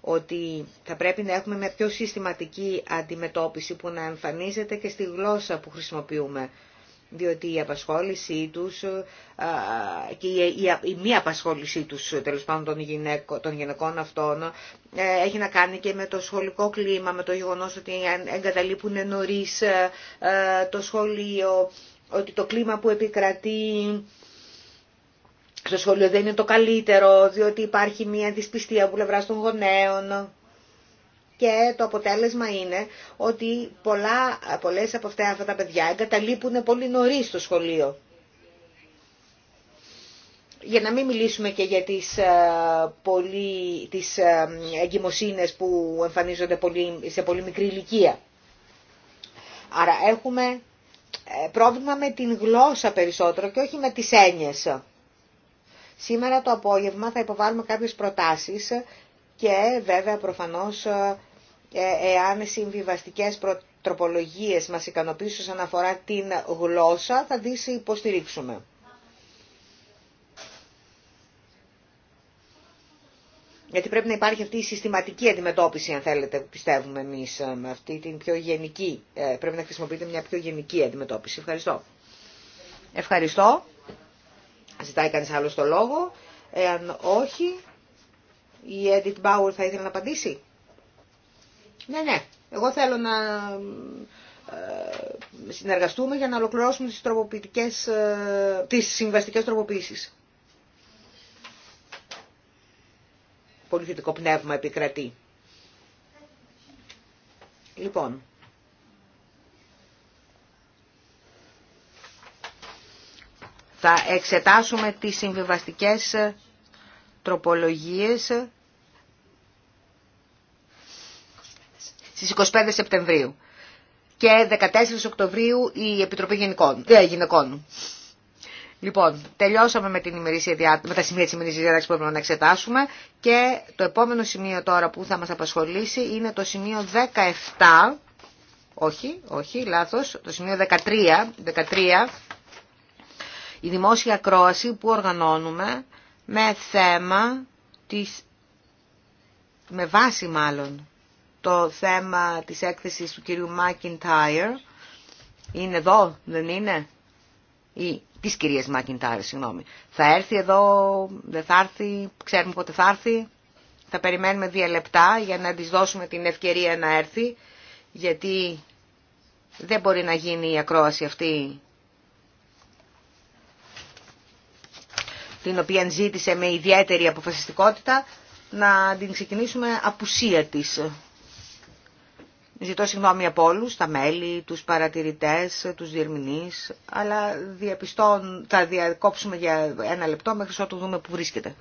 ότι θα πρέπει να έχουμε μια πιο συστηματική αντιμετώπιση που να εμφανίζεται και στη γλώσσα που χρησιμοποιούμε διότι η απασχόλησή τους ε, και η, μη απασχόλησή τους τέλος πάντων των, γυναίκων, αυτών ε, έχει να κάνει και με το σχολικό κλίμα, με το γεγονός ότι εγκαταλείπουν νωρί ε, το σχολείο, ότι το κλίμα που επικρατεί στο σχολείο δεν είναι το καλύτερο, διότι υπάρχει μια δυσπιστία από πλευρά των γονέων και το αποτέλεσμα είναι ότι πολλά, πολλές από αυτά, αυτά τα παιδιά εγκαταλείπουν πολύ νωρίς στο σχολείο. Για να μην μιλήσουμε και για τις, ε, πολύ, τις ε, εγκυμοσύνες που εμφανίζονται πολύ, σε πολύ μικρή ηλικία. Άρα έχουμε ε, πρόβλημα με την γλώσσα περισσότερο και όχι με τις έννοιες. Σήμερα το απόγευμα θα υποβάλουμε κάποιες προτάσεις και βέβαια προφανώς ε, ε, εάν συμβιβαστικές τροπολογίες μας ικανοποιήσουν όσον αφορά την γλώσσα θα τι υποστηρίξουμε. Γιατί πρέπει να υπάρχει αυτή η συστηματική αντιμετώπιση, αν θέλετε, πιστεύουμε εμείς ε, με αυτή την πιο γενική. Πρέπει να χρησιμοποιείται μια πιο γενική αντιμετώπιση. Ευχαριστώ. Ευχαριστώ. Ζητάει κανεί άλλο το λόγο. Εάν όχι, η Edith Bauer θα ήθελε να απαντήσει. Ναι, ναι. Εγώ θέλω να ε, συνεργαστούμε για να ολοκληρώσουμε τις, τροποποιητικές, ε, τις συμβαστικές τροποποίησεις. Πολύ θετικό πνεύμα επικρατεί. Λοιπόν, θα εξετάσουμε τις συμβιβαστικές τροπολογίες στις 25 Σεπτεμβρίου και 14 Οκτωβρίου η Επιτροπή Γενικών, ε, Γυναικών. Λοιπόν, τελειώσαμε με, την ημερήσια, με τα σημεία της ημερήσιας διάταξης που έπρεπε να εξετάσουμε και το επόμενο σημείο τώρα που θα μας απασχολήσει είναι το σημείο 17, όχι, όχι, λάθος, το σημείο 13, 13 η δημόσια ακρόαση που οργανώνουμε με θέμα της, με βάση μάλλον το θέμα της έκθεσης του κυρίου Μάκιντάιρ, είναι εδώ, δεν είναι, ή της κυρίας Μάκιντάιρ, συγγνώμη. Θα έρθει εδώ, δεν θα έρθει, ξέρουμε πότε θα έρθει, θα περιμένουμε δύο λεπτά για να της δώσουμε την ευκαιρία να έρθει, γιατί δεν μπορεί να γίνει η ακρόαση αυτή την οποία ζήτησε με ιδιαίτερη αποφασιστικότητα, να την ξεκινήσουμε απουσία της. Ζητώ συγγνώμη από όλου, τα μέλη, τους παρατηρητές, τους διερμηνείς, αλλά διαπιστών, θα διακόψουμε για ένα λεπτό μέχρι ότου δούμε που βρίσκεται.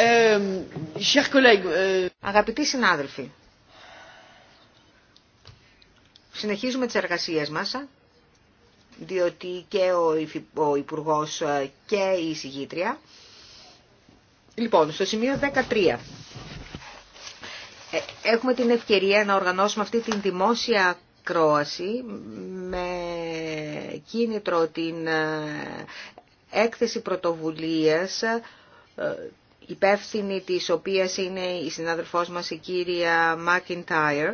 Ε, Αγαπητοί συνάδελφοι, συνεχίζουμε τις εργασίες μας, διότι και ο Υπουργός ε, και η Συγήτρια. Λοιπόν, στο σημείο 13 ε, έχουμε την ευκαιρία να οργανώσουμε αυτή την δημόσια κρόαση με κίνητρο την έκθεση πρωτοβουλίας υπεύθυνη της οποίας είναι η συνάδελφός μας η κύρια Μάκιντάιρ,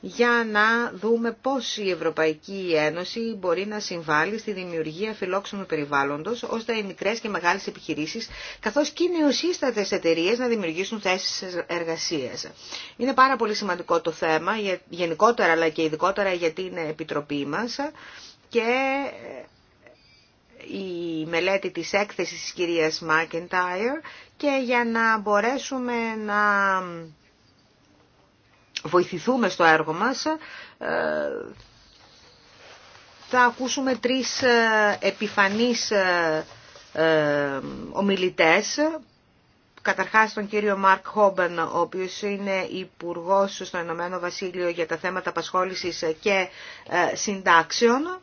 για να δούμε πώς η Ευρωπαϊκή Ένωση μπορεί να συμβάλλει στη δημιουργία φιλόξενου περιβάλλοντος, ώστε οι μικρές και μεγάλες επιχειρήσεις, καθώς και οι νεοσύστατες εταιρείες να δημιουργήσουν θέσεις εργασίας. Είναι πάρα πολύ σημαντικό το θέμα, γενικότερα αλλά και ειδικότερα για την Επιτροπή μας και η μελέτη της έκθεσης της κυρίας Μάκεντάιρ και για να μπορέσουμε να βοηθηθούμε στο έργο μας ε, θα ακούσουμε τρεις ε, επιφανείς ε, ομιλητές Καταρχάς τον κύριο Μαρκ Χόμπεν, ο οποίος είναι υπουργός στο Ηνωμένο Βασίλειο για τα θέματα απασχόλησης και συντάξεων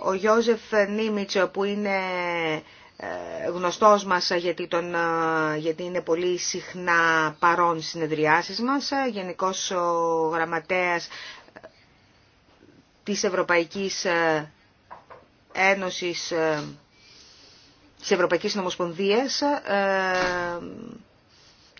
ο Γιώζεφ Νίμιτς που είναι ε, γνωστός μας ε, γιατί, ε, γιατί είναι πολύ συχνά παρόν στις συνεδριάσεις μας, γενικός ο γραμματέας της Ευρωπαϊκής Ένωσης της Ευρωπαϊκής Νομοσπονδίας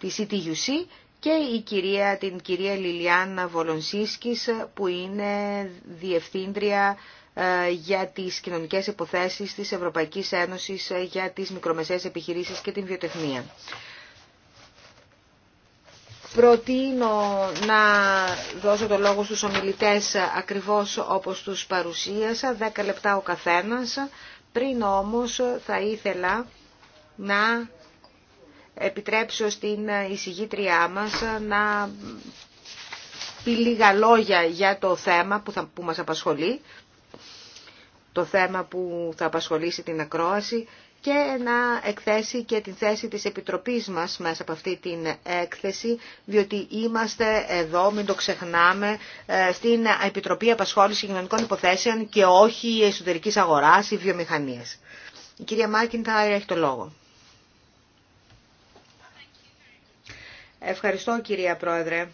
της ETUC και η κυρία, την κυρία Λιλιάννα Βολονσίσκης που είναι διευθύντρια ε, για τις κοινωνικές υποθέσεις της Ευρωπαϊκής Ένωσης ε, για τις μικρομεσαίες επιχειρήσεις και την βιοτεχνία. Προτείνω να δώσω το λόγο στους ομιλητές ακριβώς όπως τους παρουσίασα, 10 λεπτά ο καθένας. Πριν όμως θα ήθελα να επιτρέψω στην εισηγήτριά μας να πει λίγα λόγια για το θέμα που, θα, μας απασχολεί το θέμα που θα απασχολήσει την ακρόαση και να εκθέσει και την θέση της Επιτροπής μας μέσα από αυτή την έκθεση, διότι είμαστε εδώ, μην το ξεχνάμε, ε, στην Επιτροπή Απασχόληση Κοινωνικών Υποθέσεων και όχι εσωτερικής αγοράς ή βιομηχανίας. Η κυρία κυρια θα έχει το λόγο. Ευχαριστώ κυρία Πρόεδρε.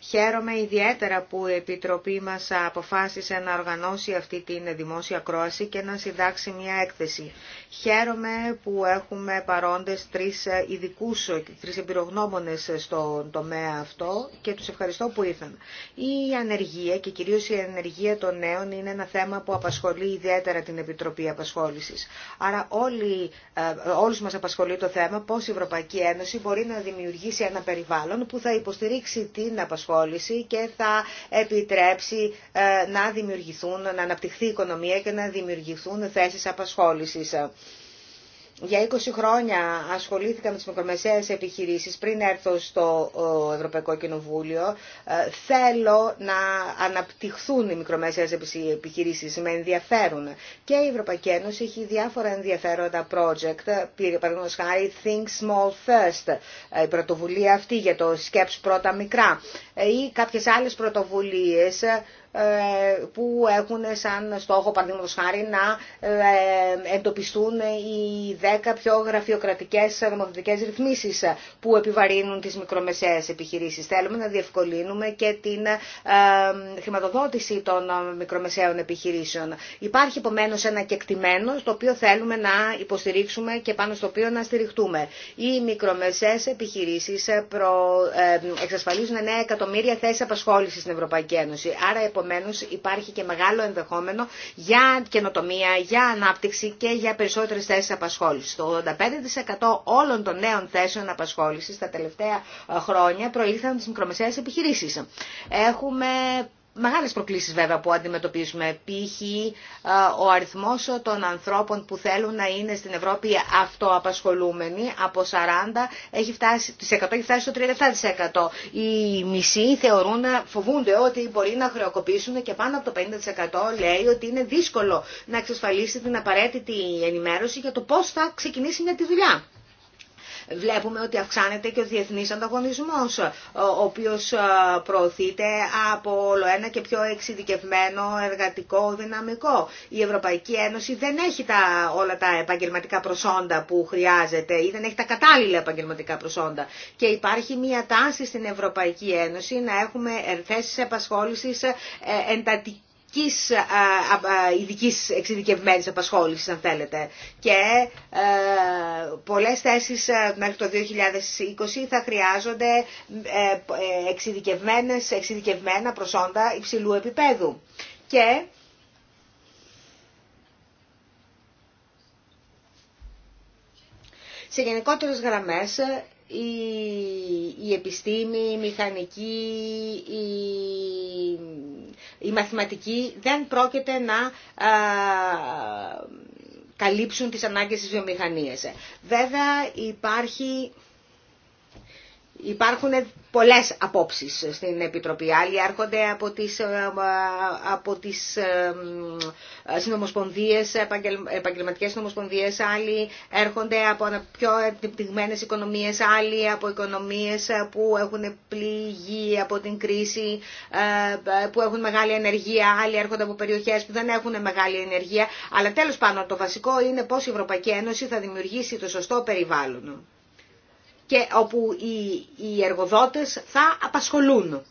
Χαίρομαι ιδιαίτερα που η Επιτροπή μας αποφάσισε να οργανώσει αυτή την δημόσια κρόαση και να συντάξει μια έκθεση. Χαίρομαι που έχουμε παρόντες τρεις ειδικού, τρεις εμπειρογνώμονες στον τομέα αυτό και τους ευχαριστώ που ήρθαν. Η ανεργία και κυρίως η ανεργία των νέων είναι ένα θέμα που απασχολεί ιδιαίτερα την Επιτροπή Απασχόλησης. Άρα όλοι, ε, όλους μας απασχολεί το θέμα πώς η Ευρωπαϊκή Ένωση μπορεί να δημιουργήσει ένα περιβάλλον που θα υποστηρίξει την απασχόληση απασχόληση και θα επιτρέψει ε, να δημιουργηθούν, να αναπτυχθεί η οικονομία και να δημιουργηθούν θέσεις απασχόλησης για 20 χρόνια ασχολήθηκα με τις μικρομεσαίες επιχειρήσεις πριν έρθω στο Ευρωπαϊκό Κοινοβούλιο. Ε, θέλω να αναπτυχθούν οι μικρομεσαίες επιχειρήσεις, με ενδιαφέρουν. Και η Ευρωπαϊκή Ένωση έχει διάφορα ενδιαφέροντα project, παραδείγματος χάρη Think Small First, ε, η πρωτοβουλία αυτή για το σκέψη πρώτα μικρά ε, ή κάποιες άλλες πρωτοβουλίες ε, που έχουν σαν στόχο, παραδείγματο χάρη, να ε, εντοπιστούν οι 10 πιο γραφειοκρατικέ νομοθετικέ ρυθμίσει που επιβαρύνουν τι μικρομεσαίες επιχειρήσει. Θέλουμε να διευκολύνουμε και την ε, χρηματοδότηση των μικρομεσαίων επιχειρήσεων. Υπάρχει επομένω ένα κεκτημένο στο οποίο θέλουμε να υποστηρίξουμε και πάνω στο οποίο να στηριχτούμε. Οι μικρομεσαίες επιχειρήσεις εξασφαλίζουν 9 εκατομμύρια θέσεις απασχόληση στην Ευρωπαϊκή Ένωση. Άρα, Επομένω, υπάρχει και μεγάλο ενδεχόμενο για καινοτομία, για ανάπτυξη και για περισσότερες θέσεις απασχόλησης. Το 85% όλων των νέων θέσεων απασχόλησης τα τελευταία ε, χρόνια προήλθαν από τι μικρομεσαίες επιχειρήσεις. Έχουμε Μεγάλες προκλήσεις βέβαια που αντιμετωπίζουμε. Π.χ. ο αριθμός των ανθρώπων που θέλουν να είναι στην Ευρώπη αυτοαπασχολούμενοι από 40% έχει φτάσει, έχει φτάσει στο 37%. Οι μισοί θεωρούν, φοβούνται ότι μπορεί να χρεοκοπήσουν και πάνω από το 50% λέει ότι είναι δύσκολο να εξασφαλίσει την απαραίτητη ενημέρωση για το πώς θα ξεκινήσει μια τη δουλειά. Βλέπουμε ότι αυξάνεται και ο διεθνής ανταγωνισμός, ο οποίος προωθείται από όλο ένα και πιο εξειδικευμένο εργατικό δυναμικό. Η Ευρωπαϊκή Ένωση δεν έχει τα, όλα τα επαγγελματικά προσόντα που χρειάζεται ή δεν έχει τα κατάλληλα επαγγελματικά προσόντα. Και υπάρχει μια τάση στην Ευρωπαϊκή Ένωση να έχουμε ε, θέσεις επασχόλησης ε, εντατική ειδικής, ειδικής εξειδικευμένης απασχόλησης αν θέλετε και ε, πολλές θέσεις ε, μέχρι το 2020 θα χρειάζονται ε, εξειδικευμένες, εξειδικευμένα προσόντα υψηλού επίπεδου και σε γενικότερες γραμμές η, η επιστήμη, η μηχανική, η η μαθηματική δεν πρόκειται να ε, καλύψουν τις ανάγκες της βιομηχανίας. Βέβαια υπάρχει Υπάρχουν πολλές απόψεις στην Επιτροπή. Άλλοι έρχονται από τις, ε, από τις ε, συνομοσπονδίες, επαγγελματικές συνομοσπονδίες, άλλοι έρχονται από πιο επιπτυγμένες οικονομίες, άλλοι από οικονομίες που έχουν πληγεί από την κρίση, ε, που έχουν μεγάλη ενεργία, άλλοι έρχονται από περιοχές που δεν έχουν μεγάλη ενεργία. Αλλά τέλος πάντων το βασικό είναι πώς η Ευρωπαϊκή Ένωση θα δημιουργήσει το σωστό περιβάλλον και όπου οι εργοδότες θα απασχολούν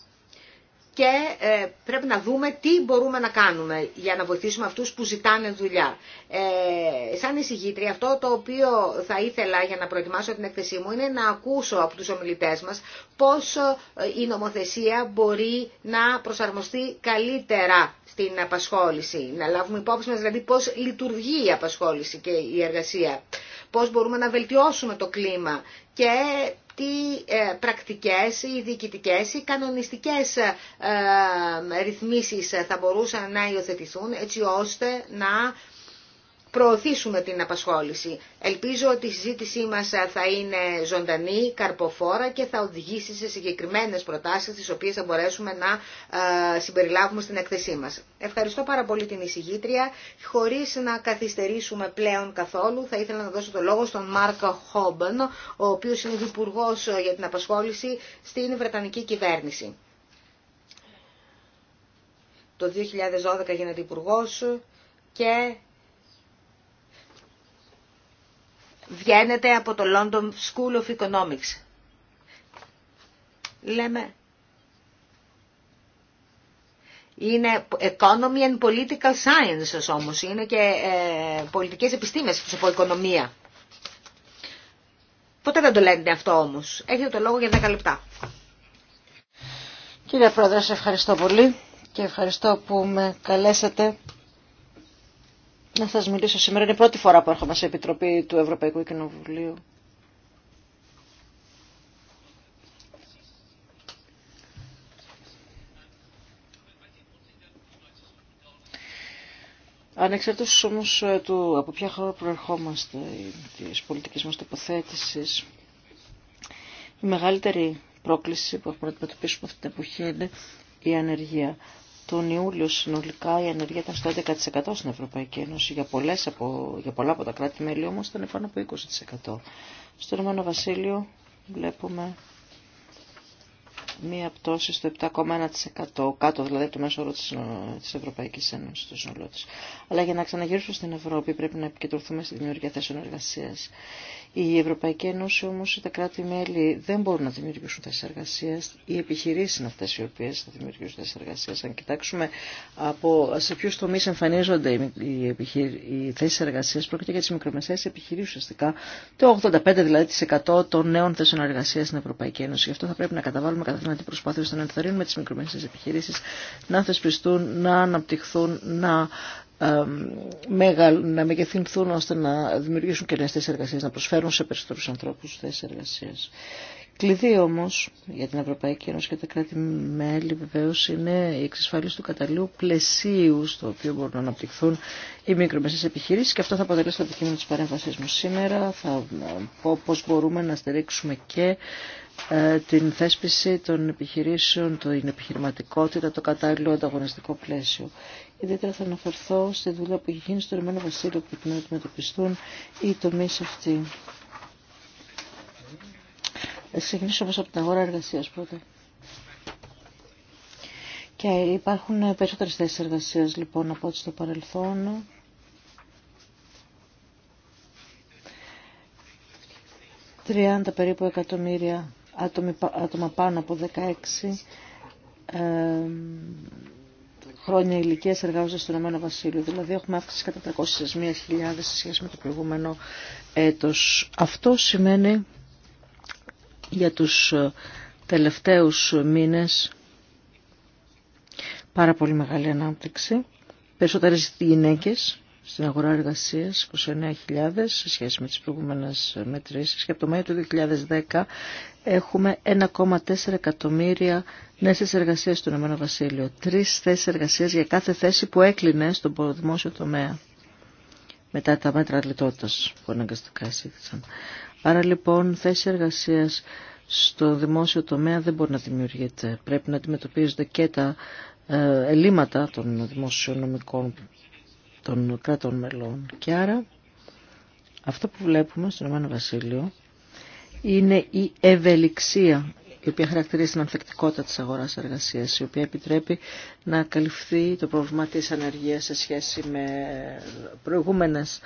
και ε, πρέπει να δούμε τι μπορούμε να κάνουμε για να βοηθήσουμε αυτούς που ζητάνε δουλειά. Ε, σαν εισηγήτρια, αυτό το οποίο θα ήθελα για να προετοιμάσω την έκθεσή μου είναι να ακούσω από τους ομιλητές μας πώς ε, η νομοθεσία μπορεί να προσαρμοστεί καλύτερα στην απασχόληση. Να λάβουμε υπόψη μας δηλαδή πώς λειτουργεί η απασχόληση και η εργασία. Πώς μπορούμε να βελτιώσουμε το κλίμα και τι ε, πρακτικές ή διοικητικές ή κανονιστικές ε, ε, ρυθμίσεις θα μπορούσαν να υιοθετηθούν έτσι ώστε να προωθήσουμε την απασχόληση. Ελπίζω ότι η συζήτησή μας θα είναι ζωντανή, καρποφόρα και θα οδηγήσει σε συγκεκριμένες προτάσεις τις οποίες θα μπορέσουμε να ε, συμπεριλάβουμε στην εκθεσή μας. Ευχαριστώ πάρα πολύ την εισηγήτρια. Χωρίς να καθυστερήσουμε πλέον καθόλου θα ήθελα να δώσω το λόγο στον Μάρκ Χόμπεν, ο οποίος είναι υπουργό για την απασχόληση στην Βρετανική κυβέρνηση. Το 2012 γίνεται υπουργό και βγαίνετε από το London School of Economics. Λέμε, είναι economy and political sciences όμως, είναι και ε, πολιτικές επιστήμες από οικονομία. Ποτέ δεν το λένε αυτό όμως. Έχετε το λόγο για 10 λεπτά. Κύριε Πρόεδρε, σε ευχαριστώ πολύ και ευχαριστώ που με καλέσατε να σας μιλήσω σήμερα. Είναι η πρώτη φορά που έρχομαι σε Επιτροπή του Ευρωπαϊκού Κοινοβουλίου. Ανεξαρτήτως όμως του από ποια χώρα προερχόμαστε της πολιτικής μας τοποθέτηση. η μεγαλύτερη πρόκληση που έχουμε να αντιμετωπίσουμε αυτή την εποχή είναι η ανεργία τον Ιούλιο συνολικά η ανεργία ήταν στο 11% στην Ευρωπαϊκή Ένωση. Για, από, για πολλά από τα κράτη-μέλη όμως ήταν πάνω από 20%. Στο Ρωμανό Βασίλειο βλέπουμε μία πτώση στο 7,1% κάτω δηλαδή το μέσο όρο της Ευρωπαϊκής Ένωσης Αλλά για να ξαναγυρίσουμε στην Ευρώπη πρέπει να επικεντρωθούμε στη δημιουργία θέσεων εργασίας. Η Ευρωπαϊκή Ένωση όμως τα κράτη-μέλη δεν μπορούν να δημιουργήσουν θέσει εργασία. Οι επιχειρήσεις είναι αυτές οι οποίε θα δημιουργήσουν θέσει εργασία. Αν κοιτάξουμε από σε ποιου τομεί εμφανίζονται οι, θέσει οι πρόκειται για τι μικρομεσαίες επιχειρήσει ουσιαστικά. Το 85% δηλαδή των νέων θέσεων εργασία στην Ευρωπαϊκή Ένωση. Γι' αυτό θα πρέπει να καταβάλουμε κατά την προσπάθεια ώστε να ενθαρρύνουμε τι μικρομεσαίε επιχειρήσει να θεσπιστούν, να αναπτυχθούν, να να μεγεθυνθούν ώστε να δημιουργήσουν και θέσεις εργασίας, να προσφέρουν σε περισσότερους ανθρώπους θέσεις εργασίας. Κλειδί όμως για την Ευρωπαϊκή Ένωση και τα κράτη-μέλη βεβαίω είναι η εξασφάλιση του καταλλήλου πλαισίου στο οποίο μπορούν να αναπτυχθούν οι μικρομεσαίες επιχειρήσεις και αυτό θα αποτελέσει το αντικείμενο της παρέμβασής μου σήμερα. Θα πω πώς μπορούμε να στηρίξουμε και ε, την θέσπιση των επιχειρήσεων, την επιχειρηματικότητα, το κατάλληλο ανταγωνιστικό πλαίσιο. Ιδιαίτερα θα αναφερθώ στη δουλειά που έχει γίνει στο Ρωμανό Βασίλειο που πρέπει να αντιμετωπιστούν οι τομεί αυτοί. Θα ξεκινήσω όμω από την αγορά εργασία πρώτα. Και υπάρχουν περισσότερε θέσει εργασία λοιπόν από ό,τι στο παρελθόν. Τριάντα περίπου εκατομμύρια άτομα πάνω από 16 χρόνια ηλικία εργάζονται στον Ηνωμένο Βασίλειο. Δηλαδή έχουμε αύξηση κατά 301.000 σε σχέση με το προηγούμενο έτος. Αυτό σημαίνει για τους ε, τελευταίους μήνες πάρα πολύ μεγάλη ανάπτυξη. Περισσότερες γυναίκες στην αγορά εργασίας 29.000 σε σχέση με τις προηγούμενες μετρήσει. και από το Μάιο του 2010 έχουμε 1,4 εκατομμύρια νέες εργασίες στον Ηνωμένο Βασίλειο. Τρεις θέσεις εργασίας για κάθε θέση που έκλεινε στον δημόσιο τομέα μετά τα μέτρα λιτότητα που αναγκαστικά εισήχθησαν. Άρα λοιπόν θέση εργασίας στο δημόσιο τομέα δεν μπορεί να δημιουργείται. Πρέπει να αντιμετωπίζονται και τα ε, ελλείμματα των δημοσιονομικών των κρατών μελών. Και άρα αυτό που βλέπουμε στον Ηνωμένο Βασίλειο είναι η ευελιξία η οποία χαρακτηρίζει την ανθεκτικότητα της αγοράς εργασίας, η οποία επιτρέπει να καλυφθεί το πρόβλημα της ανεργίας σε σχέση με προηγούμενες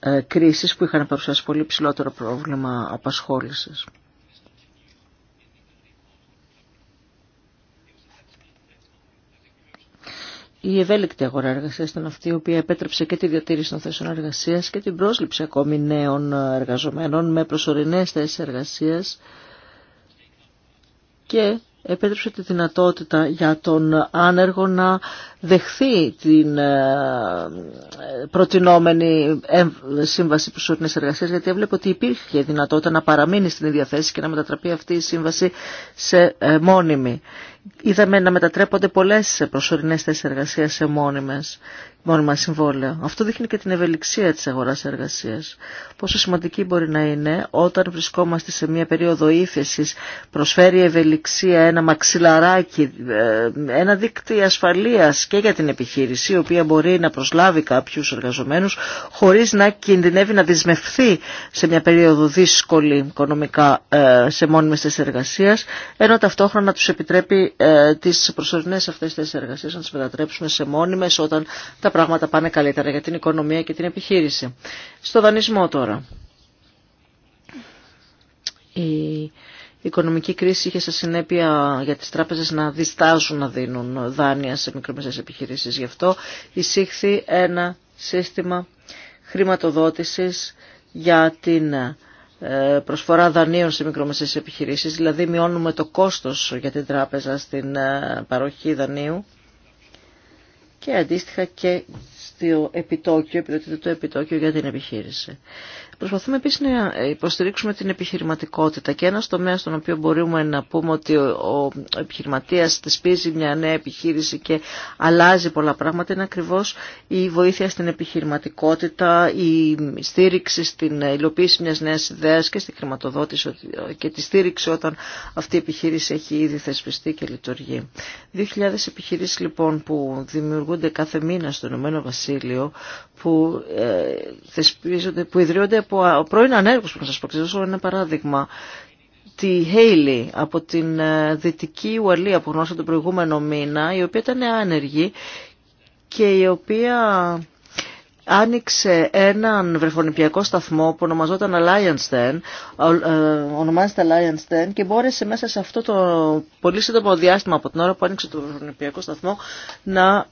ε, κρίσεις που είχαν παρουσιάσει πολύ ψηλότερο πρόβλημα απασχόλησης. η ευέλικτη αγορά εργασία ήταν αυτή η οποία επέτρεψε και τη διατήρηση των θέσεων εργασία και την πρόσληψη ακόμη νέων εργαζομένων με προσωρινέ θέσει εργασία και επέτρεψε τη δυνατότητα για τον άνεργο να δεχθεί την ε, προτινόμενη σύμβαση προσωρινής εργασία, γιατί έβλεπε ότι υπήρχε δυνατότητα να παραμείνει στην ίδια θέση και να μετατραπεί αυτή η σύμβαση σε ε, μόνιμη είδαμε να μετατρέπονται πολλές προσωρινές θέσεις εργασία σε μόνιμες, μόνιμα συμβόλαια. Αυτό δείχνει και την ευελιξία της αγοράς εργασίας. Πόσο σημαντική μπορεί να είναι όταν βρισκόμαστε σε μια περίοδο ύφεσης, προσφέρει ευελιξία ένα μαξιλαράκι, ε, ένα δίκτυο ασφαλείας και για την επιχείρηση, η οποία μπορεί να προσλάβει κάποιους εργαζομένους χωρίς να κινδυνεύει να δυσμευθεί σε μια περίοδο δύσκολη οικονομικά ε, σε μόνιμες θέσεις εργασία, ενώ ταυτόχρονα του επιτρέπει ε, τις προσωρινές αυτές τις εργασίες να τις μετατρέψουμε σε μόνιμες όταν τα πράγματα πάνε καλύτερα για την οικονομία και την επιχείρηση. Στο δανεισμό τώρα. Η οικονομική κρίση είχε σε συνέπεια για τις τράπεζες να διστάζουν να δίνουν δάνεια σε μικρομεσαίες επιχειρήσεις. Γι' αυτό εισήχθη ένα σύστημα χρηματοδότησης για την ε, προσφορά δανείων σε μικρομεσαίες επιχειρήσεις, δηλαδή μειώνουμε το κόστος για την τράπεζα στην ε, παροχή δανείου και αντίστοιχα και στο επιτόκιο, επιδοτείται το επιτόκιο για την επιχείρηση. Προσπαθούμε επίση να υποστηρίξουμε την επιχειρηματικότητα και ένα τομέα στον οποίο μπορούμε να πούμε ότι ο επιχειρηματίας θεσπίζει μια νέα επιχείρηση και αλλάζει πολλά πράγματα είναι ακριβώ η βοήθεια στην επιχειρηματικότητα, η στήριξη στην υλοποίηση μια νέα ιδέα και στη χρηματοδότηση και τη στήριξη όταν αυτή η επιχείρηση έχει ήδη θεσπιστεί και λειτουργεί. 2.000 επιχειρήσει λοιπόν που δημιουργούνται κάθε μήνα στο ΗΠΑ Βασίλειο που, ε, θεσπίζονται, που ιδρύονται από πρώην ανέργους που να σας ξέρω ένα παράδειγμα τη Χέιλι από την ε, Δυτική Ουαλία που γνώρισα τον προηγούμενο μήνα, η οποία ήταν άνεργη και η οποία άνοιξε έναν βρεφονιπιακό σταθμό που ονομαζόταν Alliance Den, ε, ονομάζεται Alliance Den και μπόρεσε μέσα σε αυτό το πολύ σύντομο διάστημα από την ώρα που άνοιξε το βρεφονιπιακό σταθμό να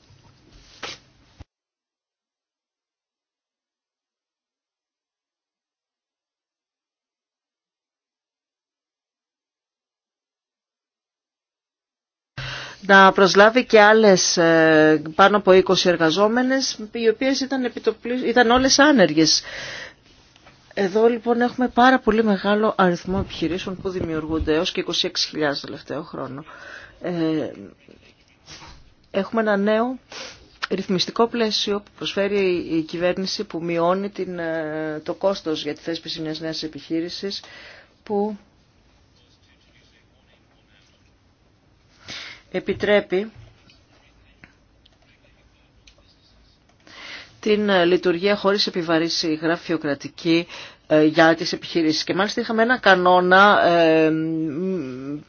να προσλάβει και άλλες ε, πάνω από 20 εργαζόμενες, οι οποίες ήταν, ήταν όλες άνεργες. Εδώ λοιπόν έχουμε πάρα πολύ μεγάλο αριθμό επιχειρήσεων που δημιουργούνται έως και 26.000 τελευταίο χρόνο. Ε, έχουμε ένα νέο ρυθμιστικό πλαίσιο που προσφέρει η κυβέρνηση που μειώνει την, ε, το κόστος για τη θέσπιση μιας νέας επιχείρησης που επιτρέπει την λειτουργία χωρίς επιβαρύνση γραφειοκρατική ε, για τις επιχειρήσεις. Και μάλιστα είχαμε ένα κανόνα ε,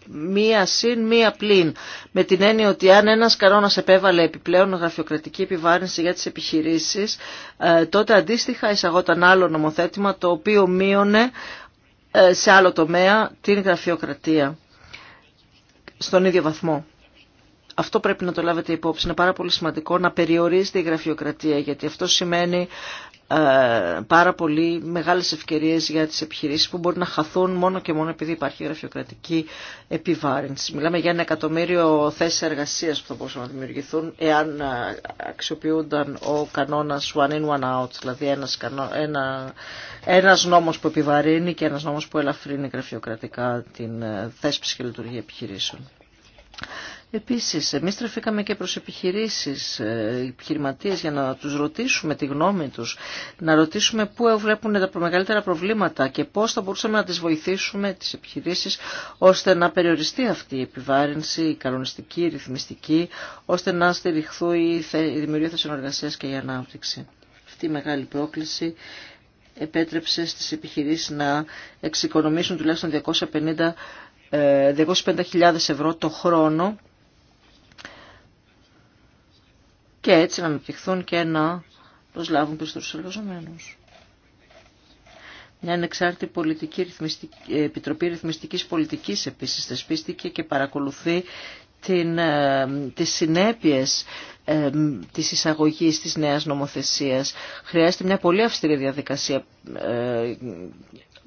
μία συν, μία πλην. Με την έννοια ότι αν ένας κανόνας επέβαλε επιπλέον γραφειοκρατική επιβάρυνση για τις επιχειρήσεις, ε, τότε αντίστοιχα εισαγόταν άλλο νομοθέτημα το οποίο μείωνε σε άλλο τομέα την γραφειοκρατία στον ίδιο βαθμό αυτό πρέπει να το λάβετε υπόψη. Είναι πάρα πολύ σημαντικό να περιορίζεται η γραφειοκρατία γιατί αυτό σημαίνει ε, πάρα πολύ μεγάλες ευκαιρίες για τις επιχειρήσεις που μπορεί να χαθούν μόνο και μόνο επειδή υπάρχει γραφειοκρατική επιβάρυνση. Μιλάμε για ένα εκατομμύριο θέσεις εργασίας που θα μπορούσαν να δημιουργηθούν εάν ε, αξιοποιούνταν ο κανόνας one in one out, δηλαδή ένας, ένα, ένας νόμος που επιβαρύνει και ένας νόμος που ελαφρύνει γραφειοκρατικά την ε, θέσπιση και λειτουργία επιχειρήσεων. Επίσης, εμείς τρεφήκαμε και προς επιχειρήσεις, ε, επιχειρηματίες για να τους ρωτήσουμε τη γνώμη τους, να ρωτήσουμε πού βλέπουν τα μεγαλύτερα προβλήματα και πώς θα μπορούσαμε να τις βοηθήσουμε, τις επιχειρήσεις, ώστε να περιοριστεί αυτή η επιβάρυνση, η κανονιστική, η ρυθμιστική, ώστε να στηριχθούν η δημιουργία θέσεων εργασίας και η ανάπτυξη. Αυτή η μεγάλη πρόκληση επέτρεψε στις επιχειρήσεις να εξοικονομήσουν τουλάχιστον 250.000 ε, ευρώ το χρόνο και έτσι να αναπτυχθούν και να προσλάβουν πιστούς εργαζομένους. Μια ανεξάρτητη πολιτική, ρυθμιστική, επιτροπή ρυθμιστικής πολιτικής επίσης θεσπίστηκε και παρακολουθεί την, ε, τις συνέπειες ε, της εισαγωγής της νέας νομοθεσίας. Χρειάζεται μια πολύ αυστηρή διαδικασία ε,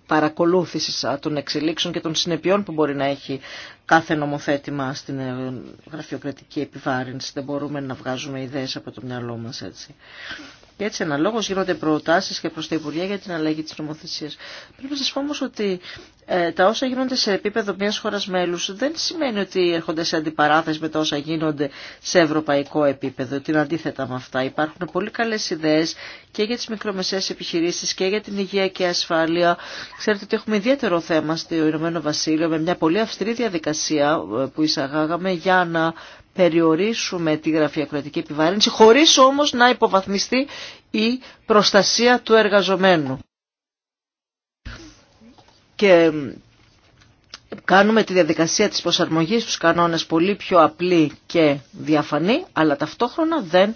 Παρακολούθηση των εξελίξεων και των συνεπειών που μπορεί να έχει κάθε νομοθέτημα στην ε, γραφειοκρατική επιβάρυνση. Δεν μπορούμε να βγάζουμε ιδέες από το μυαλό μας έτσι. Και έτσι αναλόγω γίνονται προτάσει και προ τα Υπουργεία για την αλλαγή τη νομοθεσία. Πρέπει να σα πω όμω ότι ε, τα όσα γίνονται σε επίπεδο μια χώρα μέλου δεν σημαίνει ότι έρχονται σε αντιπαράθεση με τα όσα γίνονται σε ευρωπαϊκό επίπεδο. Ότι είναι αντίθετα με αυτά. Υπάρχουν πολύ καλέ ιδέε και για τι μικρομεσαίε επιχειρήσει και για την υγεία και ασφάλεια. Ξέρετε ότι έχουμε ιδιαίτερο θέμα στο Ηνωμένο Βασίλειο με μια πολύ αυστηρή διαδικασία ε, που εισαγάγαμε για να περιορίσουμε τη γραφειοκρατική επιβάρυνση χωρίς όμως να υποβαθμιστεί η προστασία του εργαζομένου. Και κάνουμε τη διαδικασία της προσαρμογής στους κανόνες πολύ πιο απλή και διαφανή, αλλά ταυτόχρονα δεν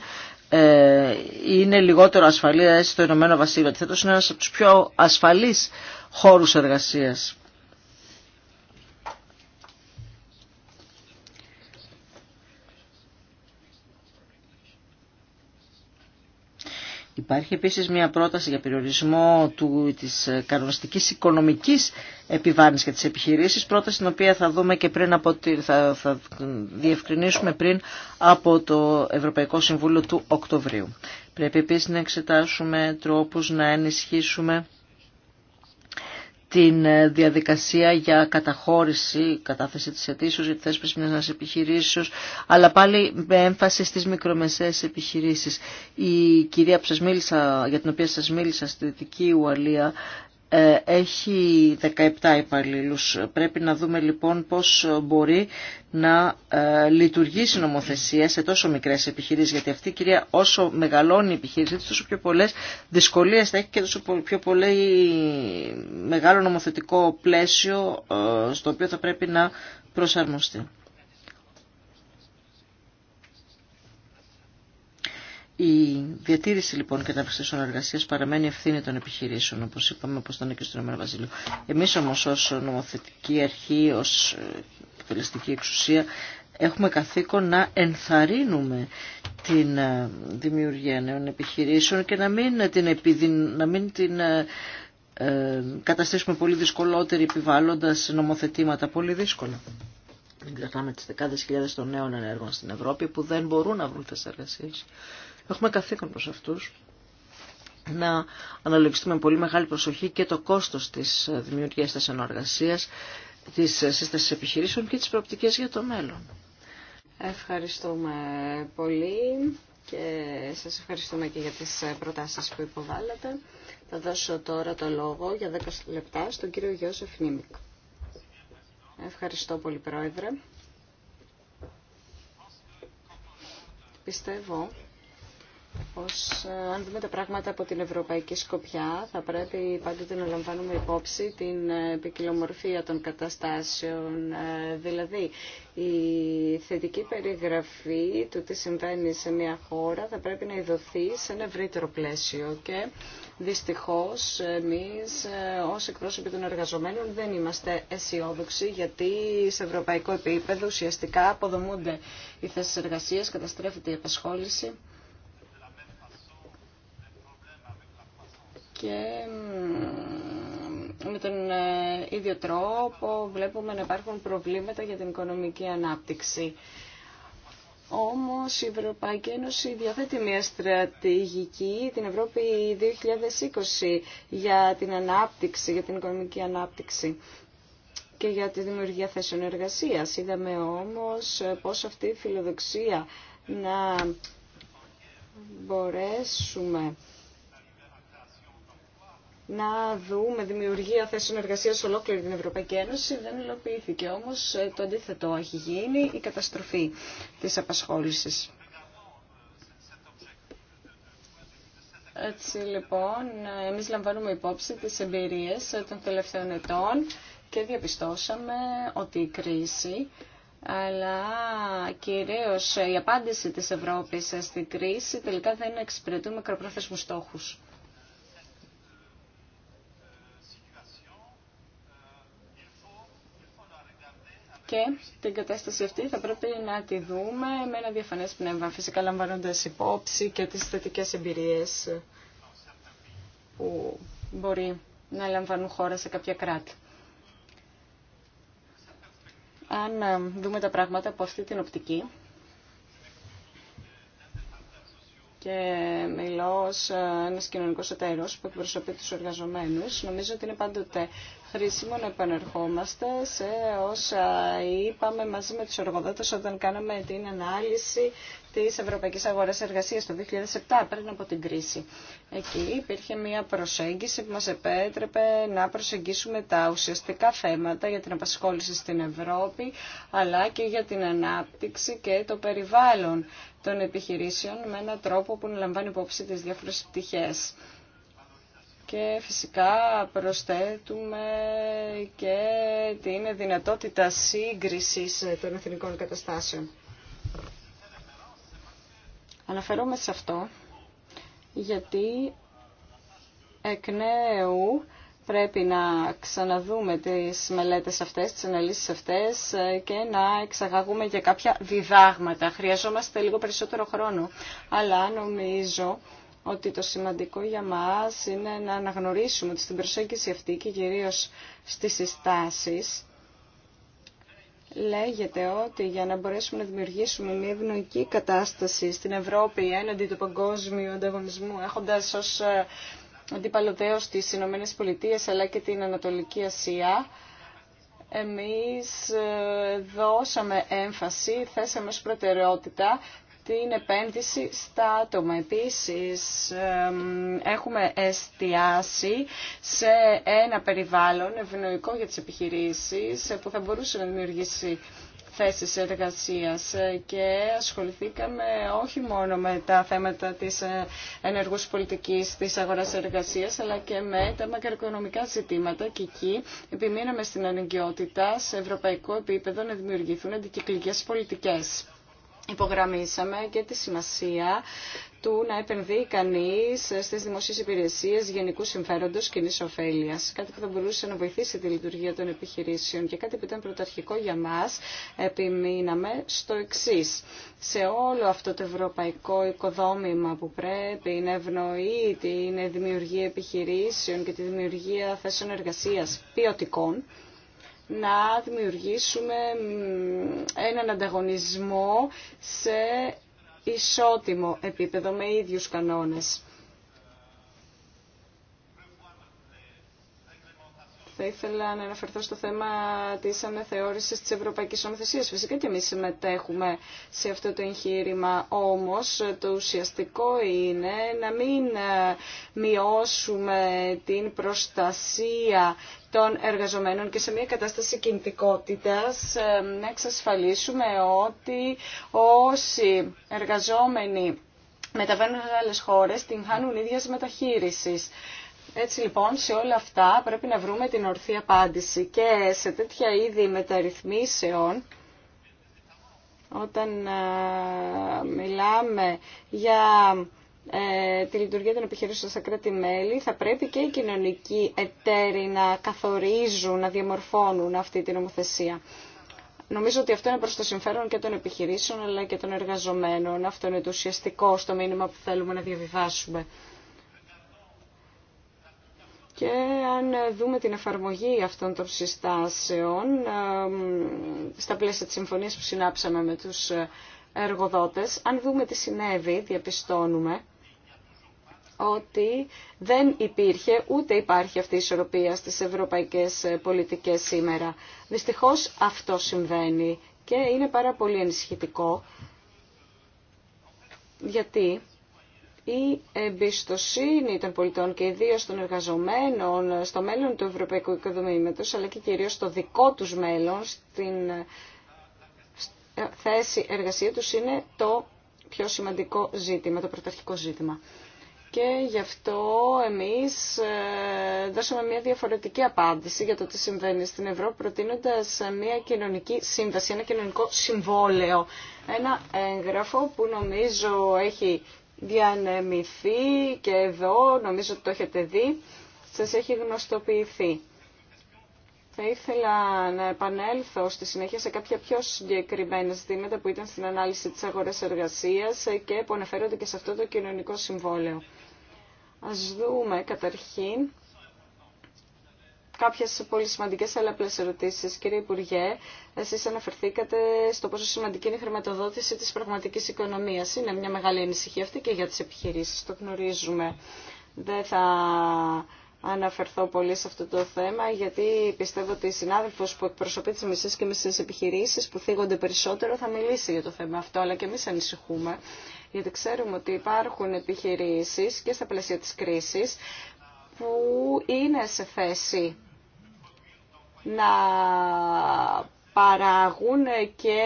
ε, είναι λιγότερο ασφαλή δηλαδή στο Ηνωμένο Βασίλειο. Αντιθέτως είναι ένας από τους πιο ασφαλείς χώρους εργασίας. Υπάρχει επίσης μια πρόταση για περιορισμό του, της κανονιστικής οικονομικής επιβάρυνσης για τις επιχειρήσεις, πρόταση την οποία θα δούμε και πριν από θα, θα διευκρινίσουμε πριν από το Ευρωπαϊκό Συμβούλιο του Οκτωβρίου. Πρέπει επίσης να εξετάσουμε τρόπους να ενισχύσουμε την ε, διαδικασία για καταχώρηση, κατάθεση της αιτήσεως για τη θέση μιας επιχειρήσεως, αλλά πάλι με έμφαση στις μικρομεσαίες επιχειρήσεις. Η κυρία που σας μίλησα, για την οποία σας μίλησα στη Δυτική Ουαλία ε, έχει 17 υπαλλήλους. Πρέπει να δούμε λοιπόν πώς μπορεί να ε, λειτουργήσει η νομοθεσία σε τόσο μικρές επιχειρήσεις. Γιατί αυτή, κυρία, όσο μεγαλώνει η επιχείρηση, τόσο πιο πολλές δυσκολίες θα έχει και τόσο πιο πολύ μεγάλο νομοθετικό πλαίσιο ε, στο οποίο θα πρέπει να προσαρμοστεί. Η διατήρηση λοιπόν και τα εργασία παραμένει ευθύνη των επιχειρήσεων, όπω είπαμε, όπω ήταν και στον Ηνωμένο Βασίλειο. Εμεί όμω ω νομοθετική αρχή, ω ε, εκτελεστική εξουσία, έχουμε καθήκον να ενθαρρύνουμε την ε, δημιουργία νέων επιχειρήσεων και να μην την, να μην την ε, καταστήσουμε πολύ δυσκολότερη επιβάλλοντας νομοθετήματα πολύ δύσκολα. Μην ξεχνάμε τις δεκάδες χιλιάδες των νέων ενέργων στην Ευρώπη που δεν μπορούν να βρουν θέσεις εργασίας Έχουμε καθήκον προς αυτούς να αναλογιστούμε με πολύ μεγάλη προσοχή και το κόστος της δημιουργίας της ενοργασίας, της σύστασης επιχειρήσεων και τις προοπτικές για το μέλλον. Ευχαριστούμε πολύ και σας ευχαριστούμε και για τις προτάσεις που υποβάλλατε. Θα δώσω τώρα το λόγο για 10 λεπτά στον κύριο Γιώσεφ Νίμικ. Ευχαριστώ πολύ, Πρόεδρε. Πιστεύω πως ε, αν δούμε τα πράγματα από την ευρωπαϊκή σκοπιά θα πρέπει πάντοτε να λαμβάνουμε υπόψη την ε, ποικιλομορφία των καταστάσεων, ε, δηλαδή η θετική περιγραφή του τι συμβαίνει σε μια χώρα θα πρέπει να ειδωθεί σε ένα ευρύτερο πλαίσιο και δυστυχώς εμείς ως εκπρόσωποι των εργαζομένων δεν είμαστε αισιόδοξοι γιατί σε ευρωπαϊκό επίπεδο ουσιαστικά αποδομούνται οι θέσεις εργασίας, καταστρέφεται η απασχόληση. και με τον ε, ίδιο τρόπο βλέπουμε να υπάρχουν προβλήματα για την οικονομική ανάπτυξη. Όμως η Ευρωπαϊκή Ένωση διαθέτει μια στρατηγική, την Ευρώπη 2020, για την ανάπτυξη, για την οικονομική ανάπτυξη και για τη δημιουργία θέσεων εργασίας. Είδαμε όμως ε, πώς αυτή η φιλοδοξία να μπορέσουμε να δούμε δημιουργία θέσεων εργασία σε ολόκληρη την Ευρωπαϊκή Ένωση δεν υλοποιήθηκε. Όμω ε, το αντίθετο έχει γίνει, η καταστροφή τη απασχόληση. Έτσι λοιπόν, εμείς λαμβάνουμε υπόψη τις εμπειρίες ε, των τελευταίων ετών και διαπιστώσαμε ότι η κρίση αλλά κυρίως η απάντηση της Ευρώπης ε, στην κρίση τελικά δεν εξυπηρετούν μακροπρόθεσμους στόχους. και την κατάσταση αυτή θα πρέπει να τη δούμε με ένα διαφανέ πνεύμα, φυσικά λαμβάνοντας υπόψη και τις θετικέ εμπειρίες που μπορεί να λαμβάνουν χώρα σε κάποια κράτη. Αν δούμε τα πράγματα από αυτή την οπτική, και μιλώ ως ένας κοινωνικός εταίρος που εκπροσωπεί τους εργαζομένους, νομίζω ότι είναι πάντοτε χρήσιμο να επανερχόμαστε σε όσα είπαμε μαζί με τους εργοδότες όταν κάναμε την ανάλυση της Ευρωπαϊκής Αγοράς Εργασίας το 2007 πριν από την κρίση. Εκεί υπήρχε μια προσέγγιση που μας επέτρεπε να προσεγγίσουμε τα ουσιαστικά θέματα για την απασχόληση στην Ευρώπη αλλά και για την ανάπτυξη και το περιβάλλον των επιχειρήσεων με έναν τρόπο που λαμβάνει υπόψη τις διάφορες πτυχές και φυσικά προσθέτουμε και την δυνατότητα σύγκρισης των εθνικών καταστάσεων. Αναφέρομαι σε αυτό γιατί εκ νέου πρέπει να ξαναδούμε τις μελέτες αυτές, τις αναλύσεις αυτές και να εξαγαγούμε για κάποια διδάγματα. Χρειαζόμαστε λίγο περισσότερο χρόνο, αλλά νομίζω ότι το σημαντικό για μας είναι να αναγνωρίσουμε ότι στην προσέγγιση αυτή και κυρίως στις συστάσεις λέγεται ότι για να μπορέσουμε να δημιουργήσουμε μια ευνοϊκή κατάσταση στην Ευρώπη έναντι του παγκόσμιου ανταγωνισμού έχοντας ως ε, αντιπαλωτέως τις Ηνωμένες Πολιτείες αλλά και την Ανατολική Ασία εμείς ε, δώσαμε έμφαση, θέσαμε ως προτεραιότητα την επένδυση στα άτομα. Επίσης, έχουμε εστιάσει σε ένα περιβάλλον ευνοϊκό για τις επιχειρήσεις που θα μπορούσε να δημιουργήσει θέσεις εργασίας και ασχοληθήκαμε όχι μόνο με τα θέματα της ε, ενεργούς πολιτικής της αγοράς εργασίας αλλά και με τα μακροοικονομικά ζητήματα και εκεί επιμείναμε στην αναγκαιότητα σε ευρωπαϊκό επίπεδο να δημιουργηθούν αντικυκλικές πολιτικές υπογραμμίσαμε και τη σημασία του να επενδύει κανείς στις δημοσίες υπηρεσίες γενικού συμφέροντος κοινή ωφέλεια. Κάτι που θα μπορούσε να βοηθήσει τη λειτουργία των επιχειρήσεων και κάτι που ήταν πρωταρχικό για μας, επιμείναμε στο εξή. Σε όλο αυτό το ευρωπαϊκό οικοδόμημα που πρέπει να ευνοεί την δημιουργία επιχειρήσεων και τη δημιουργία θέσεων εργασίας ποιοτικών, να δημιουργήσουμε έναν ανταγωνισμό σε ισότιμο επίπεδο με ίδιους κανόνες. Θα ήθελα να αναφερθώ στο θέμα τη αναθεώρηση τη Ευρωπαϊκή Ομοθεσία. Φυσικά και εμεί συμμετέχουμε σε αυτό το εγχείρημα, όμως το ουσιαστικό είναι να μην ε, μειώσουμε την προστασία των εργαζομένων και σε μια κατάσταση κινητικότητας ε, να εξασφαλίσουμε ότι όσοι εργαζόμενοι μεταβαίνουν σε άλλες χώρες την χάνουν ίδιας μεταχείρισης. Έτσι λοιπόν σε όλα αυτά πρέπει να βρούμε την ορθή απάντηση και σε τέτοια είδη μεταρρυθμίσεων όταν ε, μιλάμε για ε, τη λειτουργία των επιχειρήσεων στα κράτη-μέλη, θα πρέπει και οι κοινωνικοί εταίροι να καθορίζουν, να διαμορφώνουν αυτή την νομοθεσία. Νομίζω ότι αυτό είναι προς το συμφέρον και των επιχειρήσεων αλλά και των εργαζομένων. Αυτό είναι το ουσιαστικό στο μήνυμα που θέλουμε να διαβιβάσουμε. Και αν δούμε την εφαρμογή αυτών των συστάσεων στα πλαίσια της συμφωνίας που συνάψαμε με τους ε, εργοδότες, αν δούμε τι συνέβη, διαπιστώνουμε ότι δεν υπήρχε ούτε υπάρχει αυτή η ισορροπία στις ευρωπαϊκές ε, πολιτικές σήμερα. Δυστυχώς αυτό συμβαίνει και είναι πάρα πολύ ενισχυτικό γιατί η εμπιστοσύνη των πολιτών και ιδίω των εργαζομένων στο μέλλον του ευρωπαϊκού Οικοδομήματο, αλλά και κυρίω στο δικό τους μέλλον, στην ε, θέση εργασία τους, είναι το πιο σημαντικό ζήτημα, το πρωταρχικό ζήτημα. Και γι' αυτό εμείς ε, δώσαμε μια διαφορετική απάντηση για το τι συμβαίνει στην Ευρώπη, προτείνοντας μια κοινωνική σύμβαση, ένα κοινωνικό συμβόλαιο. Ένα έγγραφο που νομίζω έχει διανεμηθεί και εδώ, νομίζω ότι το έχετε δει, σας έχει γνωστοποιηθεί. Θα ήθελα να επανέλθω στη συνέχεια σε κάποια πιο συγκεκριμένα ζητήματα που ήταν στην ανάλυση της αγοράς εργασίας και που αναφέρονται και σε αυτό το κοινωνικό συμβόλαιο. Ας δούμε καταρχήν κάποιε πολύ σημαντικέ αλλά απλέ ερωτήσει. Κύριε Υπουργέ, εσεί αναφερθήκατε στο πόσο σημαντική είναι η χρηματοδότηση τη πραγματική οικονομία. Είναι μια μεγάλη ανησυχία αυτή και για τι επιχειρήσει, το γνωρίζουμε. Δεν θα αναφερθώ πολύ σε αυτό το θέμα, γιατί πιστεύω ότι η συνάδελφο που εκπροσωπεί τι μισέ και μισέ επιχειρήσει που θίγονται περισσότερο θα μιλήσει για το θέμα αυτό, αλλά και εμεί ανησυχούμε, γιατί ξέρουμε ότι υπάρχουν επιχειρήσεις και στα πλαίσια της κρίσης που είναι σε θέση να παράγουν και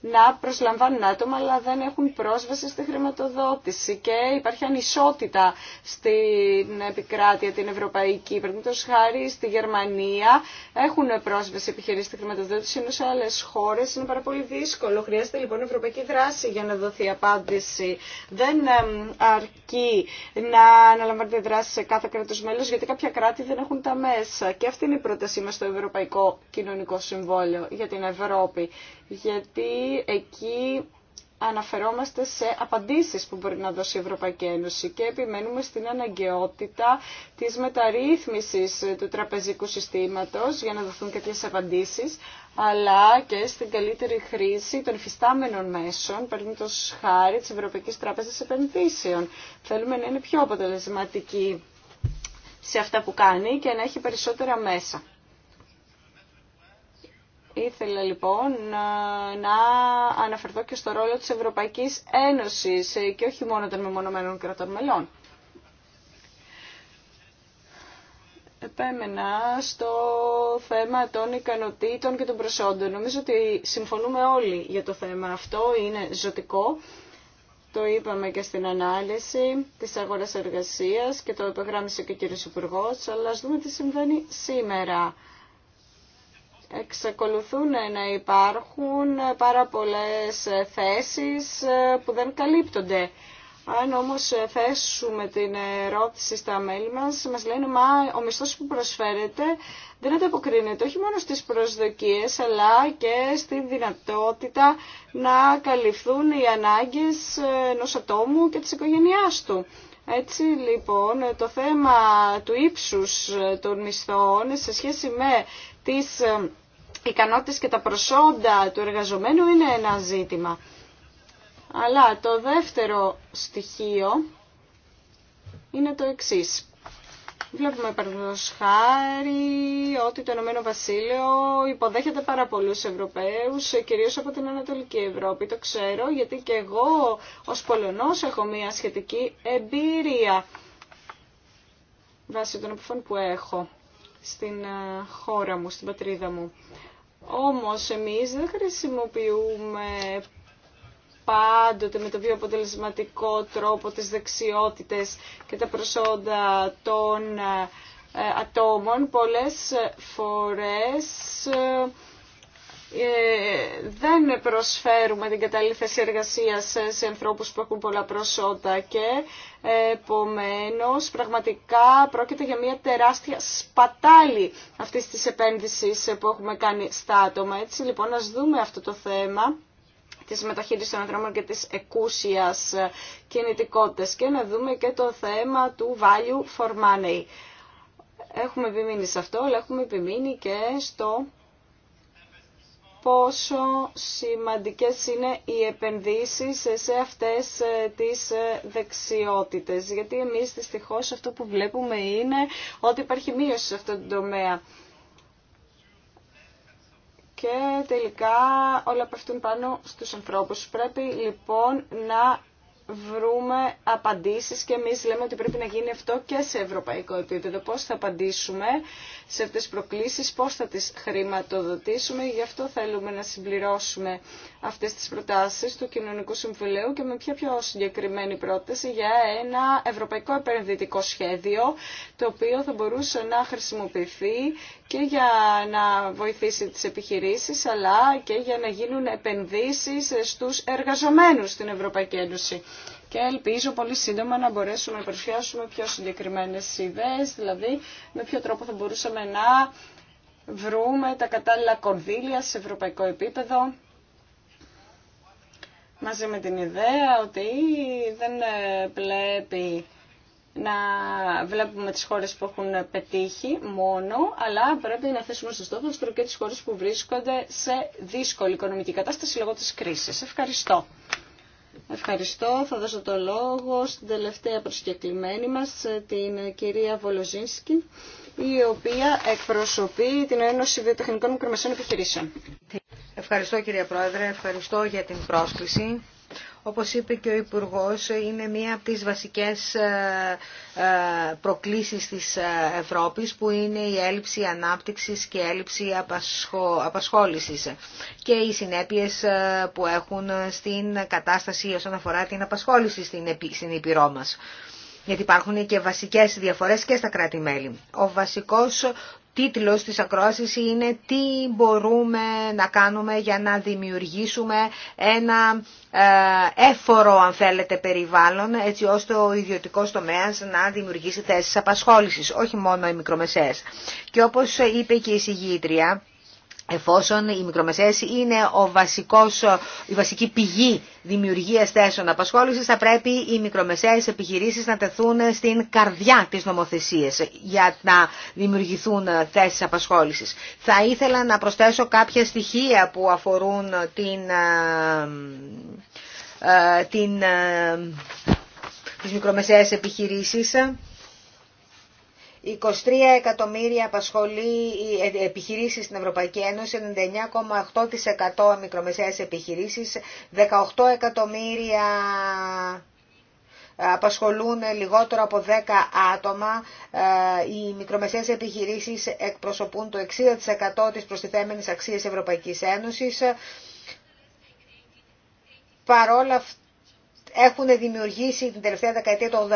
να προσλαμβάνουν άτομα αλλά δεν έχουν πρόσβαση στη χρηματοδότηση και υπάρχει ανισότητα στην επικράτεια την ευρωπαϊκή. Παραδείγματο χάρη στη Γερμανία έχουν πρόσβαση επιχειρήσει στη χρηματοδότηση ενώ σε άλλε χώρε είναι πάρα πολύ δύσκολο. Χρειάζεται λοιπόν ευρωπαϊκή δράση για να δοθεί απάντηση. Δεν αρκεί να αναλαμβάνεται δράση σε κάθε κράτο μέλο γιατί κάποια κράτη δεν έχουν τα μέσα. Και αυτή είναι η πρότασή μα στο Ευρωπαϊκό Κοινωνικό Συμβόλαιο την Ευρώπη, γιατί εκεί αναφερόμαστε σε απαντήσεις που μπορεί να δώσει η Ευρωπαϊκή Ένωση και επιμένουμε στην αναγκαιότητα της μεταρρύθμισης του τραπεζικού συστήματος για να δοθούν κάποιες απαντήσεις, αλλά και στην καλύτερη χρήση των υφιστάμενων μέσων, το χάρη της Ευρωπαϊκής Τράπεζας Επενδύσεων. Θέλουμε να είναι πιο αποτελεσματική σε αυτά που κάνει και να έχει περισσότερα μέσα. Ήθελα λοιπόν να αναφερθώ και στο ρόλο της Ευρωπαϊκής Ένωσης και όχι μόνο των μεμονωμένων κρατών μελών. επέμενα στο θέμα των ικανοτήτων και των προσόντων. Νομίζω ότι συμφωνούμε όλοι για το θέμα αυτό, είναι ζωτικό. Το είπαμε και στην ανάλυση της αγοράς εργασίας και το επεγράμμισε και ο κύριος Υπουργός, αλλά ας δούμε τι συμβαίνει σήμερα εξακολουθούν να υπάρχουν πάρα πολλές θέσεις ε, που δεν καλύπτονται. Αν όμως θέσουμε την ερώτηση στα μέλη μας, μας λένε «Μα ο μισθός που προσφέρεται δεν ανταποκρίνεται όχι μόνο στις προσδοκίες, αλλά και στη δυνατότητα να καλυφθούν οι ανάγκες ενός ατόμου και της οικογένειάς του». Έτσι λοιπόν το θέμα του ύψους των μισθών σε σχέση με τις οι ικανότητες και τα προσόντα του εργαζομένου είναι ένα ζήτημα. Αλλά το δεύτερο στοιχείο είναι το εξής. Βλέπουμε παραδείγματος χάρη ότι το Ηνωμένο Βασίλειο υποδέχεται πάρα πολλούς Ευρωπαίους, κυρίως από την Ανατολική Ευρώπη. Το ξέρω γιατί και εγώ ως Πολωνός έχω μια σχετική εμπειρία βάσει των επαφών που έχω στην ε, χώρα μου, στην πατρίδα μου. Όμως εμείς δεν χρησιμοποιούμε πάντοτε με το πιο αποτελεσματικό τρόπο τις δεξιότητες και τα προσόντα των ε, ατόμων. Πολλές φορές ε, ε, δεν προσφέρουμε την κατάλληλη θέση εργασίας σε ανθρώπους που έχουν πολλά προσόντα και επομένω, πραγματικά πρόκειται για μια τεράστια σπατάλη αυτής της επένδυσης που έχουμε κάνει στα άτομα. Έτσι λοιπόν ας δούμε αυτό το θέμα της μεταχείρισης των ανθρώπων και της εκούσιας ε, κινητικότητας και να δούμε και το θέμα του value for money. Έχουμε επιμείνει σε αυτό, αλλά έχουμε επιμείνει και στο πόσο σημαντικές είναι οι επενδύσεις σε αυτές ε, τις ε, δεξιότητες. Γιατί εμείς δυστυχώς αυτό που βλέπουμε είναι ότι υπάρχει μείωση σε αυτόν τον τομέα. Και τελικά όλα πέφτουν πάνω στους ανθρώπους. Πρέπει λοιπόν να βρούμε απαντήσεις και εμείς λέμε ότι πρέπει να γίνει αυτό και σε ευρωπαϊκό επίπεδο. Πώς θα απαντήσουμε σε αυτές τις προκλήσεις, πώς θα τις χρηματοδοτήσουμε. Γι' αυτό θέλουμε να συμπληρώσουμε αυτές τις προτάσεις του Κοινωνικού Συμβουλίου και με πιο πιο συγκεκριμένη πρόταση για ένα ευρωπαϊκό επενδυτικό σχέδιο το οποίο θα μπορούσε να χρησιμοποιηθεί και για να βοηθήσει τις επιχειρήσεις αλλά και για να γίνουν επενδύσεις στους εργαζομένους στην Ευρωπαϊκή Ένωση. Και ελπίζω πολύ σύντομα να μπορέσουμε να παρουσιάσουμε πιο συγκεκριμένες ιδέες, δηλαδή με ποιο τρόπο θα μπορούσαμε να βρούμε τα κατάλληλα κονδύλια σε ευρωπαϊκό επίπεδο μαζί με την ιδέα ότι δεν πλέπει... Ε, να βλέπουμε τις χώρες που έχουν πετύχει μόνο, αλλά πρέπει να θέσουμε στο στόχο και τις χώρες που βρίσκονται σε δύσκολη οικονομική κατάσταση λόγω της κρίσης. Ευχαριστώ. Ευχαριστώ. Θα δώσω το λόγο στην τελευταία προσκεκλημένη μας, την κυρία Βολοζίνσκη, η οποία εκπροσωπεί την Ένωση Βιοτεχνικών Μικρομεσαίων Επιχειρήσεων. Ευχαριστώ κυρία Πρόεδρε, ευχαριστώ για την πρόσκληση. Όπως είπε και ο Υπουργός, είναι μία από τις βασικές ε, ε, προκλήσεις της ε, Ευρώπης που είναι η έλλειψη ανάπτυξης και έλλειψη απασχόλησης και οι συνέπειες που έχουν στην κατάσταση όσον αφορά την απασχόληση στην Υπηρό μας γιατί υπάρχουν και βασικές διαφορές και στα κράτη-μέλη. Ο βασικός τίτλος της ακρόασης είναι τι μπορούμε να κάνουμε για να δημιουργήσουμε ένα ε, έφορο αν θέλετε περιβάλλον έτσι ώστε ο ιδιωτικός τομέας να δημιουργήσει θέσεις απασχόλησης, όχι μόνο οι μικρομεσαίες. Και όπως είπε και η συγγήτρια, εφόσον οι μικρομεσαίες είναι ο βασικός, η βασική πηγή δημιουργίας θέσεων απασχόλησης, θα πρέπει οι μικρομεσαίες επιχειρήσεις να τεθούν στην καρδιά της νομοθεσίας για να δημιουργηθούν θέσεις απασχόλησης. Θα ήθελα να προσθέσω κάποια στοιχεία που αφορούν την, ε, ε, την, ε, τις μικρομεσαίες επιχειρήσεις. 23 εκατομμύρια απασχολεί ε, ε, επιχειρήσεις στην Ευρωπαϊκή Ένωση, 99,8% μικρομεσαίες επιχειρήσεις, 18 εκατομμύρια απασχολούν λιγότερο από 10 άτομα. Ε, οι μικρομεσαίες επιχειρήσεις εκπροσωπούν το 60% της προστιθέμενης αξίας Ευρωπαϊκής Ένωσης. Παρόλα αυτά, έχουν δημιουργήσει την τελευταία δεκαετία το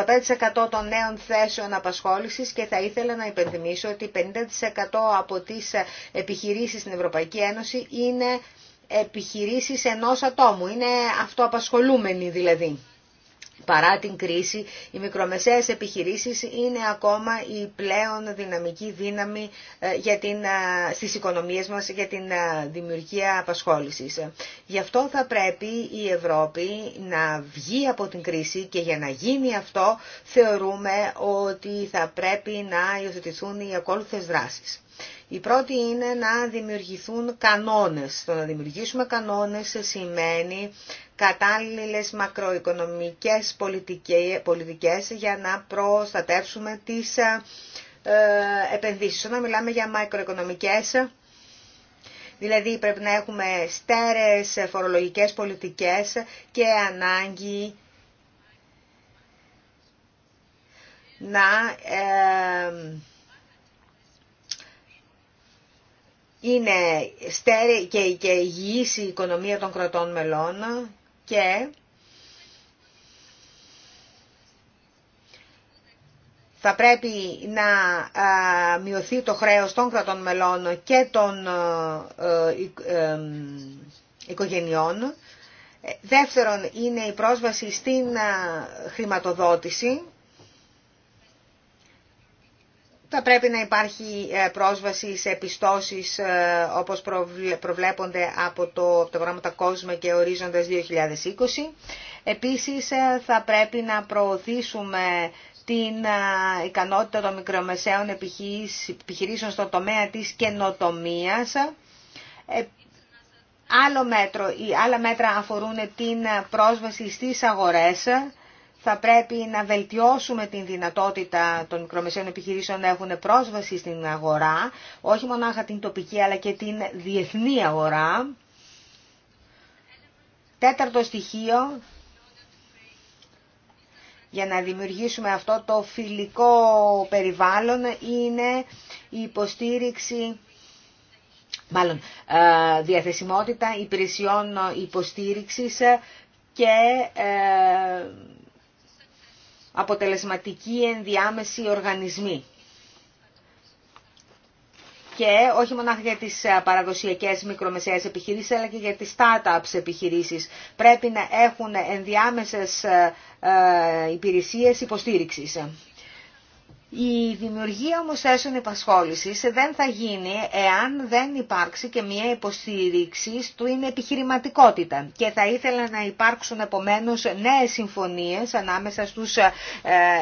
85% των νέων θέσεων απασχόλησης και θα ήθελα να υπενθυμίσω ότι 50% από τις επιχειρήσεις στην Ευρωπαϊκή Ένωση είναι επιχειρήσεις ενός ατόμου, είναι αυτοαπασχολούμενοι δηλαδή παρά την κρίση, οι μικρομεσαίες επιχειρήσεις είναι ακόμα η πλέον δυναμική δύναμη ε, για την, ε, στις οικονομίες μας για την ε, δημιουργία απασχόλησης. Γι' αυτό θα πρέπει η Ευρώπη να βγει από την κρίση και για να γίνει αυτό θεωρούμε ότι θα πρέπει να υιοθετηθούν οι ακόλουθες δράσεις. Η πρώτη είναι να δημιουργηθούν κανόνες. Το να δημιουργήσουμε κανόνες σημαίνει κατάλληλες μακροοικονομικές πολιτικές για να προστατεύσουμε τις ε, επενδύσεις. Όταν μιλάμε για μακροοικονομικές, δηλαδή πρέπει να έχουμε στέρεες φορολογικές πολιτικές και ανάγκη να ε, είναι στέρε και, και υγιής η οικονομία των κρατών μελών και θα πρέπει να μειωθεί το χρέος των κρατών μελών και των ε, ε, οικογενειών. Ε, δεύτερον, είναι η πρόσβαση στην χρηματοδότηση θα πρέπει να υπάρχει ε, πρόσβαση σε επιστώσεις ε, όπως προβλέπονται από το, πρόγραμμα τα και ορίζοντας 2020. Επίσης ε, θα πρέπει να προωθήσουμε την ικανότητα των μικρομεσαίων επιχειρήσεων στο τομέα της καινοτομίας. άλλα μέτρα αφορούν την πρόσβαση στις αγορές θα πρέπει να βελτιώσουμε την δυνατότητα των μικρομεσαίων επιχειρήσεων να έχουν πρόσβαση στην αγορά, όχι μονάχα την τοπική αλλά και την διεθνή αγορά. Τέταρτο στοιχείο, για να δημιουργήσουμε αυτό το φιλικό περιβάλλον, είναι η υποστήριξη μάλλον ε, διαθεσιμότητα υπηρεσιών υποστήριξης και ε, αποτελεσματικοί ενδιάμεσοι οργανισμοί. Και όχι μονάχα για τις ε, παραδοσιακές μικρομεσαίες επιχειρήσεις, αλλά και για τις startups επιχειρήσεις. Πρέπει να έχουν ενδιάμεσες ε, ε, υπηρεσίες υποστήριξης. Η δημιουργία όμως θέσεων επασχόλησης δεν θα γίνει εάν δεν υπάρξει και μια υποστήριξη είναι επιχειρηματικότητα και θα ήθελα να υπάρξουν επομένως νέες συμφωνίες ανάμεσα στους ε,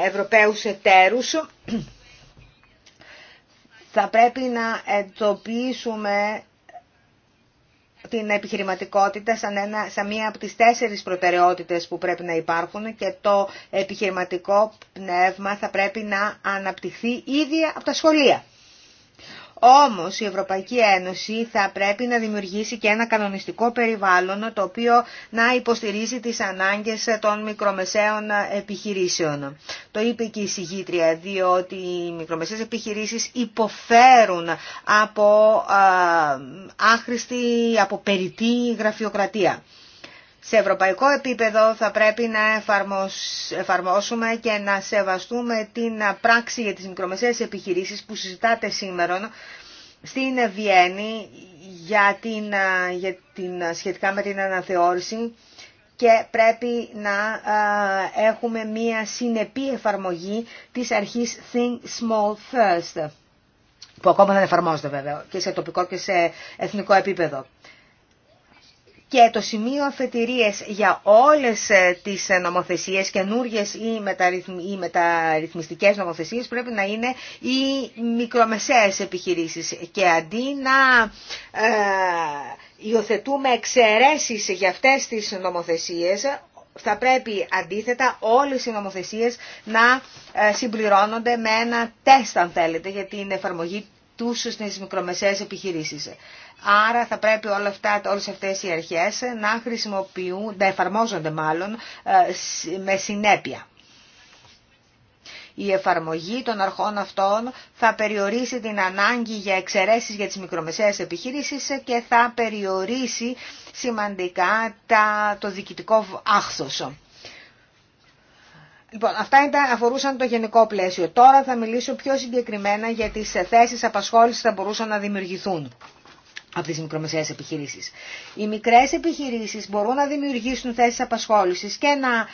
Ευρωπαίους εταίρους. *clears throat* Θα πρέπει να εντοπίσουμε την επιχειρηματικότητα σαν, μία από τις τέσσερις προτεραιότητες που πρέπει να υπάρχουν και το επιχειρηματικό πνεύμα θα πρέπει να αναπτυχθεί ήδη από τα σχολεία. Όμως η Ευρωπαϊκή Ένωση θα πρέπει να δημιουργήσει και ένα κανονιστικό περιβάλλον το οποίο να υποστηρίζει τις ανάγκες των μικρομεσαίων επιχειρήσεων. Το είπε και η συγγήτρια, διότι οι μικρομεσαίες επιχειρήσεις υποφέρουν από άχρηστη, από περιττή γραφειοκρατία σε ευρωπαϊκό επίπεδο θα πρέπει να εφαρμόσουμε και να σεβαστούμε την πράξη για τις μικρομεσαίες επιχειρήσεις που συζητάτε σήμερα στην Βιέννη για την, για την, σχετικά με την αναθεώρηση και πρέπει να έχουμε μία συνεπή εφαρμογή της αρχής Think Small First που ακόμα δεν εφαρμόζεται βέβαια και σε τοπικό και σε εθνικό επίπεδο και το σημείο αφετηρίες για όλες ε, τις ε, νομοθεσίες, καινούριε ή, ή μεταρρυθμιστικές νομοθεσίες πρέπει να είναι οι μικρομεσαίες επιχειρήσεις και αντί να ε, υιοθετούμε εξαιρέσεις για αυτές τις νομοθεσίες θα πρέπει αντίθετα όλες οι νομοθεσίες να ε, συμπληρώνονται με ένα τεστ αν θέλετε για την εφαρμογή τους στις μικρομεσαίες επιχειρήσεις. Άρα θα πρέπει όλα αυτά, όλες αυτές οι αρχές να χρησιμοποιούν, να εφαρμόζονται μάλλον ε, με συνέπεια. Η εφαρμογή των αρχών αυτών θα περιορίσει την ανάγκη για εξαιρέσεις για τις μικρομεσαίες επιχειρήσεις και θα περιορίσει σημαντικά το διοικητικό άχθος. Λοιπόν, αυτά αφορούσαν το γενικό πλαίσιο. Τώρα θα μιλήσω πιο συγκεκριμένα για τις ε, θέσεις απασχόλησης που θα μπορούσαν να δημιουργηθούν από τις μικρομεσαίες επιχειρήσεις. Οι μικρές επιχειρήσεις μπορούν να δημιουργήσουν θέσεις απασχόλησης και να,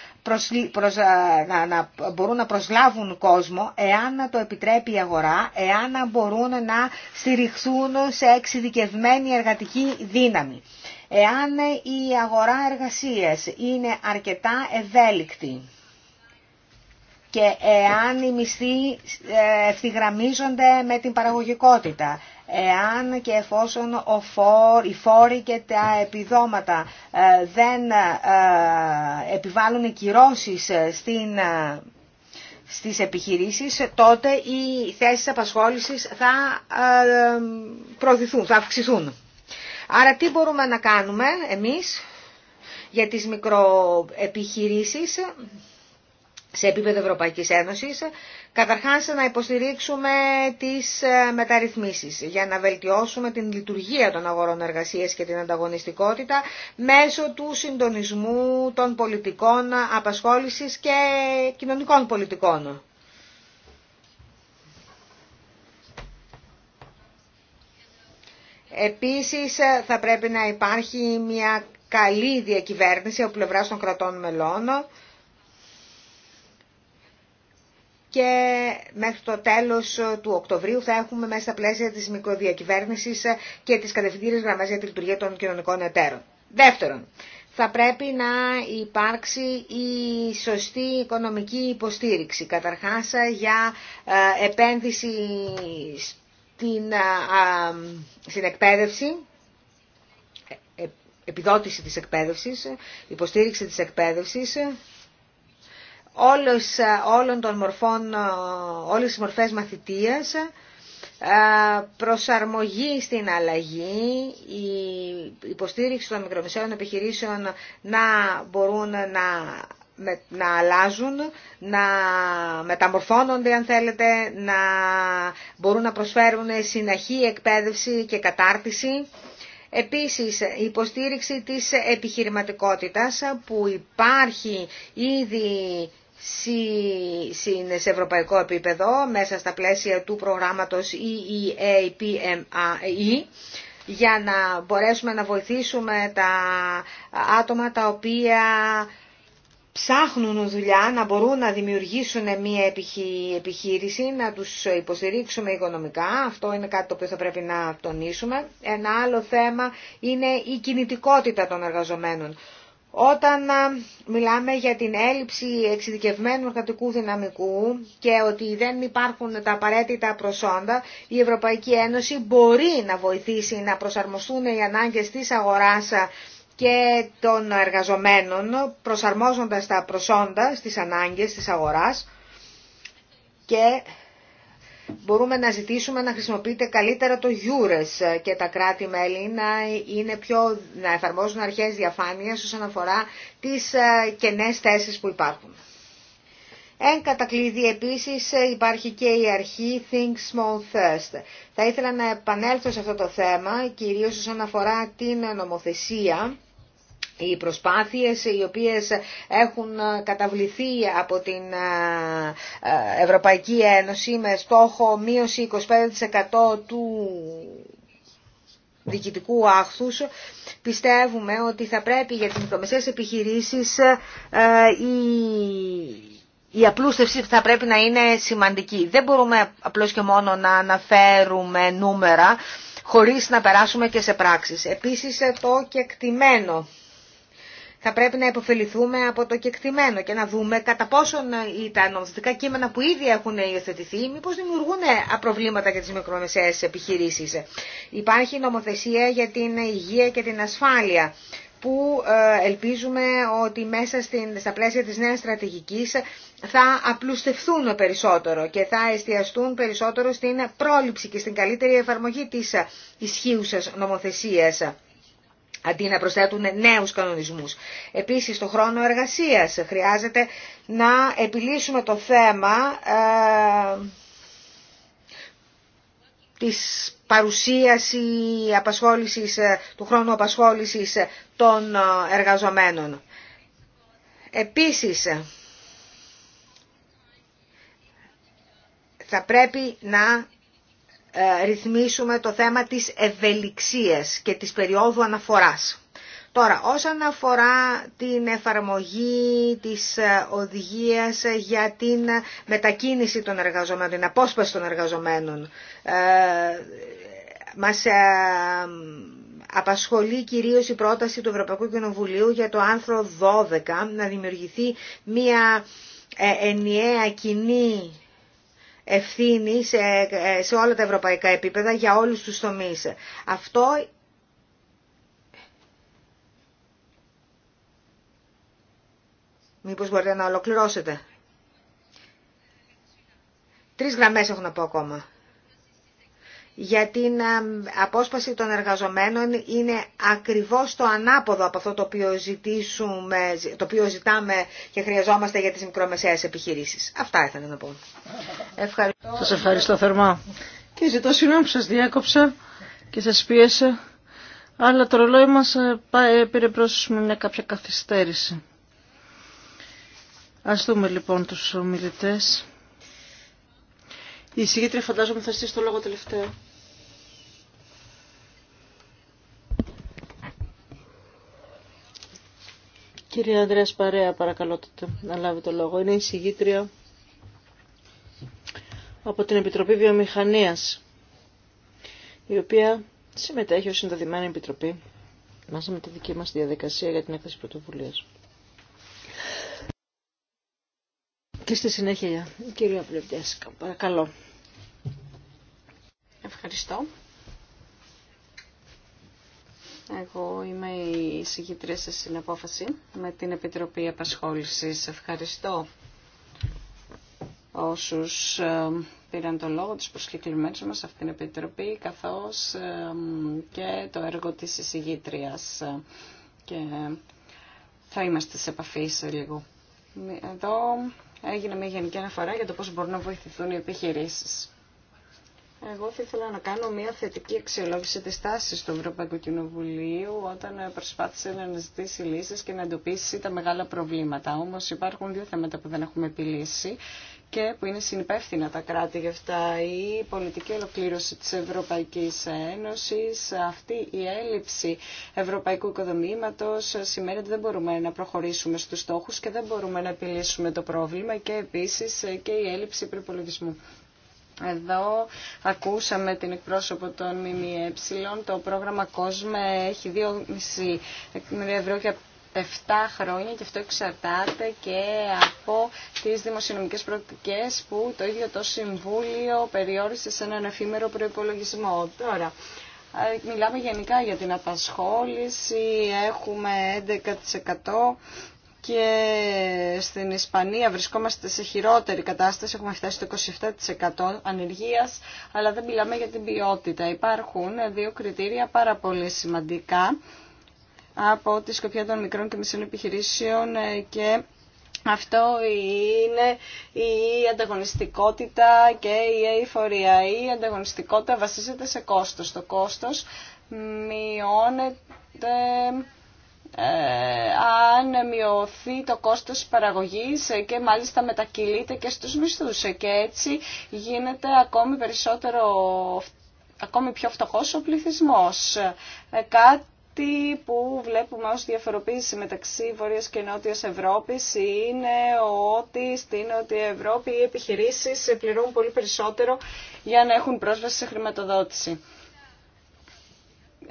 να... μπορούν να προσλάβουν κόσμο εάν να το επιτρέπει η αγορά, εάν να μπορούν να στηριχθούν σε εξειδικευμένη εργατική δύναμη. Εάν η αγορά εργασίας είναι αρκετά ευέλικτη και εάν οι μισθοί ε, ευθυγραμμίζονται με την παραγωγικότητα, εάν και εφόσον ο οι φόροι και τα επιδόματα ε, δεν ε, επιβάλλουν κυρώσεις στην, στις επιχειρήσεις, τότε οι θέσεις απασχόλησης θα προωθηθούν, θα αυξηθούν. Άρα τι μπορούμε να κάνουμε εμείς για τις μικροεπιχειρήσεις, σε επίπεδο Ευρωπαϊκής Ένωσης, καταρχάς να υποστηρίξουμε τις ε, μεταρρυθμίσεις για να βελτιώσουμε την λειτουργία των αγορών εργασίας και την ανταγωνιστικότητα μέσω του συντονισμού των πολιτικών απασχόλησης και κοινωνικών πολιτικών. Επίσης ε, θα πρέπει να υπάρχει μια καλή διακυβέρνηση από πλευράς των κρατών μελών και μέχρι το τέλος του Οκτωβρίου θα έχουμε μέσα στα πλαίσια της μικροδιακυβέρνησης και της κατευθυντήριας γραμμές για τη λειτουργία των κοινωνικών εταίρων. Δεύτερον, θα πρέπει να υπάρξει η σωστή οικονομική υποστήριξη, καταρχάς για ε, επένδυση στην, ε, στην εκπαίδευση, ε, επιδότηση της εκπαίδευσης, υποστήριξη της εκπαίδευσης, όλες, ε, όλων των μορφών, ε, όλες τις μορφές μαθητείας, ε, προσαρμογή στην αλλαγή, η υποστήριξη των μικρομεσαίων επιχειρήσεων να μπορούν να, να αλλάζουν, να μεταμορφώνονται αν θέλετε, να μπορούν να προσφέρουν συναχή εκπαίδευση και κατάρτιση. Επίσης, η υποστήριξη της επιχειρηματικότητας που υπάρχει ήδη σε ευρωπαϊκό επίπεδο μέσα στα πλαίσια του προγράμματος EEAPMAE e e, για να μπορέσουμε να βοηθήσουμε τα άτομα τα οποία ψάχνουν δουλειά, να μπορούν να δημιουργήσουν μια επιχείρηση, να τους υποστηρίξουμε οικονομικά. Αυτό είναι κάτι το οποίο θα πρέπει να τονίσουμε. Ένα άλλο θέμα είναι η κινητικότητα των εργαζομένων. Όταν μιλάμε για την έλλειψη εξειδικευμένου εργατικού δυναμικού και ότι δεν υπάρχουν τα απαραίτητα προσόντα, η Ευρωπαϊκή Ένωση μπορεί να βοηθήσει να προσαρμοστούν οι ανάγκες της αγοράς και των εργαζομένων, προσαρμόζοντας τα προσόντα στις ανάγκες της αγοράς και μπορούμε να ζητήσουμε να χρησιμοποιείται καλύτερα το EURES και τα κράτη-μέλη να, είναι πιο, να εφαρμόζουν αρχές διαφάνειας όσον αφορά τις ε, κενές θέσεις που υπάρχουν. Εν κατακλείδη επίσης ε, υπάρχει και η αρχή Think Small First. Θα ήθελα να επανέλθω σε αυτό το θέμα, κυρίως όσον αφορά την νομοθεσία οι προσπάθειες οι οποίες έχουν ε, καταβληθεί από την ε, ε, Ευρωπαϊκή Ένωση με στόχο μείωση 25% του διοικητικού άχθους πιστεύουμε ότι θα πρέπει για τις μικρομεσαίες επιχειρήσεις η, η απλούστευση θα πρέπει να είναι σημαντική. Δεν μπορούμε απλώς και μόνο να αναφέρουμε νούμερα χωρίς να περάσουμε και σε πράξεις. Επίσης το κεκτημένο θα πρέπει να υποφεληθούμε από το κεκτημένο και να δούμε κατά πόσον τα νομοθετικά κείμενα που ήδη έχουν υιοθετηθεί, μήπως δημιουργούν προβλήματα για τις μικρομεσαίες επιχειρήσεις. Υπάρχει νομοθεσία για την υγεία και την ασφάλεια που ε, ελπίζουμε ότι μέσα στην, στα πλαίσια της νέας στρατηγικής θα απλουστευθούν περισσότερο και θα εστιαστούν περισσότερο στην πρόληψη και στην καλύτερη εφαρμογή της ισχύουσας νομοθεσίας αντί να προσθέτουν νέους κανονισμούς. Επίσης, το χρόνο εργασίας χρειάζεται να επιλύσουμε το θέμα ε, της παρουσίαση απασχόλησης, ε, του χρόνου απασχόλησης των ε, εργαζομένων. Επίσης, θα πρέπει να ε, ρυθμίσουμε το θέμα της ευελιξίας και της περίοδου αναφοράς. Τώρα, όσον αφορά την εφαρμογή της ε, οδηγίας για την μετακίνηση των εργαζομένων, την απόσπαση των εργαζομένων, ε, μας ε, απασχολεί κυρίως η πρόταση του Ευρωπαϊκού Κοινοβουλίου για το άνθρωπο 12 να δημιουργηθεί μια ενιαία κοινή ευθύνη σε, σε όλα τα ευρωπαϊκά επίπεδα για όλους τους τομείς. Αυτό Μήπως μπορείτε να ολοκληρώσετε. Τρεις γραμμές έχω να πω ακόμα για την ε, απόσπαση των εργαζομένων είναι ακριβώς το ανάποδο από αυτό το οποίο, ζητήσουμε, το οποίο ζητάμε και χρειαζόμαστε για τις μικρομεσαίες επιχειρήσεις. Αυτά ήθελα να πω. Ευχαριστώ. Σας ευχαριστώ θερμά. Και ζητώ συγγνώμη που σας διάκοψα και σας πίεσα, αλλά το ρολόι μας ε, πήρε με μια κάποια καθυστέρηση. Ας δούμε λοιπόν τους ομιλητές. Η εισηγήτρια φαντάζομαι θα στείλει το λόγο τελευταίο. Κύριε Ανδρέας Παρέα, παρακαλώ τότε να λάβει το λόγο. Είναι η συγγήτρια από την Επιτροπή Βιομηχανίας, η οποία συμμετέχει ως συνδεδεμένη επιτροπή μαζί με τη δική μας διαδικασία για την έκθεση πρωτοβουλίας. Και στη συνέχεια, κύριε Πλευδιάσικα, παρακαλώ. Ευχαριστώ. Εγώ είμαι η εισηγήτρια σε συνεπόφαση με την Επιτροπή Απασχόλησης. Ευχαριστώ όσους ε, πήραν το λόγο τους προσκεκλημένους μας σε αυτήν την Επιτροπή, καθώς ε, και το έργο της εισηγήτριας. Και θα είμαστε σε επαφή σε λίγο. Εδώ έγινε μια γενική αναφορά για το πώς μπορούν να βοηθηθούν οι επιχειρήσεις. Εγώ θα ήθελα να κάνω μια θετική αξιολόγηση τη τάση του Ευρωπαϊκού Κοινοβουλίου όταν προσπάθησε να αναζητήσει λύσει και να εντοπίσει τα μεγάλα προβλήματα. Όμω υπάρχουν δύο θέματα που δεν έχουμε επιλύσει και που είναι συνυπεύθυνα τα κράτη γι' αυτά. Η πολιτική ολοκλήρωση τη Ευρωπαϊκή Ένωση αυτή η έλλειψη ευρωπαϊκού οικοδομήματος σημαίνει ότι δεν μπορούμε να προχωρήσουμε στου στόχου και δεν μπορούμε να επιλύσουμε το πρόβλημα και επίση και η έλλειψη προπολογισμού. Εδώ ακούσαμε την εκπρόσωπο των ΜΜΕ. Το πρόγραμμα COSME έχει 2,5 εκατομμύρια ευρώ για 7 χρόνια και αυτό εξαρτάται και από τις δημοσιονομικές προοπτικές που το ίδιο το Συμβούλιο περιόρισε σε έναν εφήμερο προϋπολογισμό. Τώρα, ε, μιλάμε γενικά για την απασχόληση, έχουμε 11% και στην Ισπανία βρισκόμαστε σε χειρότερη κατάσταση, έχουμε φτάσει στο 27% ανεργίας, αλλά δεν μιλάμε για την ποιότητα. Υπάρχουν δύο κριτήρια πάρα πολύ σημαντικά από τη σκοπιά των μικρών και μισών επιχειρήσεων και αυτό είναι η ανταγωνιστικότητα και η αηφορία. Η ανταγωνιστικότητα βασίζεται σε κόστος. Το κόστος μειώνεται ε, αν μειωθεί το κόστος παραγωγής και μάλιστα μετακυλείται και στους μισθούς και έτσι γίνεται ακόμη περισσότερο ακόμη πιο φτωχός ο πληθυσμός. Ε, κάτι που βλέπουμε ως διαφοροποίηση μεταξύ Βόρειας και Νότιας Ευρώπης είναι ότι στην Νότια Ευρώπη οι επιχειρήσεις πληρούν πολύ περισσότερο για να έχουν πρόσβαση σε χρηματοδότηση.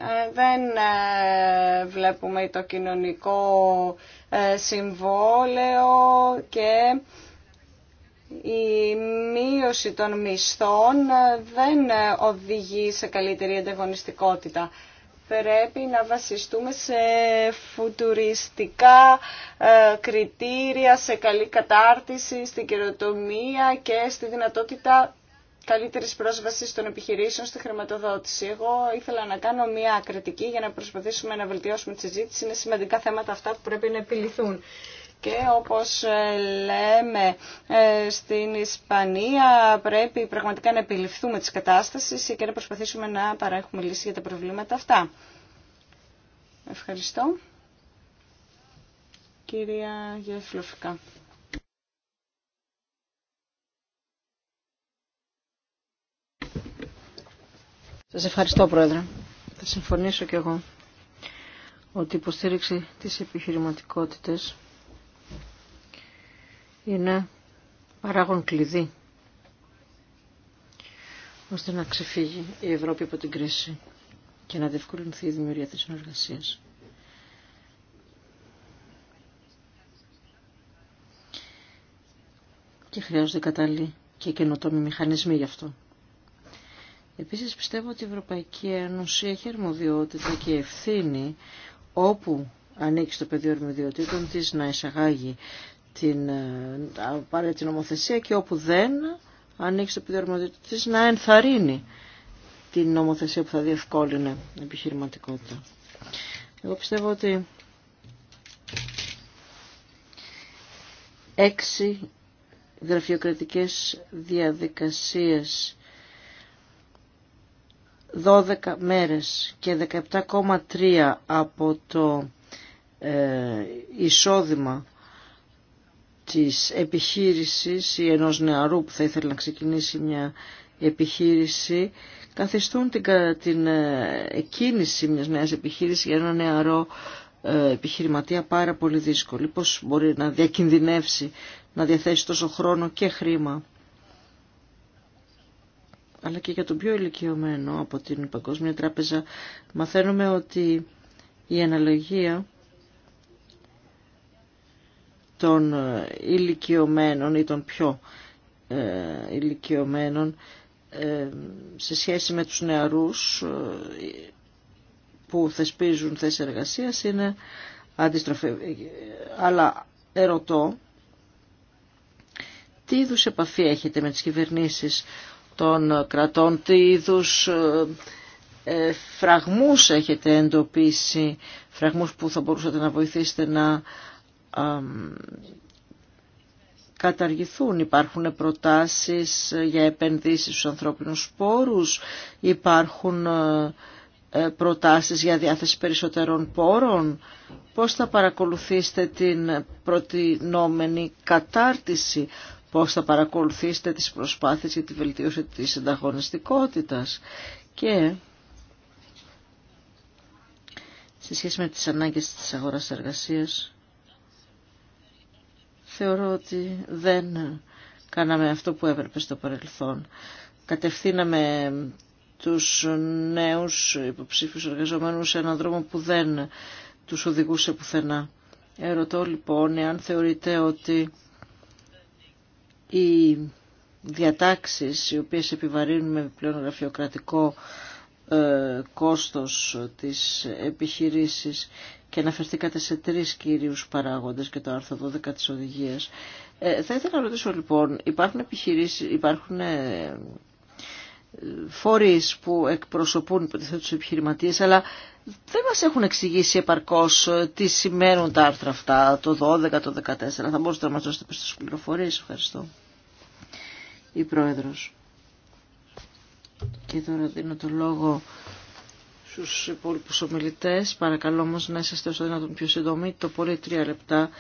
Ε, δεν ε, βλέπουμε το κοινωνικό ε, συμβόλαιο και η μείωση των μισθών δεν οδηγεί σε καλύτερη ανταγωνιστικότητα. Πρέπει να βασιστούμε σε φουτουριστικά κριτήρια, σε καλή κατάρτιση, στην καιροτομία και στη δυνατότητα Καλύτερη πρόσβαση των επιχειρήσεων στη χρηματοδότηση. Εγώ ήθελα να κάνω μια κριτική για να προσπαθήσουμε να βελτιώσουμε τη συζήτηση. Είναι σημαντικά θέματα αυτά που πρέπει να επιληθούν. Και όπως ε, λέμε ε, στην Ισπανία πρέπει πραγματικά να επιληφθούμε της κατάστασης και να προσπαθήσουμε να παρέχουμε λύση για τα προβλήματα αυτά. Ευχαριστώ. Κυρία Γεφλοφικά. Σας ευχαριστώ Πρόεδρε. Θα συμφωνήσω κι εγώ ότι η υποστήριξη της επιχειρηματικότητας είναι παράγον κλειδί ώστε να ξεφύγει η Ευρώπη από την κρίση και να διευκολυνθεί η δημιουργία της συνεργασίας. Και χρειάζονται κατάλληλοι και καινοτόμοι μηχανισμοί γι' αυτό. Επίσης πιστεύω ότι η Ευρωπαϊκή Ένωση έχει αρμοδιότητα και ευθύνη όπου ανήκει στο πεδίο αρμοδιοτήτων της να εισαγάγει την ε, την νομοθεσία και όπου δεν ανήκει στο πεδίο αρμοδιοτήτων της να ενθαρρύνει την νομοθεσία που θα διευκόλυνε επιχειρηματικότητα. Εγώ πιστεύω ότι έξι γραφειοκρατικές διαδικασίες 12 μέρες και 17,3 από το ε, εισόδημα της επιχείρησης ή ενός νεαρού που θα ήθελε να ξεκινήσει μια επιχείρηση καθιστούν την, την ε, εκκίνηση μιας νέας επιχείρησης για ένα νεαρό ε, επιχειρηματία πάρα πολύ δύσκολη. Πώς μπορεί να διακινδυνεύσει, να διαθέσει τόσο χρόνο και χρήμα αλλά και για τον πιο ηλικιωμένο από την Παγκόσμια Τράπεζα μαθαίνουμε ότι η αναλογία των ε, ηλικιωμένων ή των πιο ε, ηλικιωμένων ε, σε σχέση με τους νεαρούς ε, που θεσπίζουν θέσεις εργασίας είναι αντιστροφή. Αλλά ερωτώ τι είδους επαφή έχετε με τις κυβερνήσεις των κρατών, τι είδους ε, ε, φραγμούς έχετε εντοπίσει, φραγμούς που θα μπορούσατε να βοηθήσετε να καταργηθούν. Υπάρχουν προτάσεις για επενδύσεις στους ανθρώπινους πόρους, υπάρχουν ε, προτάσεις για διάθεση περισσότερων πόρων. Πώς θα παρακολουθήσετε την προτινόμενη κατάρτιση πώς θα παρακολουθήσετε τις προσπάθειες για τη βελτίωση της ανταγωνιστικότητας και σε σχέση με τις ανάγκες της αγοράς εργασίας θεωρώ ότι δεν κάναμε αυτό που έπρεπε στο παρελθόν. Κατευθύναμε τους νέους υποψήφιους εργαζομένους σε έναν δρόμο που δεν τους οδηγούσε πουθενά. Ερωτώ λοιπόν εάν θεωρείτε ότι οι διατάξεις οι οποίες επιβαρύνουν με πλέον γραφειοκρατικό ε, κόστος της επιχειρήσης και αναφερθήκατε σε τρεις κύριους παράγοντες και το άρθρο 12 της οδηγίας. Ε, θα ήθελα να ρωτήσω λοιπόν, υπάρχουν, επιχειρήσεις, υπάρχουν ε, φορείς που εκπροσωπούν υποτιθέτω τους επιχειρηματίες, αλλά δεν μας έχουν εξηγήσει επαρκώς ε, τι σημαίνουν τα άρθρα αυτά, το 12, το 14. Θα μπορούσατε να μας δώσετε στις πληροφορίες. Ευχαριστώ. Η Πρόεδρος. Και τώρα δίνω το λόγο στους υπόλοιπους ομιλητές. Παρακαλώ όμως να είστε όσο δυνατόν πιο σύντομοι, το πολύ τρία λεπτά,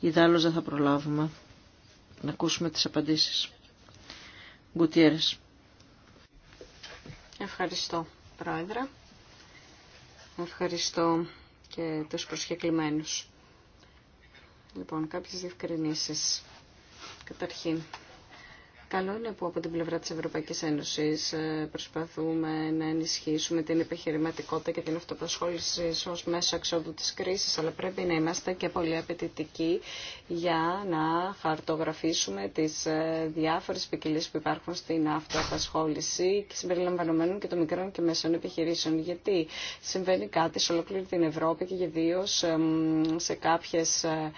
ιδάλλως δεν θα προλάβουμε να ακούσουμε τις απαντήσεις. Γκουτιέρες. Ευχαριστώ, Πρόεδρε. Ευχαριστώ και τους προσκεκλημένους. Λοιπόν, κάποιες διευκρινήσεις. Καταρχήν, Καλό είναι που από την πλευρά της Ευρωπαϊκής Ένωσης ε, προσπαθούμε να ενισχύσουμε την επιχειρηματικότητα και την αυτοπασχόληση ως μέσο εξόδου της κρίσης, αλλά πρέπει να είμαστε και πολύ απαιτητικοί για να χαρτογραφήσουμε τις ε, διάφορες ποικιλίε που υπάρχουν στην αυτοπασχόληση και συμπεριλαμβανομένων και των μικρών και μεσών επιχειρήσεων. Γιατί συμβαίνει κάτι σε ολόκληρη την Ευρώπη και ιδίω σε κάποιες ε,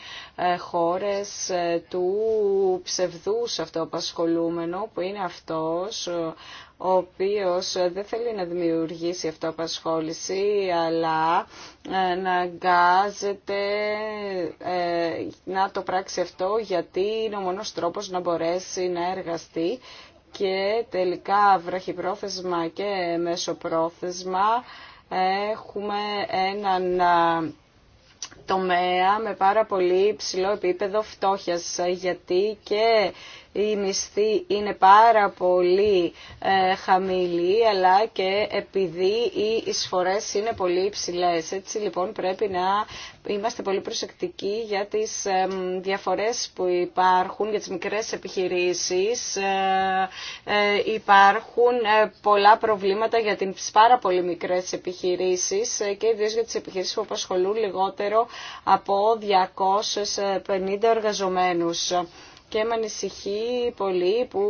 χώρες του ψευδούς αυτοπασχολού που είναι αυτός ο οποίος δεν θέλει να δημιουργήσει αυτοαπασχόληση αλλά ε, να αγκάζεται ε, να το πράξει αυτό γιατί είναι ο μόνος τρόπος να μπορέσει να εργαστεί και τελικά βραχυπρόθεσμα και μεσοπρόθεσμα έχουμε έναν ε, τομέα με πάρα πολύ υψηλό επίπεδο φτώχειας γιατί και οι μισθοί είναι πάρα πολύ ε, χαμηλή, αλλά και επειδή οι εισφορές είναι πολύ υψηλές. Έτσι λοιπόν πρέπει να είμαστε πολύ προσεκτικοί για τις διαφορές που υπάρχουν για τις μικρές επιχειρήσεις. Ε, ε, υπάρχουν πολλά προβλήματα για τις πάρα πολύ μικρές επιχειρήσεις και ιδίω για τις επιχειρήσεις που απασχολούν λιγότερο από 250 εργαζομένους και με ανησυχεί πολύ που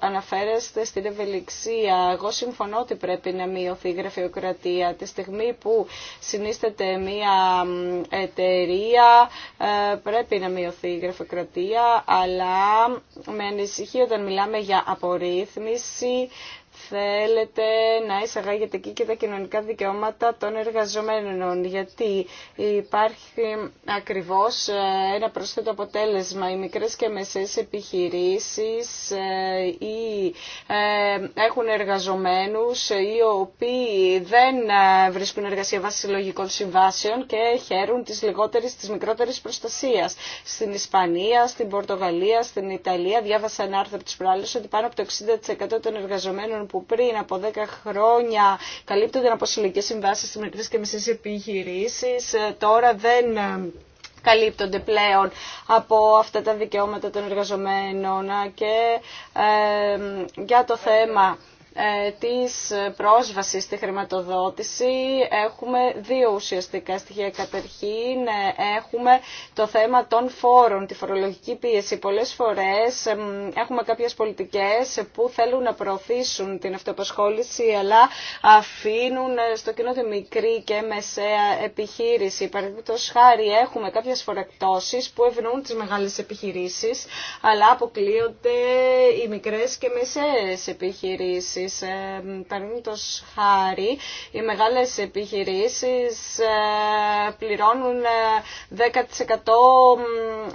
αναφέρεστε στην ευελιξία. Εγώ συμφωνώ ότι πρέπει να μειωθεί η γραφειοκρατία τη στιγμή που συνίσταται μια εταιρεία ε, πρέπει να μειωθεί η γραφειοκρατία αλλά με ανησυχεί όταν μιλάμε για απορρίθμιση θέλετε να εισαγάγετε εκεί και τα κοινωνικά δικαιώματα των εργαζομένων, γιατί υπάρχει ακριβώς ε, ένα πρόσθετο αποτέλεσμα. Οι μικρές και μεσές επιχειρήσεις ε, ή ε, έχουν εργαζομένους οι οποίοι δεν βρίσκουν εργασία βάσει συλλογικών συμβάσεων και χαίρουν τις λιγότερες τις μικρότερες προστασίας. Στην Ισπανία, στην Πορτογαλία, στην Ιταλία διάβασα ένα άρθρο της προάλλησης ότι πάνω από το 60% των εργαζομένων που πριν από 10 χρόνια καλύπτονται από συλλογικέ συμβάσει στι μικρέ και μεσαίε επιχειρήσει, ε, τώρα δεν ε, καλύπτονται πλέον από αυτά τα δικαιώματα των εργαζομένων και ε, για το θέμα ε, της πρόσβασης στη χρηματοδότηση έχουμε δύο ουσιαστικά στοιχεία. Καταρχήν ε, έχουμε το θέμα των φόρων, τη φορολογική πίεση. Πολλές φορές έχουμε κάποιες πολιτικές που θέλουν να προωθήσουν την αυτοπασχόληση αλλά αφήνουν ε, στο κοινό τη μικρή και μεσαία επιχείρηση. Παραδείγματος χάρη έχουμε κάποιες φορεκτώσεις που ευνοούν τις μεγάλες επιχειρήσεις αλλά αποκλείονται οι μικρές και μεσαίες επιχειρήσεις επιχειρήσεις. Ε, παραδείγματος χάρη, οι μεγάλες επιχειρήσεις ε, πληρώνουν 10% ε,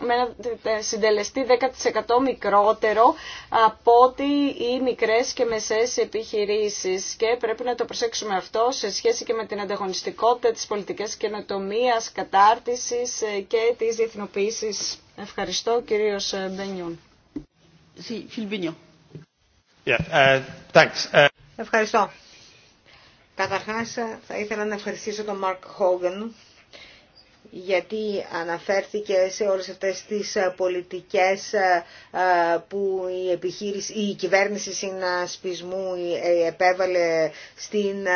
με ένα συντελεστή 10% μικρότερο από ότι οι μικρές και μεσαίες επιχειρήσεις. Και πρέπει να το προσέξουμε αυτό σε σχέση και με την ανταγωνιστικότητα της πολιτικής καινοτομία, κατάρτισης και της διεθνοποίησης. Ευχαριστώ, κύριος Μπενιούν. Sí, Uh, uh, Ευχαριστώ. Καταρχάς θα ήθελα να ευχαριστήσω τον Μαρκ Χόγεν γιατί αναφέρθηκε σε όλες αυτές τις ε, πολιτικές ε, ε, που η, επιχείρηση, η κυβέρνηση συνασπισμού επέβαλε στην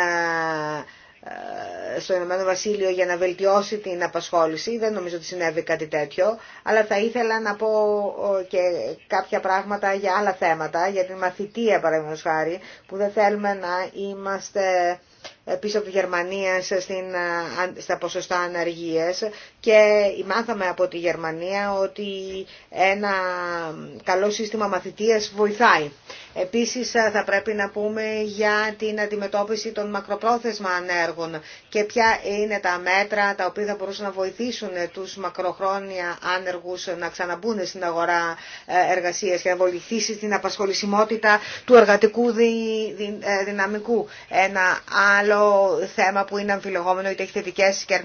ε, στο Ηνωμένο Βασίλειο για να βελτιώσει την απασχόληση. Δεν νομίζω ότι συνέβη κάτι τέτοιο, αλλά θα ήθελα να πω και κάποια πράγματα για άλλα θέματα, για την μαθητεία παραδείγματος χάρη, που δεν θέλουμε να είμαστε ε, πίσω από τη Γερμανία στην, ε, στα ποσοστά αναργίες και μάθαμε από τη Γερμανία ότι ένα καλό σύστημα μαθητείας βοηθάει. Επίσης θα πρέπει να πούμε για την αντιμετώπιση των μακροπρόθεσμα ανέργων και ποια είναι τα μέτρα τα οποία θα μπορούσαν να βοηθήσουν τους μακροχρόνια άνεργους να ξαναμπούν στην αγορά ε, εργασίας και να βοηθήσει την απασχολησιμότητα του εργατικού ε, δυναμικού. Ένα άλλο θέμα που είναι αμφιλεγόμενο είτε έχει θετικές και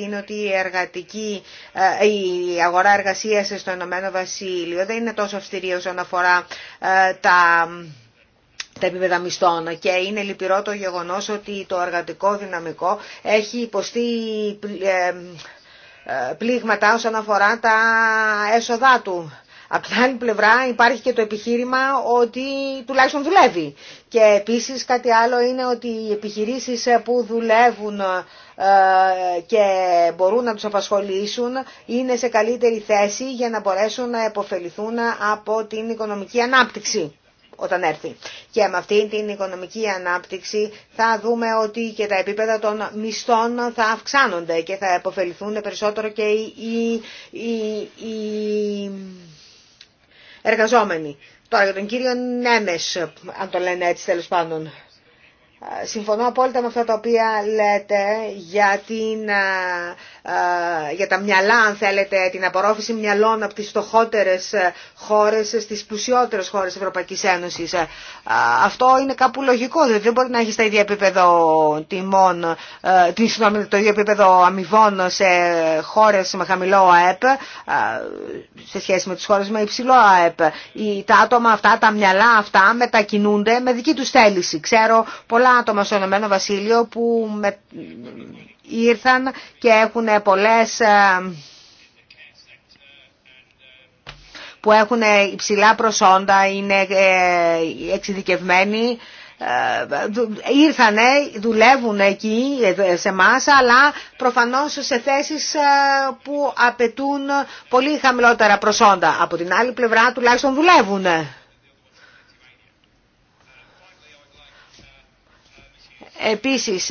είναι ότι εργατική, ε, η αγορά εργασίας στο Ηνωμένο Βασίλειο δεν είναι τόσο αυστηρή όσον αφορά ε, τα τα επίπεδα μισθών και είναι λυπηρό το γεγονός ότι το εργατικό δυναμικό έχει υποστεί ε, πλήγματα όσον αφορά τα έσοδά του. από την άλλη πλευρά υπάρχει και το επιχείρημα ότι τουλάχιστον δουλεύει. Και επίσης κάτι άλλο είναι ότι οι επιχειρήσεις που δουλεύουν ε, και μπορούν να τους απασχολήσουν είναι σε καλύτερη θέση για να μπορέσουν να επωφεληθούν από την οικονομική ανάπτυξη όταν έρθει. Και με αυτή την οικονομική ανάπτυξη θα δούμε ότι και τα επίπεδα των μισθών θα αυξάνονται και θα επωφεληθούν περισσότερο και οι, εργαζόμενοι. Τώρα για τον κύριο Νέμες, αν το λένε έτσι τέλος πάντων. Συμφωνώ απόλυτα με αυτά τα οποία λέτε για, την, για τα μυαλά, αν θέλετε, την απορρόφηση μυαλών από τις στοχότερες ε, χώρες στις πλουσιότερες χώρες Ευρωπαϊκής Ένωσης. Ε, αυτό είναι κάπου λογικό, δηλαδή δεν μπορεί να έχει τα ίδια επίπεδο τιμών, ε, το ίδιο επίπεδο αμοιβών σε χώρες με χαμηλό ΑΕΠ σε σχέση με τις χώρες με υψηλό ΑΕΠ. Τα άτομα αυτά, τα μυαλά αυτά μετακινούνται με δική τους θέληση. Ξέρω πολλά πολλά άτομα στο Ηνωμένο Βασίλειο που ήρθαν και έχουν πολλές ε, που έχουν υψηλά προσόντα, είναι ε, εξειδικευμένοι, ε, ήρθανε, δουλεύουν εκεί σε μάσα, αλλά προφανώς σε θέσεις που απαιτούν πολύ χαμηλότερα προσόντα. Από την άλλη πλευρά τουλάχιστον δουλεύουν. Επίσης,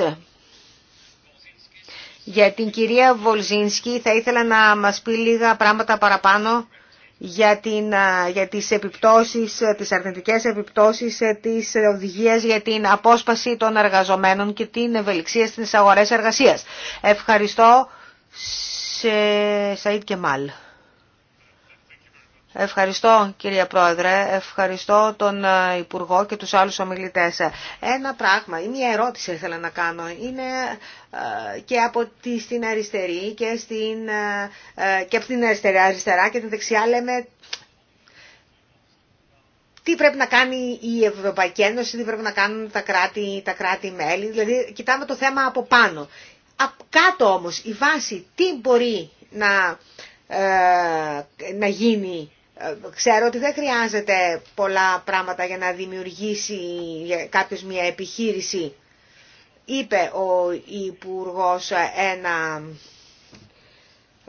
για την κυρία Βολζίνσκι θα ήθελα να μας πει λίγα πράγματα παραπάνω για, την, για τις επιπτώσεις, τις αρνητικές επιπτώσεις της οδηγίας για την απόσπαση των εργαζομένων και την ευελιξία στις αγορές εργασίας. Ευχαριστώ σε Σαΐτ Κεμάλ. Ευχαριστώ κύριε Πρόεδρε, ευχαριστώ τον ε, Υπουργό και τους άλλους ομιλητές. Ένα πράγμα ή μια ερώτηση ήθελα να κάνω είναι ε, και από τη, στην αριστερή και, στην, ε, και από την αριστερά, αριστερά και την δεξιά λέμε τι πρέπει να κάνει η Ευρωπαϊκή Ένωση, τι πρέπει να κάνουν τα κράτη, τα κράτη-μέλη. Δηλαδή, κοιτάμε το θέμα από πάνω. Από κάτω όμως, η βάση, τι μπορεί να, να γίνει Ξέρω ότι δεν χρειάζεται πολλά πράγματα για να δημιουργήσει κάποιος μια επιχείρηση. Είπε ο υπουργό ένα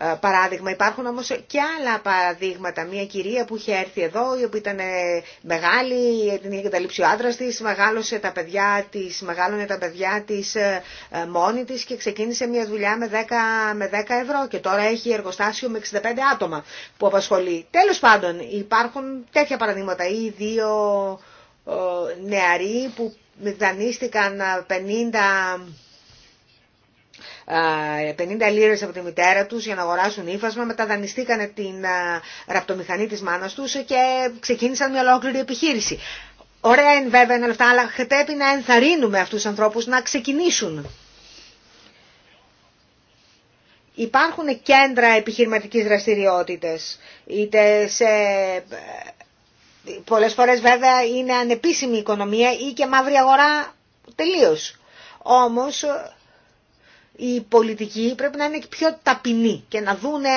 ε, παράδειγμα. Υπάρχουν όμως και άλλα παραδείγματα. Μια κυρία που είχε έρθει εδώ, η οποία ήταν ε, μεγάλη, την είχε καταλήψει ο άντρας της, μεγάλωσε τα παιδιά της, μεγάλωνε τα παιδιά της ε, μόνη της και ξεκίνησε μια δουλειά με 10, με 10 ευρώ και τώρα έχει εργοστάσιο με 65 άτομα που απασχολεί. Τέλος πάντων υπάρχουν τέτοια παραδείγματα ή δύο νεαροί που δανείστηκαν 50 50 λίρες από τη μητέρα τους για να αγοράσουν ύφασμα, μετά δανειστήκανε την ραπτομηχανή της μάνας τους και ξεκίνησαν μια ολόκληρη επιχείρηση. Ωραία είναι βέβαια είναι αυτά, αλλά πρέπει να ενθαρρύνουμε αυτούς τους ανθρώπους να ξεκινήσουν. Υπάρχουν κέντρα επιχειρηματικής δραστηριότητες, είτε σε... Πολλές φορές βέβαια είναι ανεπίσημη οικονομία ή και μαύρη αγορά τελείως. Όμως οι πολιτικοί πρέπει να είναι πιο ταπεινοί και να δούνε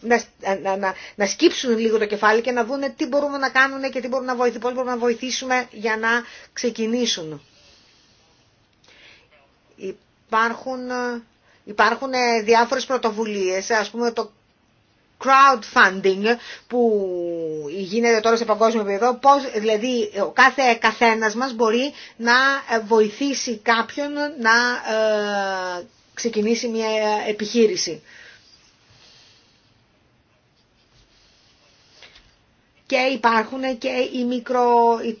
να, να, να, να, σκύψουν λίγο το κεφάλι και να δούνε τι μπορούμε να κάνουν και τι μπορούμε να βοηθήσουμε, πώς μπορούμε να βοηθήσουμε για να ξεκινήσουν. Υπάρχουν, υπάρχουν ε, διάφορες πρωτοβουλίες, ας πούμε το crowdfunding που γίνεται τώρα σε παγκόσμιο επίπεδο, πώς, δηλαδή ο κάθε καθένας μας μπορεί να ε, βοηθήσει κάποιον να ε, ξεκινήσει μια επιχείρηση. και υπάρχουν και οι μικρο,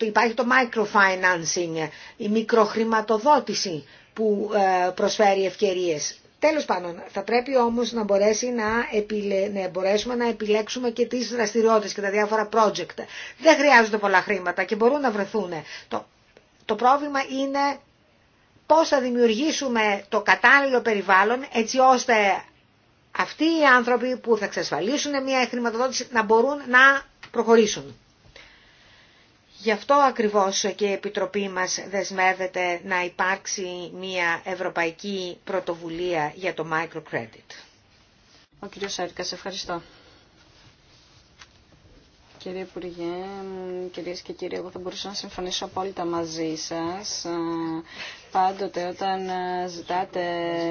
υπάρχει το microfinancing, η μικροχρηματοδότηση που ε, προσφέρει ευκαιρίες. Τέλος πάντων, θα πρέπει όμως να, μπορέσει να, να μπορέσουμε να επιλέξουμε και τις δραστηριότητες και τα διάφορα project. Δεν χρειάζονται πολλά χρήματα και μπορούν να βρεθούν. Το, το πρόβλημα είναι πώς θα δημιουργήσουμε το κατάλληλο περιβάλλον έτσι ώστε αυτοί οι άνθρωποι που θα εξασφαλίσουν μια χρηματοδότηση να μπορούν να προχωρήσουν. Γι' αυτό ακριβώς και η Επιτροπή μας δεσμεύεται να υπάρξει μια ευρωπαϊκή πρωτοβουλία για το microcredit. Ο κύριος Σάρικας, ευχαριστώ. Κύριε Υπουργέ, κυρίες και κύριοι, εγώ θα μπορούσα να συμφωνήσω απόλυτα μαζί σας. Πάντοτε όταν ζητάτε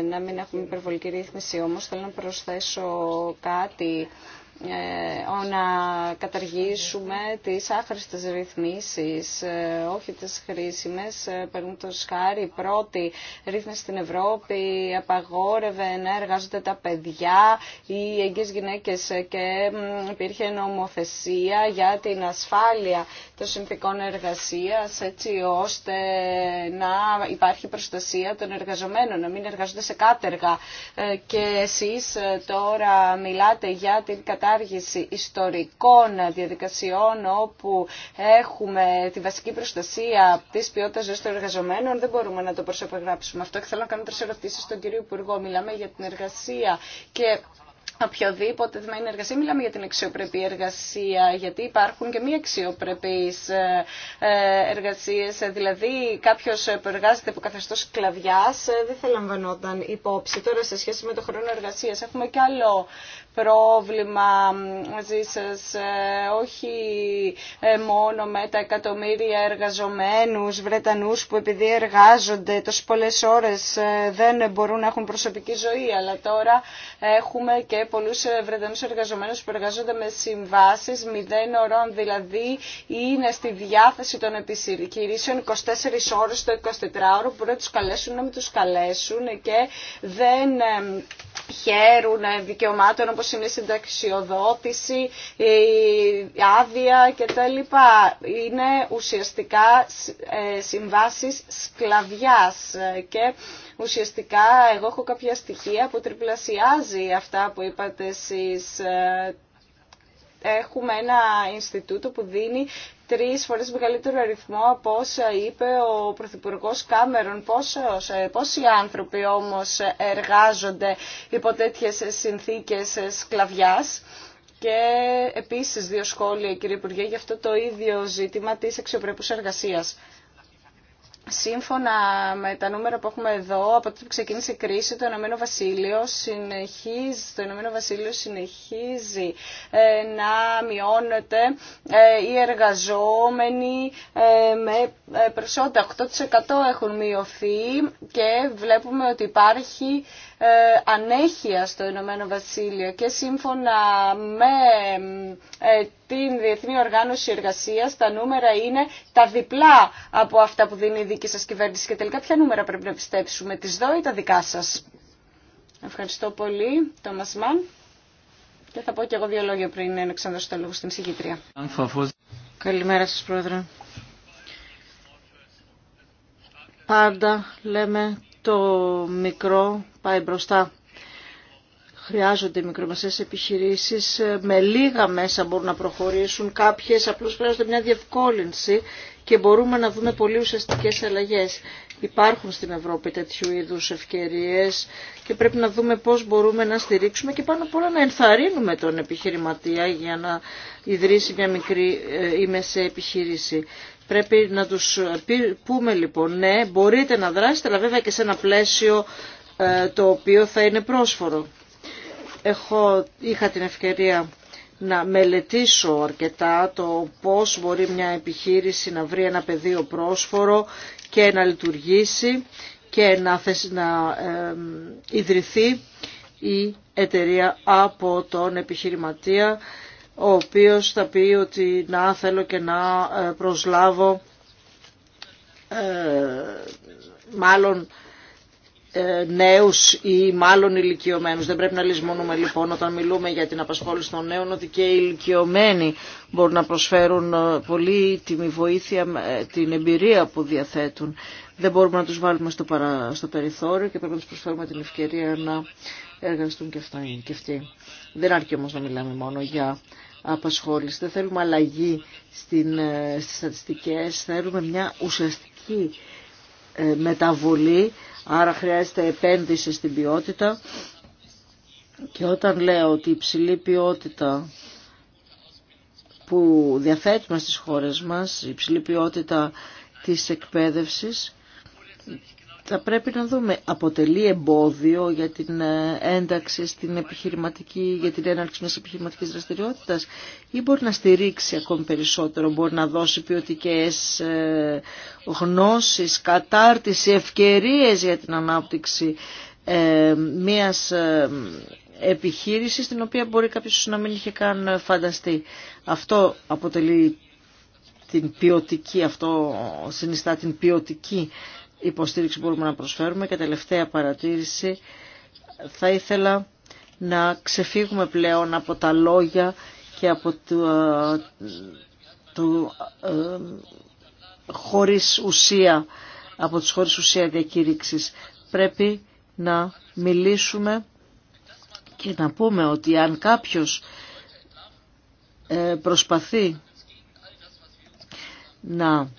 να μην έχουμε υπερβολική ρύθμιση, όμως θέλω να προσθέσω κάτι ε, να καταργήσουμε τις άχρηστες ρυθμίσεις, ε, όχι τις χρήσιμες. Ε, Παίρνουμε το σκάρι, πρώτη ρύθμιση στην Ευρώπη απαγόρευε να εργάζονται τα παιδιά, οι εγγύες γυναίκες και υπήρχε νομοθεσία για την ασφάλεια των συνθήκων εργασίας έτσι ώστε να υπάρχει προστασία των εργαζομένων, να μην εργαζονται σε κάτεργα. Και εσείς τώρα μιλάτε για την κατάργηση ιστορικών διαδικασιών όπου έχουμε τη βασική προστασία τη ποιότητα ζωή των εργαζομένων, δεν μπορούμε να το προσωπογράψουμε αυτό. Και θέλω να κάνω τρει ερωτήσει στον κύριο Υπουργό. Μιλάμε για την εργασία και οποιοδήποτε θέμα είναι εργασία. Μιλάμε για την αξιοπρεπή εργασία, γιατί υπάρχουν και μη αξιοπρεπεί ε, ε, εργασίε. Δηλαδή, κάποιο που εργάζεται από καθεστώ κλαδιά ε, δεν θα λαμβανόταν υπόψη. Τώρα, σε σχέση με το χρόνο εργασία, έχουμε και άλλο πρόβλημα μαζί σα. Όχι μόνο με τα εκατομμύρια εργαζομένου Βρετανού που επειδή εργάζονται τόσε πολλέ ώρε δεν μπορούν να έχουν προσωπική ζωή, αλλά τώρα έχουμε και πολλούς ε, Βρετανούς εργαζομένους που εργαζόνται με συμβάσεις μηδέν ωρών, δηλαδή είναι στη διάθεση των επιχειρήσεων 24 ώρες το 24ωρο που να τους καλέσουν να μην τους καλέσουν και δεν ε, χαίρουν ε, δικαιωμάτων όπως είναι η συνταξιοδότηση, η άδεια κτλ. Είναι ουσιαστικά συμβάσεις σκλαβιάς και Ουσιαστικά εγώ έχω κάποια στοιχεία που τριπλασιάζει αυτά που είπατε εσείς. Ε, έχουμε ένα Ινστιτούτο που δίνει τρεις φορές μεγαλύτερο αριθμό από όσα είπε ο Πρωθυπουργό Κάμερον. Πόσος, πόσοι άνθρωποι όμως εργάζονται υπό τέτοιες συνθήκες σκλαβιάς. Και επίσης δύο σχόλια, κύριε Υπουργέ, για αυτό το ίδιο ζήτημα της αξιοπρέπους εργασίας. Σύμφωνα με τα νούμερα που έχουμε εδώ, από τότε που ξεκίνησε η κρίση, το Ηνωμένο Βασίλειο συνεχίζει, το Ηνωμένο Βασίλειο συνεχίζει ε, να μειώνεται ε, οι εργαζόμενοι ε, με ε, 8% έχουν μειωθεί και βλέπουμε ότι υπάρχει ε, ανέχεια στο Ηνωμένο Βασίλειο και σύμφωνα με ε, την Διεθνή Οργάνωση Εργασίας τα νούμερα είναι τα διπλά από αυτά που δίνει η δική σας κυβέρνηση και τελικά ποια νούμερα πρέπει να πιστέψουμε, τις δω ή τα δικά σας. Ευχαριστώ πολύ, Τόμας Μαν. Και θα πω και εγώ δύο λόγια πριν να ξαναδώσω το λόγο στην συγκήτρια. Καλημέρα σας, Πρόεδρε. Πάντα λέμε το μικρό πάει μπροστά. Χρειάζονται οι μικρομεσαίες επιχειρήσεις, ε, με λίγα μέσα μπορούν να προχωρήσουν, κάποιες απλώς χρειάζονται μια διευκόλυνση και μπορούμε να δούμε πολύ ουσιαστικές αλλαγές. Υπάρχουν στην Ευρώπη τέτοιου είδους ευκαιρίες και πρέπει να δούμε πώς μπορούμε να στηρίξουμε και πάνω απ' όλα να ενθαρρύνουμε τον επιχειρηματία για να ιδρύσει μια μικρή ε, ή μεσαία επιχείρηση. Πρέπει να τους ε, πούμε λοιπόν, ναι, μπορείτε να δράσετε, αλλά βέβαια και σε ένα πλαίσιο ε, το οποίο θα είναι πρόσφορο. Έχω, είχα την ευκαιρία να μελετήσω αρκετά το πώς μπορεί μια επιχείρηση να βρει ένα πεδίο πρόσφορο και να λειτουργήσει και να, να ιδρυθεί η εταιρεία από τον επιχειρηματία ο οποίος θα πει ότι να θέλω και να ε, προσλάβω ε, μάλλον ε, νέους ή μάλλον ηλικιωμένους. Δεν πρέπει να λησμονούμε λοιπόν όταν μιλούμε για την απασχόληση των νέων ότι και οι ηλικιωμένοι μπορούν να προσφέρουν ε, πολύ τιμή βοήθεια ε, την εμπειρία που διαθέτουν. Δεν μπορούμε να τους βάλουμε στο, παρα... στο περιθώριο και πρέπει να τους προσφέρουμε την ευκαιρία να εργαστούν και, αυτά, και αυτοί. Δεν αρκεί όμως να μιλάμε μόνο για απασχόληση. Δεν θέλουμε αλλαγή στην, στις στατιστικές. Θέλουμε μια ουσιαστική μεταβολή Άρα χρειάζεται επένδυση στην ποιότητα και όταν λέω ότι η υψηλή ποιότητα που διαθέτουμε στις χώρες μας, η υψηλή ποιότητα της εκπαίδευσης θα πρέπει να δούμε, αποτελεί εμπόδιο για την ε, ένταξη στην επιχειρηματική, για την έναρξη μιας επιχειρηματικής δραστηριότητας ή μπορεί να στηρίξει ακόμη περισσότερο, μπορεί να δώσει ποιοτικέ ε, γνώσεις, κατάρτιση, ευκαιρίες για την ανάπτυξη ε, μιας επιχείρηση την οποία μπορεί κάποιος να μην είχε καν φανταστεί. Αυτό αποτελεί την ποιοτική, αυτό συνιστά την ποιοτική υποστήριξη μπορούμε να προσφέρουμε. Και τελευταία παρατήρηση, θα ήθελα να ξεφύγουμε πλέον από τα λόγια και από το, ε, το ε, χωρίς ουσία, από τις χωρίς ουσία διακήρυξης. Πρέπει να μιλήσουμε και να πούμε ότι αν κάποιος ε, προσπαθεί να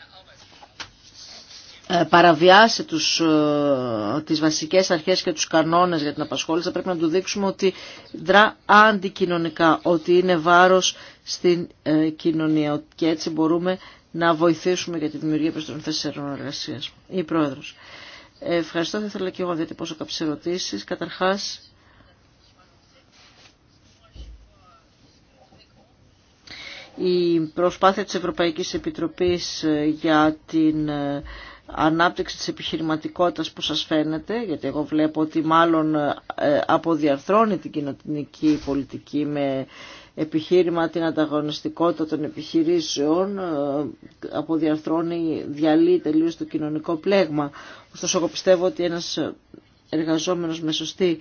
ε, παραβιάσει τους, ε, τις βασικές αρχές και τους κανόνες για την απασχόληση, θα πρέπει να του δείξουμε ότι δρά αντικοινωνικά, ότι είναι βάρος στην ε, κοινωνία και έτσι μπορούμε να βοηθήσουμε για τη δημιουργία των θέσεων εργασία. Η Πρόεδρος. Ευχαριστώ, θα ήθελα και εγώ να διατυπώσω κάποιες ερωτήσεις. Καταρχάς, η προσπάθεια της Ευρωπαϊκής Επιτροπής για την ανάπτυξη της επιχειρηματικότητας που σας φαίνεται, γιατί εγώ βλέπω ότι μάλλον ε, αποδιαρθρώνει την κοινωνική πολιτική με επιχείρημα την ανταγωνιστικότητα των επιχειρήσεων, ε, αποδιαρθρώνει, διαλύει τελείως το κοινωνικό πλέγμα. Ωστόσο, εγώ πιστεύω ότι ένας εργαζόμενος με σωστή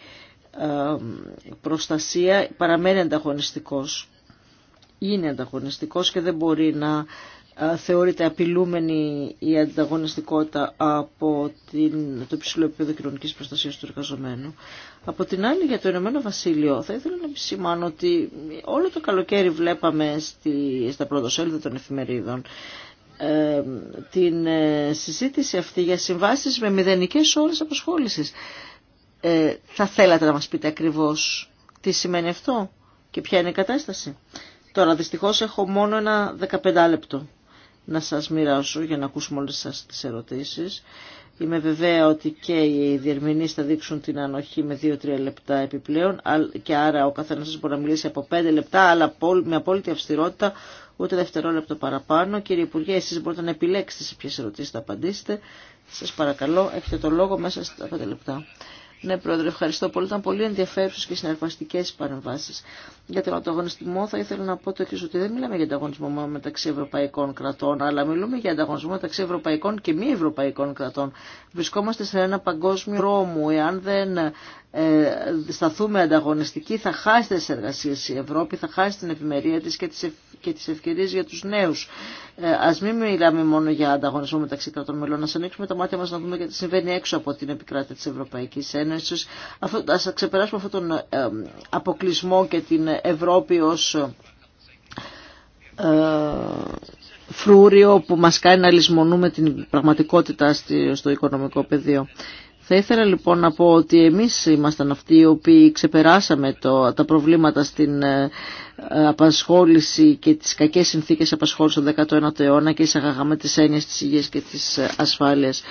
ε, προστασία παραμένει ανταγωνιστικός. Είναι ανταγωνιστικός και δεν μπορεί να θεωρείται απειλούμενη η ανταγωνιστικότητα από την, το υψηλό επίπεδο κοινωνική προστασία του εργαζομένου. Από την άλλη για το Ηνωμένο Βασίλειο θα ήθελα να επισημάνω ότι όλο το καλοκαίρι βλέπαμε στη, στα πρωτοσέλιδα των εφημερίδων ε, την ε, συζήτηση αυτή για συμβάσεις με μηδενικές ώρες απασχόλησης. Ε, θα θέλατε να μας πείτε ακριβώς τι σημαίνει αυτό και ποια είναι η κατάσταση. Τώρα δυστυχώς έχω μόνο ένα 15 λεπτό να σας μοιράσω για να ακούσουμε όλες σας τις ερωτήσεις. Είμαι βεβαία ότι και οι διερμηνείς θα δείξουν την ανοχή με 2-3 λεπτά επιπλέον και άρα ο καθένας σας μπορεί να μιλήσει από 5 λεπτά αλλά με απόλυτη αυστηρότητα ούτε δευτερόλεπτο παραπάνω. Κύριε Υπουργέ, εσείς μπορείτε να επιλέξετε σε ποιες ερωτήσεις θα απαντήσετε. Σας παρακαλώ, έχετε το λόγο μέσα στα 5 λεπτά. Ναι, Πρόεδρε, ευχαριστώ πολύ. Ήταν πολύ ενδιαφέρουσε και συναρπαστικέ οι παρεμβάσει. Για τον ανταγωνισμό θα ήθελα να πω το εξή, ότι δεν μιλάμε για ανταγωνισμό μόνο μεταξύ ευρωπαϊκών κρατών, αλλά μιλούμε για ανταγωνισμό μεταξύ ευρωπαϊκών και μη ευρωπαϊκών κρατών. Βρισκόμαστε σε ένα παγκόσμιο δρόμο. Εάν δεν ε, σταθούμε ανταγωνιστικοί θα χάσει τις εργασίες η Ευρώπη, θα χάσει την ευημερία της και τις, ευ... τις ευκαιρίες για τους νέους. Ε, ας μην μιλάμε μόνο για ανταγωνισμό μεταξύ κρατών μελών, να ανοίξουμε τα μάτια μας να δούμε και τι συμβαίνει έξω από την επικράτεια της Ευρωπαϊκής Ένωσης. Αυτό, ας ξεπεράσουμε αυτόν τον ε, αποκλεισμό και την Ευρώπη ως... Ε, φρούριο που μας κάνει να λησμονούμε την πραγματικότητα στο οικονομικό πεδίο. Θα ήθελα λοιπόν να πω ότι εμείς ήμασταν αυτοί οι οποίοι ξεπεράσαμε το, τα προβλήματα στην ε, απασχόληση και τις κακές συνθήκες απασχόλησης των 19ου αιώνα και εισαγαγάμε τις έννοιες της υγείας και της ε, ασφάλειας.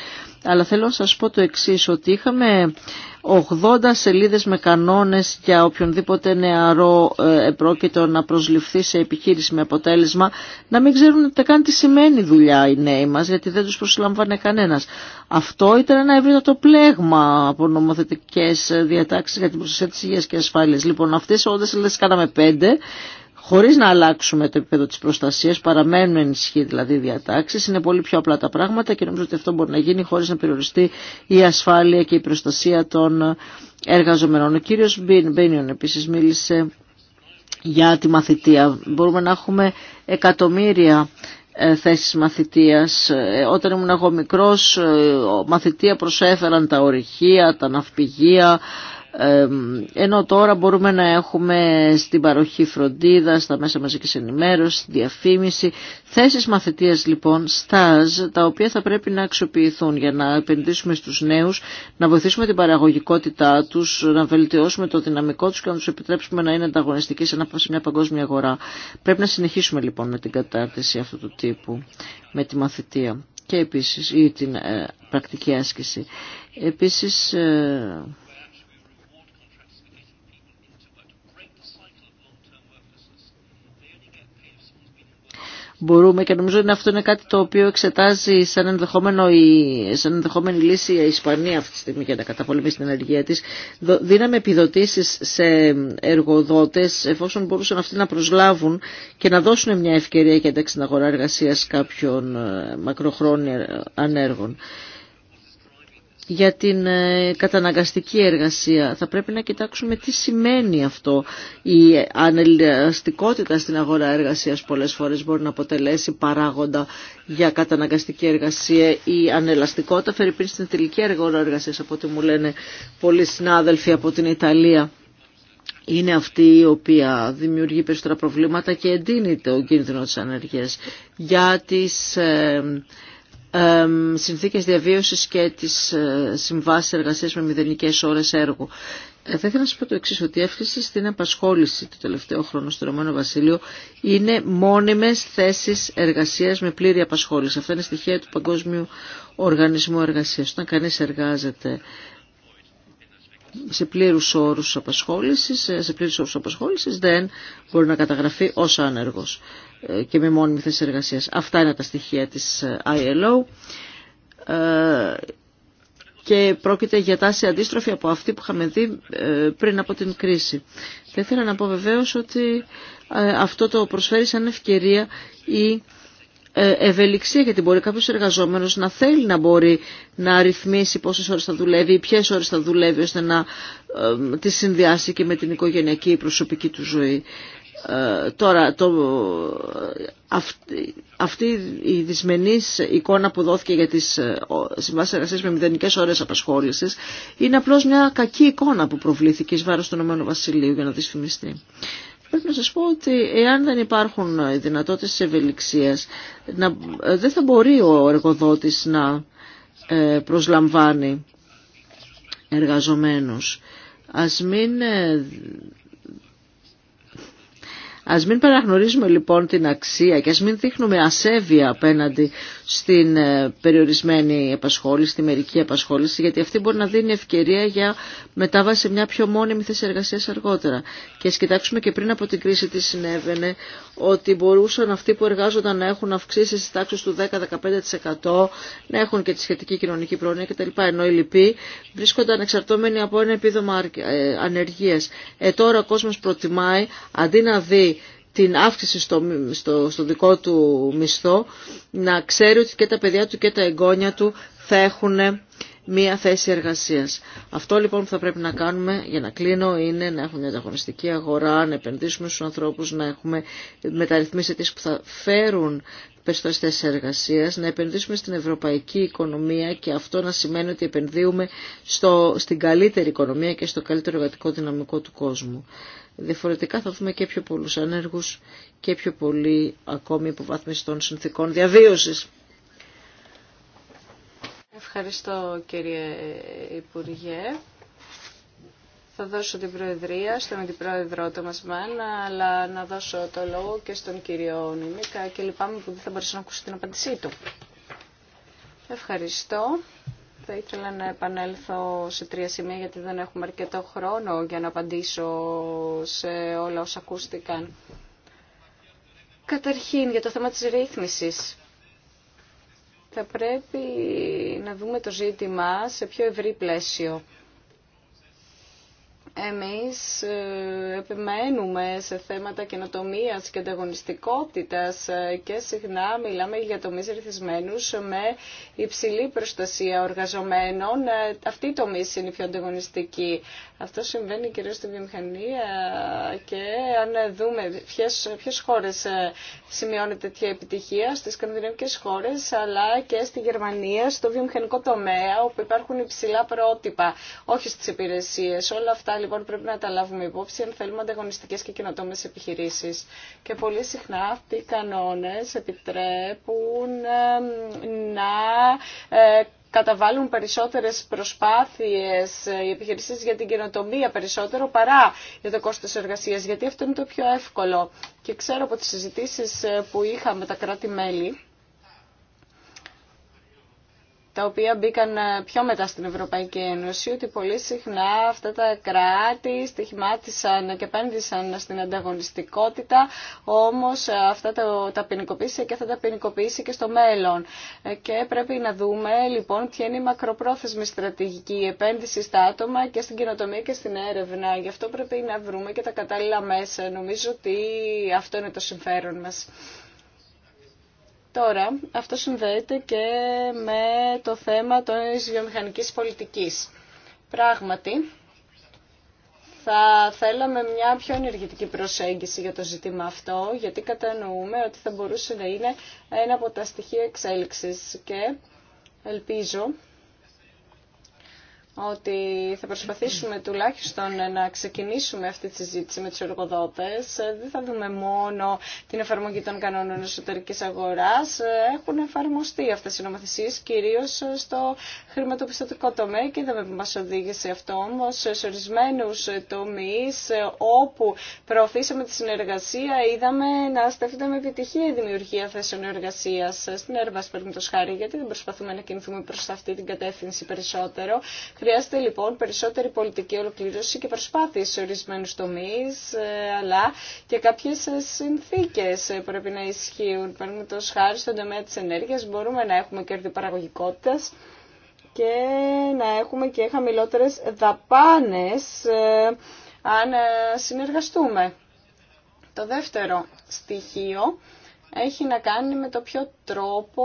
Αλλά θέλω να σας πω το εξής, ότι είχαμε 80 σελίδες με κανόνες για οποιονδήποτε νεαρό ε, επρόκειτο να προσληφθεί σε επιχείρηση με αποτέλεσμα να μην ξέρουν ούτε καν τι σημαίνει δουλειά οι νέοι μας, γιατί δεν τους προσλαμβάνε κανένας. Αυτό ήταν ένα ευρύτατο πλέγμα από νομοθετικές ε, διατάξεις για την προστασία της υγείας και ασφάλειας. Λοιπόν, αυτές 80 σελίδες κάναμε 5 χωρίς να αλλάξουμε το επίπεδο της προστασίας, παραμένουν ενισχύ δηλαδή διατάξει. διατάξεις, είναι πολύ πιο απλά τα πράγματα και νομίζω ότι αυτό μπορεί να γίνει χωρίς να περιοριστεί η ασφάλεια και η προστασία των εργαζομένων. Ο κύριος Μπένιον επίσης μίλησε για τη μαθητεία. Μπορούμε να έχουμε εκατομμύρια ε, θέσεις μαθητείας. Ε, όταν ήμουν εγώ μικρός, ε, μαθητεία προσέφεραν τα ορυχεία, τα ναυπηγεία, ενώ τώρα μπορούμε να έχουμε στην παροχή φροντίδα, στα μέσα μαζικής ενημέρωσης, στη διαφήμιση, θέσεις μαθητείας λοιπόν, στάζ, τα οποία θα πρέπει να αξιοποιηθούν για να επενδύσουμε στους νέους, να βοηθήσουμε την παραγωγικότητά τους, να βελτιώσουμε το δυναμικό τους και να τους επιτρέψουμε να είναι ανταγωνιστικοί σε μια παγκόσμια αγορά. Πρέπει να συνεχίσουμε λοιπόν με την κατάρτιση αυτού του τύπου, με τη μαθητεία και επίσης ή την ε, πρακτική άσκηση. Επίσης... Ε, μπορούμε και νομίζω ότι αυτό είναι κάτι το οποίο εξετάζει σαν, ενδεχόμενο η, σαν ενδεχόμενη λύση η Ισπανία αυτή τη στιγμή για να καταπολεμήσει την ενεργεία της. Δίναμε επιδοτήσεις σε εργοδότες εφόσον μπορούσαν αυτοί να προσλάβουν και να δώσουν μια ευκαιρία για την αγορά εργασίας κάποιων ε, μακροχρόνια ανέργων για την ε, καταναγκαστική εργασία. Θα πρέπει να κοιτάξουμε τι σημαίνει αυτό. Η ανελαστικότητα στην αγορά εργασίας πολλές φορές μπορεί να αποτελέσει παράγοντα για καταναγκαστική εργασία. Η ανελαστικότητα φέρει πριν στην τελική αγορά εργασίας από ό,τι μου λένε πολλοί συνάδελφοι από την Ιταλία. Είναι αυτή η οποία δημιουργεί περισσότερα προβλήματα και εντείνεται ο κίνδυνο της ανεργίας για τις ε, συνθήκες διαβίωσης και τις ε, συμβάσει εργασίας με μηδενικές ώρες έργου. Ε, θα ήθελα να σα πω το εξή, ότι η αύξηση στην απασχόληση το τελευταίο χρόνο στο Ρωμανό Βασίλειο είναι μόνιμες θέσεις εργασίας με πλήρη απασχόληση. Αυτά είναι στοιχεία του Παγκόσμιου Οργανισμού Εργασίας. Όταν κανείς εργάζεται σε πλήρους όρους απασχόλησης, ε, σε πλήρου όρου απασχόληση δεν μπορεί να καταγραφεί ως άνεργος και με μόνιμη θέση εργασία. Αυτά είναι τα στοιχεία της ε, ILO ε, και πρόκειται για τάση αντίστροφη από αυτή που είχαμε δει ε, πριν από την κρίση. Θα ήθελα να πω βεβαίως ότι αυτό το προσφέρει σαν ευκαιρία η ευελιξία γιατί μπορεί κάποιος εργαζόμενος να θέλει να μπορεί να ρυθμίσει πόσες ώρες θα δουλεύει ή ποιες ώρες θα δουλεύει ώστε να τη συνδυάσει και με την οικογενειακή ή προσωπική του ζωή. Ε, τώρα, το, αυτή, η δυσμενής εικόνα που δόθηκε για τις ε, συμβάσεις εργασίας με μηδενικές ώρες απασχόλησης είναι απλώς μια κακή εικόνα που προβλήθηκε εις βάρος του Ηνωμένου Βασιλείου για να δυσφημιστεί. Πρέπει να σας πω ότι εάν δεν υπάρχουν δυνατότητες της ευελιξίας, να, ε, δεν θα μπορεί ο εργοδότης να προσλαμβάνει εργαζομένους. Ας μην Ας μην παραγνωρίζουμε λοιπόν την αξία και ας μην δείχνουμε ασέβεια απέναντι στην ε, περιορισμένη επασχόληση, στη μερική επασχόληση γιατί αυτή μπορεί να δίνει ευκαιρία για μετάβαση σε μια πιο μόνιμη θέση εργασία αργότερα. Και ας κοιτάξουμε και πριν από την κρίση τι συνέβαινε, ότι μπορούσαν αυτοί που εργάζονταν να έχουν αυξήσει στις τάξεις του 10-15%, να έχουν και τη σχετική κοινωνική πρόνοια κτλ. Ενώ οι λοιποί βρίσκονταν εξαρτώμενοι από ένα επίδομα ε, ανεργία. Ε, τώρα ο προτιμάει, αντί να δει την αύξηση στο, δικό του μισθό, να ξέρει ότι και τα παιδιά του και τα εγγόνια του θα έχουν μία θέση εργασίας. Αυτό λοιπόν που θα πρέπει να κάνουμε για να κλείνω είναι να έχουμε μια ανταγωνιστική αγορά, να επενδύσουμε στους ανθρώπους, να έχουμε μεταρρυθμίσεις που θα φέρουν περισσότερες θέσεις εργασίας, να επενδύσουμε στην ευρωπαϊκή οικονομία και αυτό να σημαίνει ότι επενδύουμε στο, στην καλύτερη οικονομία και στο καλύτερο εργατικό δυναμικό του κόσμου. Διαφορετικά θα δούμε και πιο πολλούς ανέργους και πιο πολύ ακόμη υποβάθμιση των συνθήκων διαβίωσης. Ευχαριστώ κύριε Υπουργέ. Θα δώσω την Προεδρία στον Αντιπρόεδρο μας Μάν, αλλά να δώσω το λόγο και στον κύριο Νιμίκα και λυπάμαι που δεν θα μπορούσα να ακούσω την απάντησή του. Ευχαριστώ. Θα ήθελα να επανέλθω σε τρία σημεία γιατί δεν έχουμε αρκετό χρόνο για να απαντήσω σε όλα όσα ακούστηκαν. Καταρχήν, για το θέμα της ρύθμισης. Θα πρέπει να δούμε το ζήτημα σε πιο ευρύ πλαίσιο. Εμείς ε, επιμένουμε σε θέματα καινοτομίας και ανταγωνιστικότητας ε, και συχνά μιλάμε για τομείς ρυθισμένους με υψηλή προστασία οργαζομένων. Ε, Αυτή η τομή είναι η πιο ανταγωνιστική. Αυτό συμβαίνει κυρίως στη βιομηχανία και αν δούμε ποιες, χώρε χώρες σημειώνεται τέτοια επιτυχία, στις σκανδιναβικές χώρες αλλά και στη Γερμανία, στο βιομηχανικό τομέα όπου υπάρχουν υψηλά πρότυπα, όχι στις υπηρεσίες. Όλα αυτά λοιπόν πρέπει να τα λάβουμε υπόψη αν θέλουμε ανταγωνιστικές και κοινοτόμες επιχειρήσεις. Και πολύ συχνά αυτοί οι κανόνες επιτρέπουν να ε, καταβάλουν περισσότερες προσπάθειες ε, οι επιχειρήσεις για την καινοτομία περισσότερο παρά για το κόστος εργασίας, γιατί αυτό είναι το πιο εύκολο. Και ξέρω από τις συζητήσεις ε, που είχα με τα κράτη-μέλη, τα οποία μπήκαν ε, πιο μετά στην Ευρωπαϊκή Ένωση, ότι πολύ συχνά αυτά τα κράτη στοιχημάτισαν και επένδυσαν στην ανταγωνιστικότητα, όμως ε, αυτά τα, τα ποινικοποίησε και θα τα ποινικοποίησε και στο μέλλον. Ε, και πρέπει να δούμε λοιπόν ποια είναι η μακροπρόθεσμη στρατηγική επένδυση στα άτομα και στην κοινοτομία και στην έρευνα. Γι' αυτό πρέπει να βρούμε και τα κατάλληλα μέσα. Νομίζω ότι αυτό είναι το συμφέρον μας. Τώρα, αυτό συνδέεται και με το θέμα της βιομηχανικής πολιτικής. Πράγματι, θα θέλαμε μια πιο ενεργητική προσέγγιση για το ζήτημα αυτό, γιατί κατανοούμε ότι θα μπορούσε να είναι ένα από τα στοιχεία εξέλιξης και ελπίζω ότι θα προσπαθήσουμε τουλάχιστον να ξεκινήσουμε αυτή τη συζήτηση με τους εργοδότες. Δεν θα δούμε μόνο την εφαρμογή των κανόνων εσωτερικής αγοράς. Έχουν εφαρμοστεί αυτές οι νομοθεσίες κυρίως στο χρηματοπιστωτικό τομέα και είδαμε που μας οδήγησε αυτό όμως σε ορισμένου τομεί όπου προωθήσαμε τη συνεργασία είδαμε να στεφτεί με επιτυχία η δημιουργία θέσεων εργασία στην ΕΡΒΑΣ παραδείγματο χάρη, γιατί δεν προσπαθούμε να κινηθούμε προ αυτή την κατεύθυνση περισσότερο Χρειάζεται λοιπόν περισσότερη πολιτική ολοκλήρωση και προσπάθειες σε ορισμένους τομείς, ε, αλλά και κάποιες ε, συνθήκε ε, πρέπει να ισχύουν. Παίρνουμε το χάρη στον τομέα τη ενέργεια. μπορούμε να έχουμε κέρδη παραγωγικότητας και να έχουμε και χαμηλότερε δαπάνες αν συνεργαστούμε. Το δεύτερο στοιχείο έχει να κάνει με το ποιο τρόπο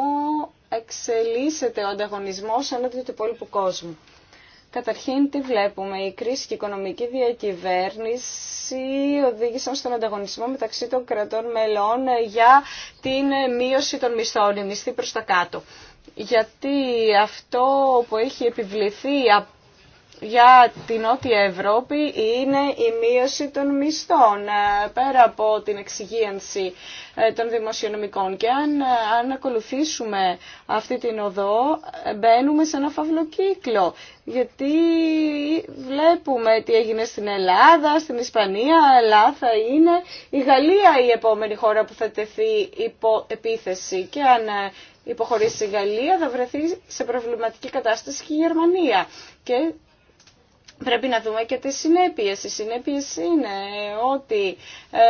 εξελίσσεται ο ανταγωνισμός ανάπτυξης του υπόλοιπου κόσμου. Καταρχήν, τι βλέπουμε. Η κρίση και η οικονομική διακυβέρνηση οδήγησαν στον ανταγωνισμό μεταξύ των κρατών μελών ε, για την ε, μείωση των μισθών, η μισθή προς τα κάτω. Γιατί αυτό που έχει επιβληθεί από για την Νότια Ευρώπη είναι η μείωση των μισθών ε, πέρα από την εξυγίανση ε, των δημοσιονομικών και αν, ε, αν ακολουθήσουμε αυτή την οδό μπαίνουμε σε ένα κύκλο. γιατί βλέπουμε τι έγινε στην Ελλάδα, στην Ισπανία, αλλά θα είναι η Γαλλία η επόμενη χώρα που θα τεθεί υπό επίθεση και αν υποχωρήσει η Γαλλία θα βρεθεί σε προβληματική κατάσταση και η Γερμανία και Πρέπει να δούμε και τις συνέπειες. Οι συνέπειες είναι ότι ε,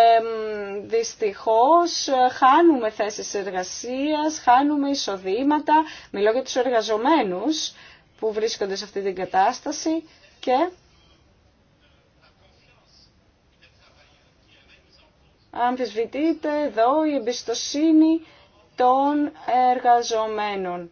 δυστυχώς χάνουμε θέσεις εργασίας, χάνουμε εισοδήματα. Μιλώ για τους εργαζομένους που βρίσκονται σε αυτή την κατάσταση και αμφισβητείται εδώ η εμπιστοσύνη των εργαζομένων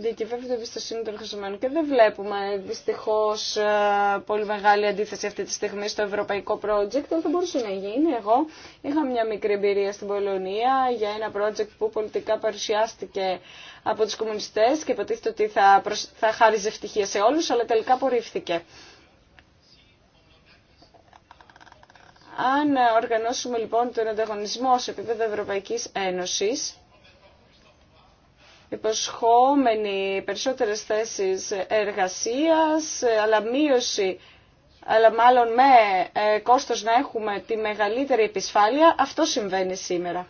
διακυβεύεται η εμπιστοσύνη των εργαζομένων Και δεν βλέπουμε δυστυχώ ε, πολύ μεγάλη αντίθεση αυτή τη στιγμή στο ευρωπαϊκό project, αλλά θα μπορούσε να γίνει. Εγώ είχα μια μικρή εμπειρία στην Πολωνία για ένα project που πολιτικά παρουσιάστηκε από του κομμουνιστές και υποτίθεται ότι θα, προσ... θα χάριζε ευτυχία σε όλου, αλλά τελικά απορρίφθηκε. Αν οργανώσουμε λοιπόν τον ανταγωνισμό σε επίπεδο Ευρωπαϊκής Ένωσης, υποσχόμενοι περισσότερες θέσεις εργασίας, αλλά μείωση, αλλά μάλλον με ε, κόστος να έχουμε τη μεγαλύτερη επισφάλεια, αυτό συμβαίνει σήμερα.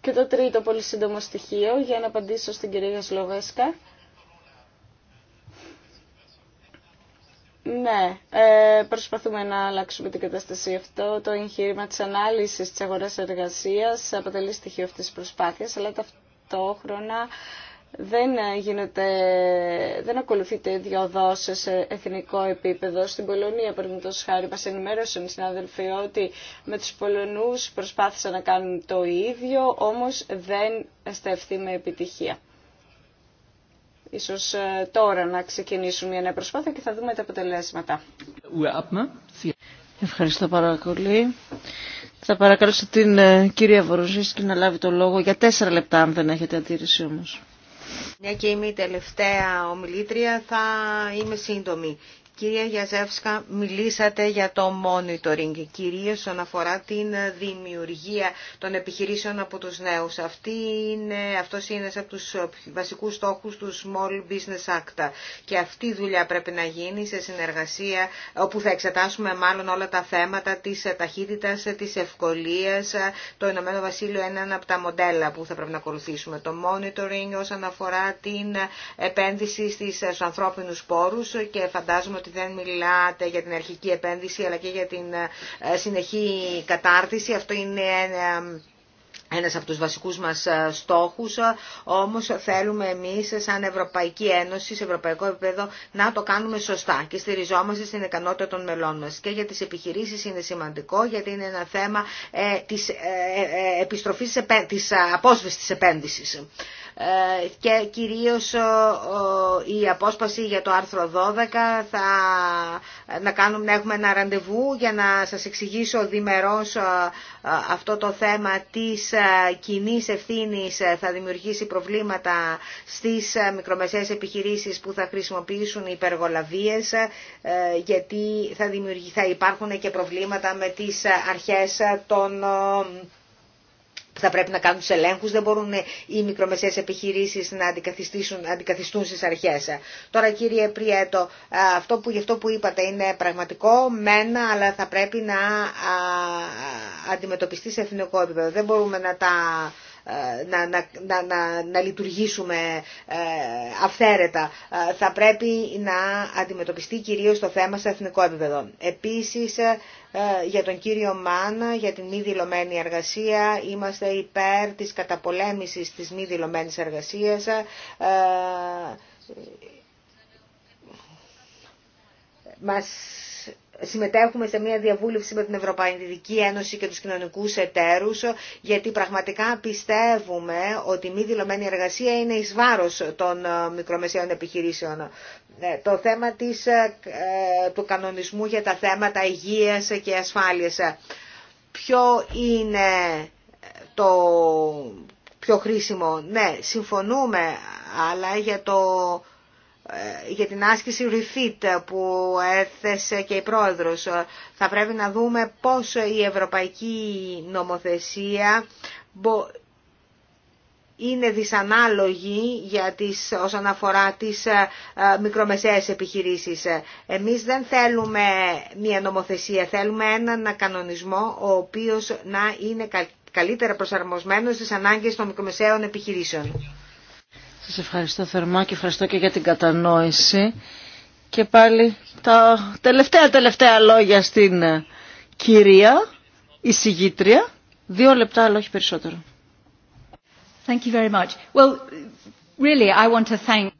Και το τρίτο πολύ σύντομο στοιχείο, για να απαντήσω στην κυρία Σλοβέσκα. Ναι, ε, προσπαθούμε να αλλάξουμε την κατάσταση αυτό. Το εγχείρημα της ανάλυσης της αγοράς εργασίας αποτελεί στοιχείο αυτής της προσπάθειας, αλλά ταυτόχρονα ταυτόχρονα δεν, γίνεται, δεν ακολουθείται η σε εθνικό επίπεδο. Στην Πολωνία, παραδείγματο χάρη, μα ενημέρωσαν συνάδελφοι ότι με του Πολωνού προσπάθησαν να κάνουν το ίδιο, όμω δεν στεφθεί με επιτυχία. Ίσως ε, τώρα να ξεκινήσουν μια νέα προσπάθεια και θα δούμε τα αποτελέσματα. Ευχαριστώ πάρα πολύ. Θα παρακαλώ την ε, κυρία Βοροζίσκη να λάβει το λόγο για τέσσερα λεπτά, αν δεν έχετε αντίρρηση όμως. Μια και είμαι η τελευταία ομιλήτρια, θα είμαι σύντομη. Κυρία Γιαζεύσκα, μιλήσατε για το monitoring, κυρίως όσον αφορά την δημιουργία των επιχειρήσεων από τους νέους. Αυτή είναι, αυτός είναι από τους βασικούς στόχους του Small Business Act και αυτή η δουλειά πρέπει να γίνει σε συνεργασία όπου θα εξετάσουμε μάλλον όλα τα θέματα της ταχύτητας, της ευκολίας, το Ηνωμένο Βασίλειο είναι ένα από τα μοντέλα που θα πρέπει να ακολουθήσουμε. Το monitoring όσον αφορά την επένδυση στους ανθρώπινους πόρους και φαντάζομαι δεν μιλάτε για την αρχική επένδυση αλλά και για την ε, συνεχή κατάρτιση. Αυτό είναι ένα ένας από τους βασικούς μας ε, στόχους, όμως θέλουμε εμείς σαν Ευρωπαϊκή Ένωση, σε ευρωπαϊκό επίπεδο, να το κάνουμε σωστά και στηριζόμαστε στην ικανότητα των μελών μας. Και για τις επιχειρήσεις είναι σημαντικό, γιατί είναι ένα θέμα ε, της, ε, ε, ε επιστροφής, της της επένδυσης. Ε, και κυρίως η απόσπαση για το άρθρο 12 θα να, κάνουμε, να έχουμε ένα ραντεβού για να σας εξηγήσω διμερώς ε, αυτό το θέμα της ε, κοινή ευθύνη θα δημιουργήσει προβλήματα στις μικρομεσαίες επιχειρήσεις που θα χρησιμοποιήσουν υπεργολαβίες γιατί θα, θα υπάρχουν και προβλήματα με τις αρχές των θα πρέπει να κάνουν τους ελέγχους, δεν μπορούν οι μικρομεσαίες επιχειρήσεις να αντικαθιστήσουν, αντικαθιστούν στις αρχές. Τώρα κύριε Πριέτο, ε, αυτό που, γι' αυτό που είπατε είναι πραγματικό, μένα, αλλά θα πρέπει να αντιμετωπιστεί σε εθνικό επίπεδο. Δεν μπορούμε να τα να, να, να, να, λειτουργήσουμε ε, αυθαίρετα. Ε, θα πρέπει να αντιμετωπιστεί κυρίως το θέμα σε εθνικό επίπεδο. Επίσης, ε, για τον κύριο Μάνα, για την μη δηλωμένη εργασία. Είμαστε υπέρ της καταπολέμησης της μη δηλωμένη εργασίας. Μας συμμετέχουμε σε μια διαβούλευση με την Ευρωπαϊκή Ένωση και τους κοινωνικούς εταίρους, γιατί πραγματικά πιστεύουμε ότι η μη δηλωμένη εργασία είναι εις βάρος των ε, μικρομεσαίων επιχειρήσεων. Ε, το θέμα της, ε, του κανονισμού για τα θέματα υγείας και ασφάλειας. Ποιο είναι το πιο χρήσιμο. Ναι, συμφωνούμε, αλλά για το ε, για την άσκηση refit που έθεσε και η πρόεδρος. Θα πρέπει να δούμε πώς η ευρωπαϊκή νομοθεσία είναι δυσανάλογη για τις, όσον αφορά τις ε, μικρομεσαίες επιχειρήσεις. Εμείς δεν θέλουμε μία νομοθεσία, θέλουμε έναν κανονισμό ο οποίος να είναι καλύτερα προσαρμοσμένος στις ανάγκες των μικρομεσαίων επιχειρήσεων. Σας ευχαριστώ θερμά και ευχαριστώ και για την κατανόηση. Και πάλι τα τελευταία τελευταία λόγια στην ε, κυρία, η συγγήτρια. Δύο λεπτά, αλλά όχι περισσότερο. Thank you very much. Well, really, I want to thank...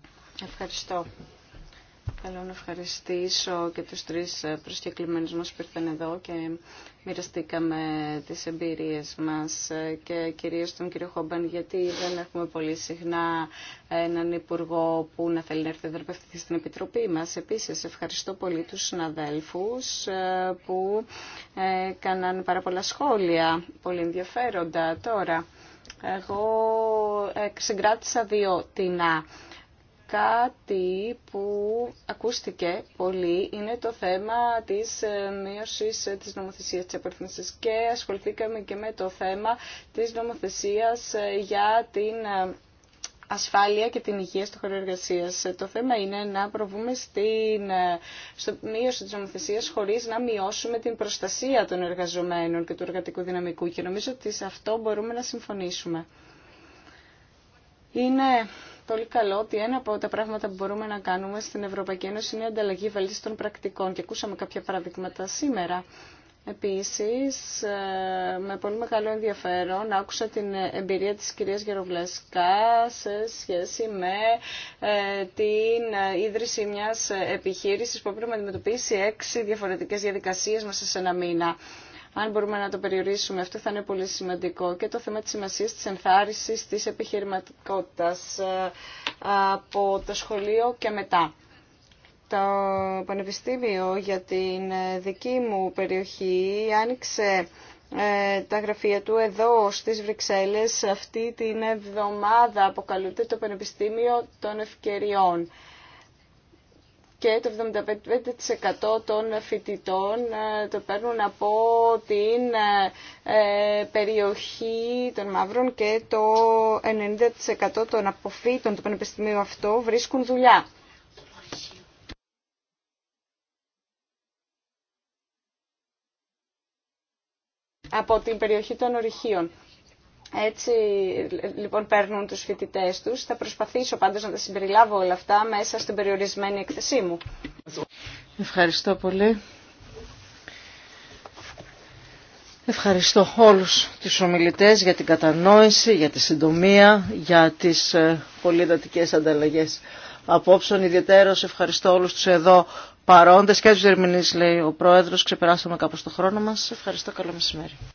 Ευχαριστώ. Θέλω να ευχαριστήσω και τους τρεις προσκεκλημένους μας που ήρθαν εδώ και μοιραστήκαμε τις εμπειρίες μας και κυρίως τον κύριο Χόμπαν γιατί δεν έχουμε πολύ συχνά έναν υπουργό που να θέλει να έρθει να στην Επιτροπή μας. Επίσης ευχαριστώ πολύ τους συναδέλφους ε, που ε, έκαναν πάρα πολλά σχόλια, πολύ ενδιαφέροντα τώρα. Εγώ ε, συγκράτησα δύο τεινά Κάτι που ακούστηκε πολύ είναι το θέμα της ε, μείωσης ε, της νομοθεσίας της απορρίθμισης και ασχοληθήκαμε και με το θέμα της νομοθεσίας ε, για την ασφάλεια και την υγεία στο χώρο Το θέμα είναι να προβούμε στην μείωση τη νομοθεσία χωρί να μειώσουμε την προστασία των εργαζομένων και του εργατικού δυναμικού. Και νομίζω ότι σε αυτό μπορούμε να συμφωνήσουμε. Είναι πολύ καλό ότι ένα από τα πράγματα που μπορούμε να κάνουμε στην Ευρωπαϊκή Ένωση είναι η ανταλλαγή βελτίστων πρακτικών και ακούσαμε κάποια παραδείγματα σήμερα. Επίσης, ε, με πολύ μεγάλο ενδιαφέρον άκουσα την εμπειρία της κυρίας Γεροβλέσκα σε σχέση με ε, την ίδρυση μιας επιχείρησης που πρέπει να αντιμετωπίσει έξι διαφορετικές διαδικασίες μέσα σε ένα μήνα. Αν μπορούμε να το περιορίσουμε, αυτό θα είναι πολύ σημαντικό. Και το θέμα της σημασίας της ενθάρρυνσης της επιχειρηματικότητας ε, από το σχολείο και μετά. Το Πανεπιστήμιο για την δική μου περιοχή άνοιξε ε, τα γραφεία του εδώ στις Βρυξέλλες αυτή την εβδομάδα αποκαλούνται το Πανεπιστήμιο των Ευκαιριών και το 75% των φοιτητών ε, το παίρνουν από την ε, περιοχή των μαύρων και το 90% των αποφύτων του πανεπιστημίου αυτό βρίσκουν δουλειά. από την περιοχή των ορυχείων. Έτσι λοιπόν παίρνουν τους φοιτητές τους. Θα προσπαθήσω πάντως να τα συμπεριλάβω όλα αυτά μέσα στην περιορισμένη εκθεσή μου. Ευχαριστώ πολύ. Ευχαριστώ όλους τους ομιλητές για την κατανόηση, για τη συντομία, για τις ε, πολυδατικές ανταλλαγές απόψεων. Ιδιαίτερος ευχαριστώ όλους τους εδώ παρόντες και τους ερμηνείς, λέει ο Πρόεδρος. Ξεπεράσαμε κάπως το χρόνο μας. Ευχαριστώ. Καλό μεσημέρι.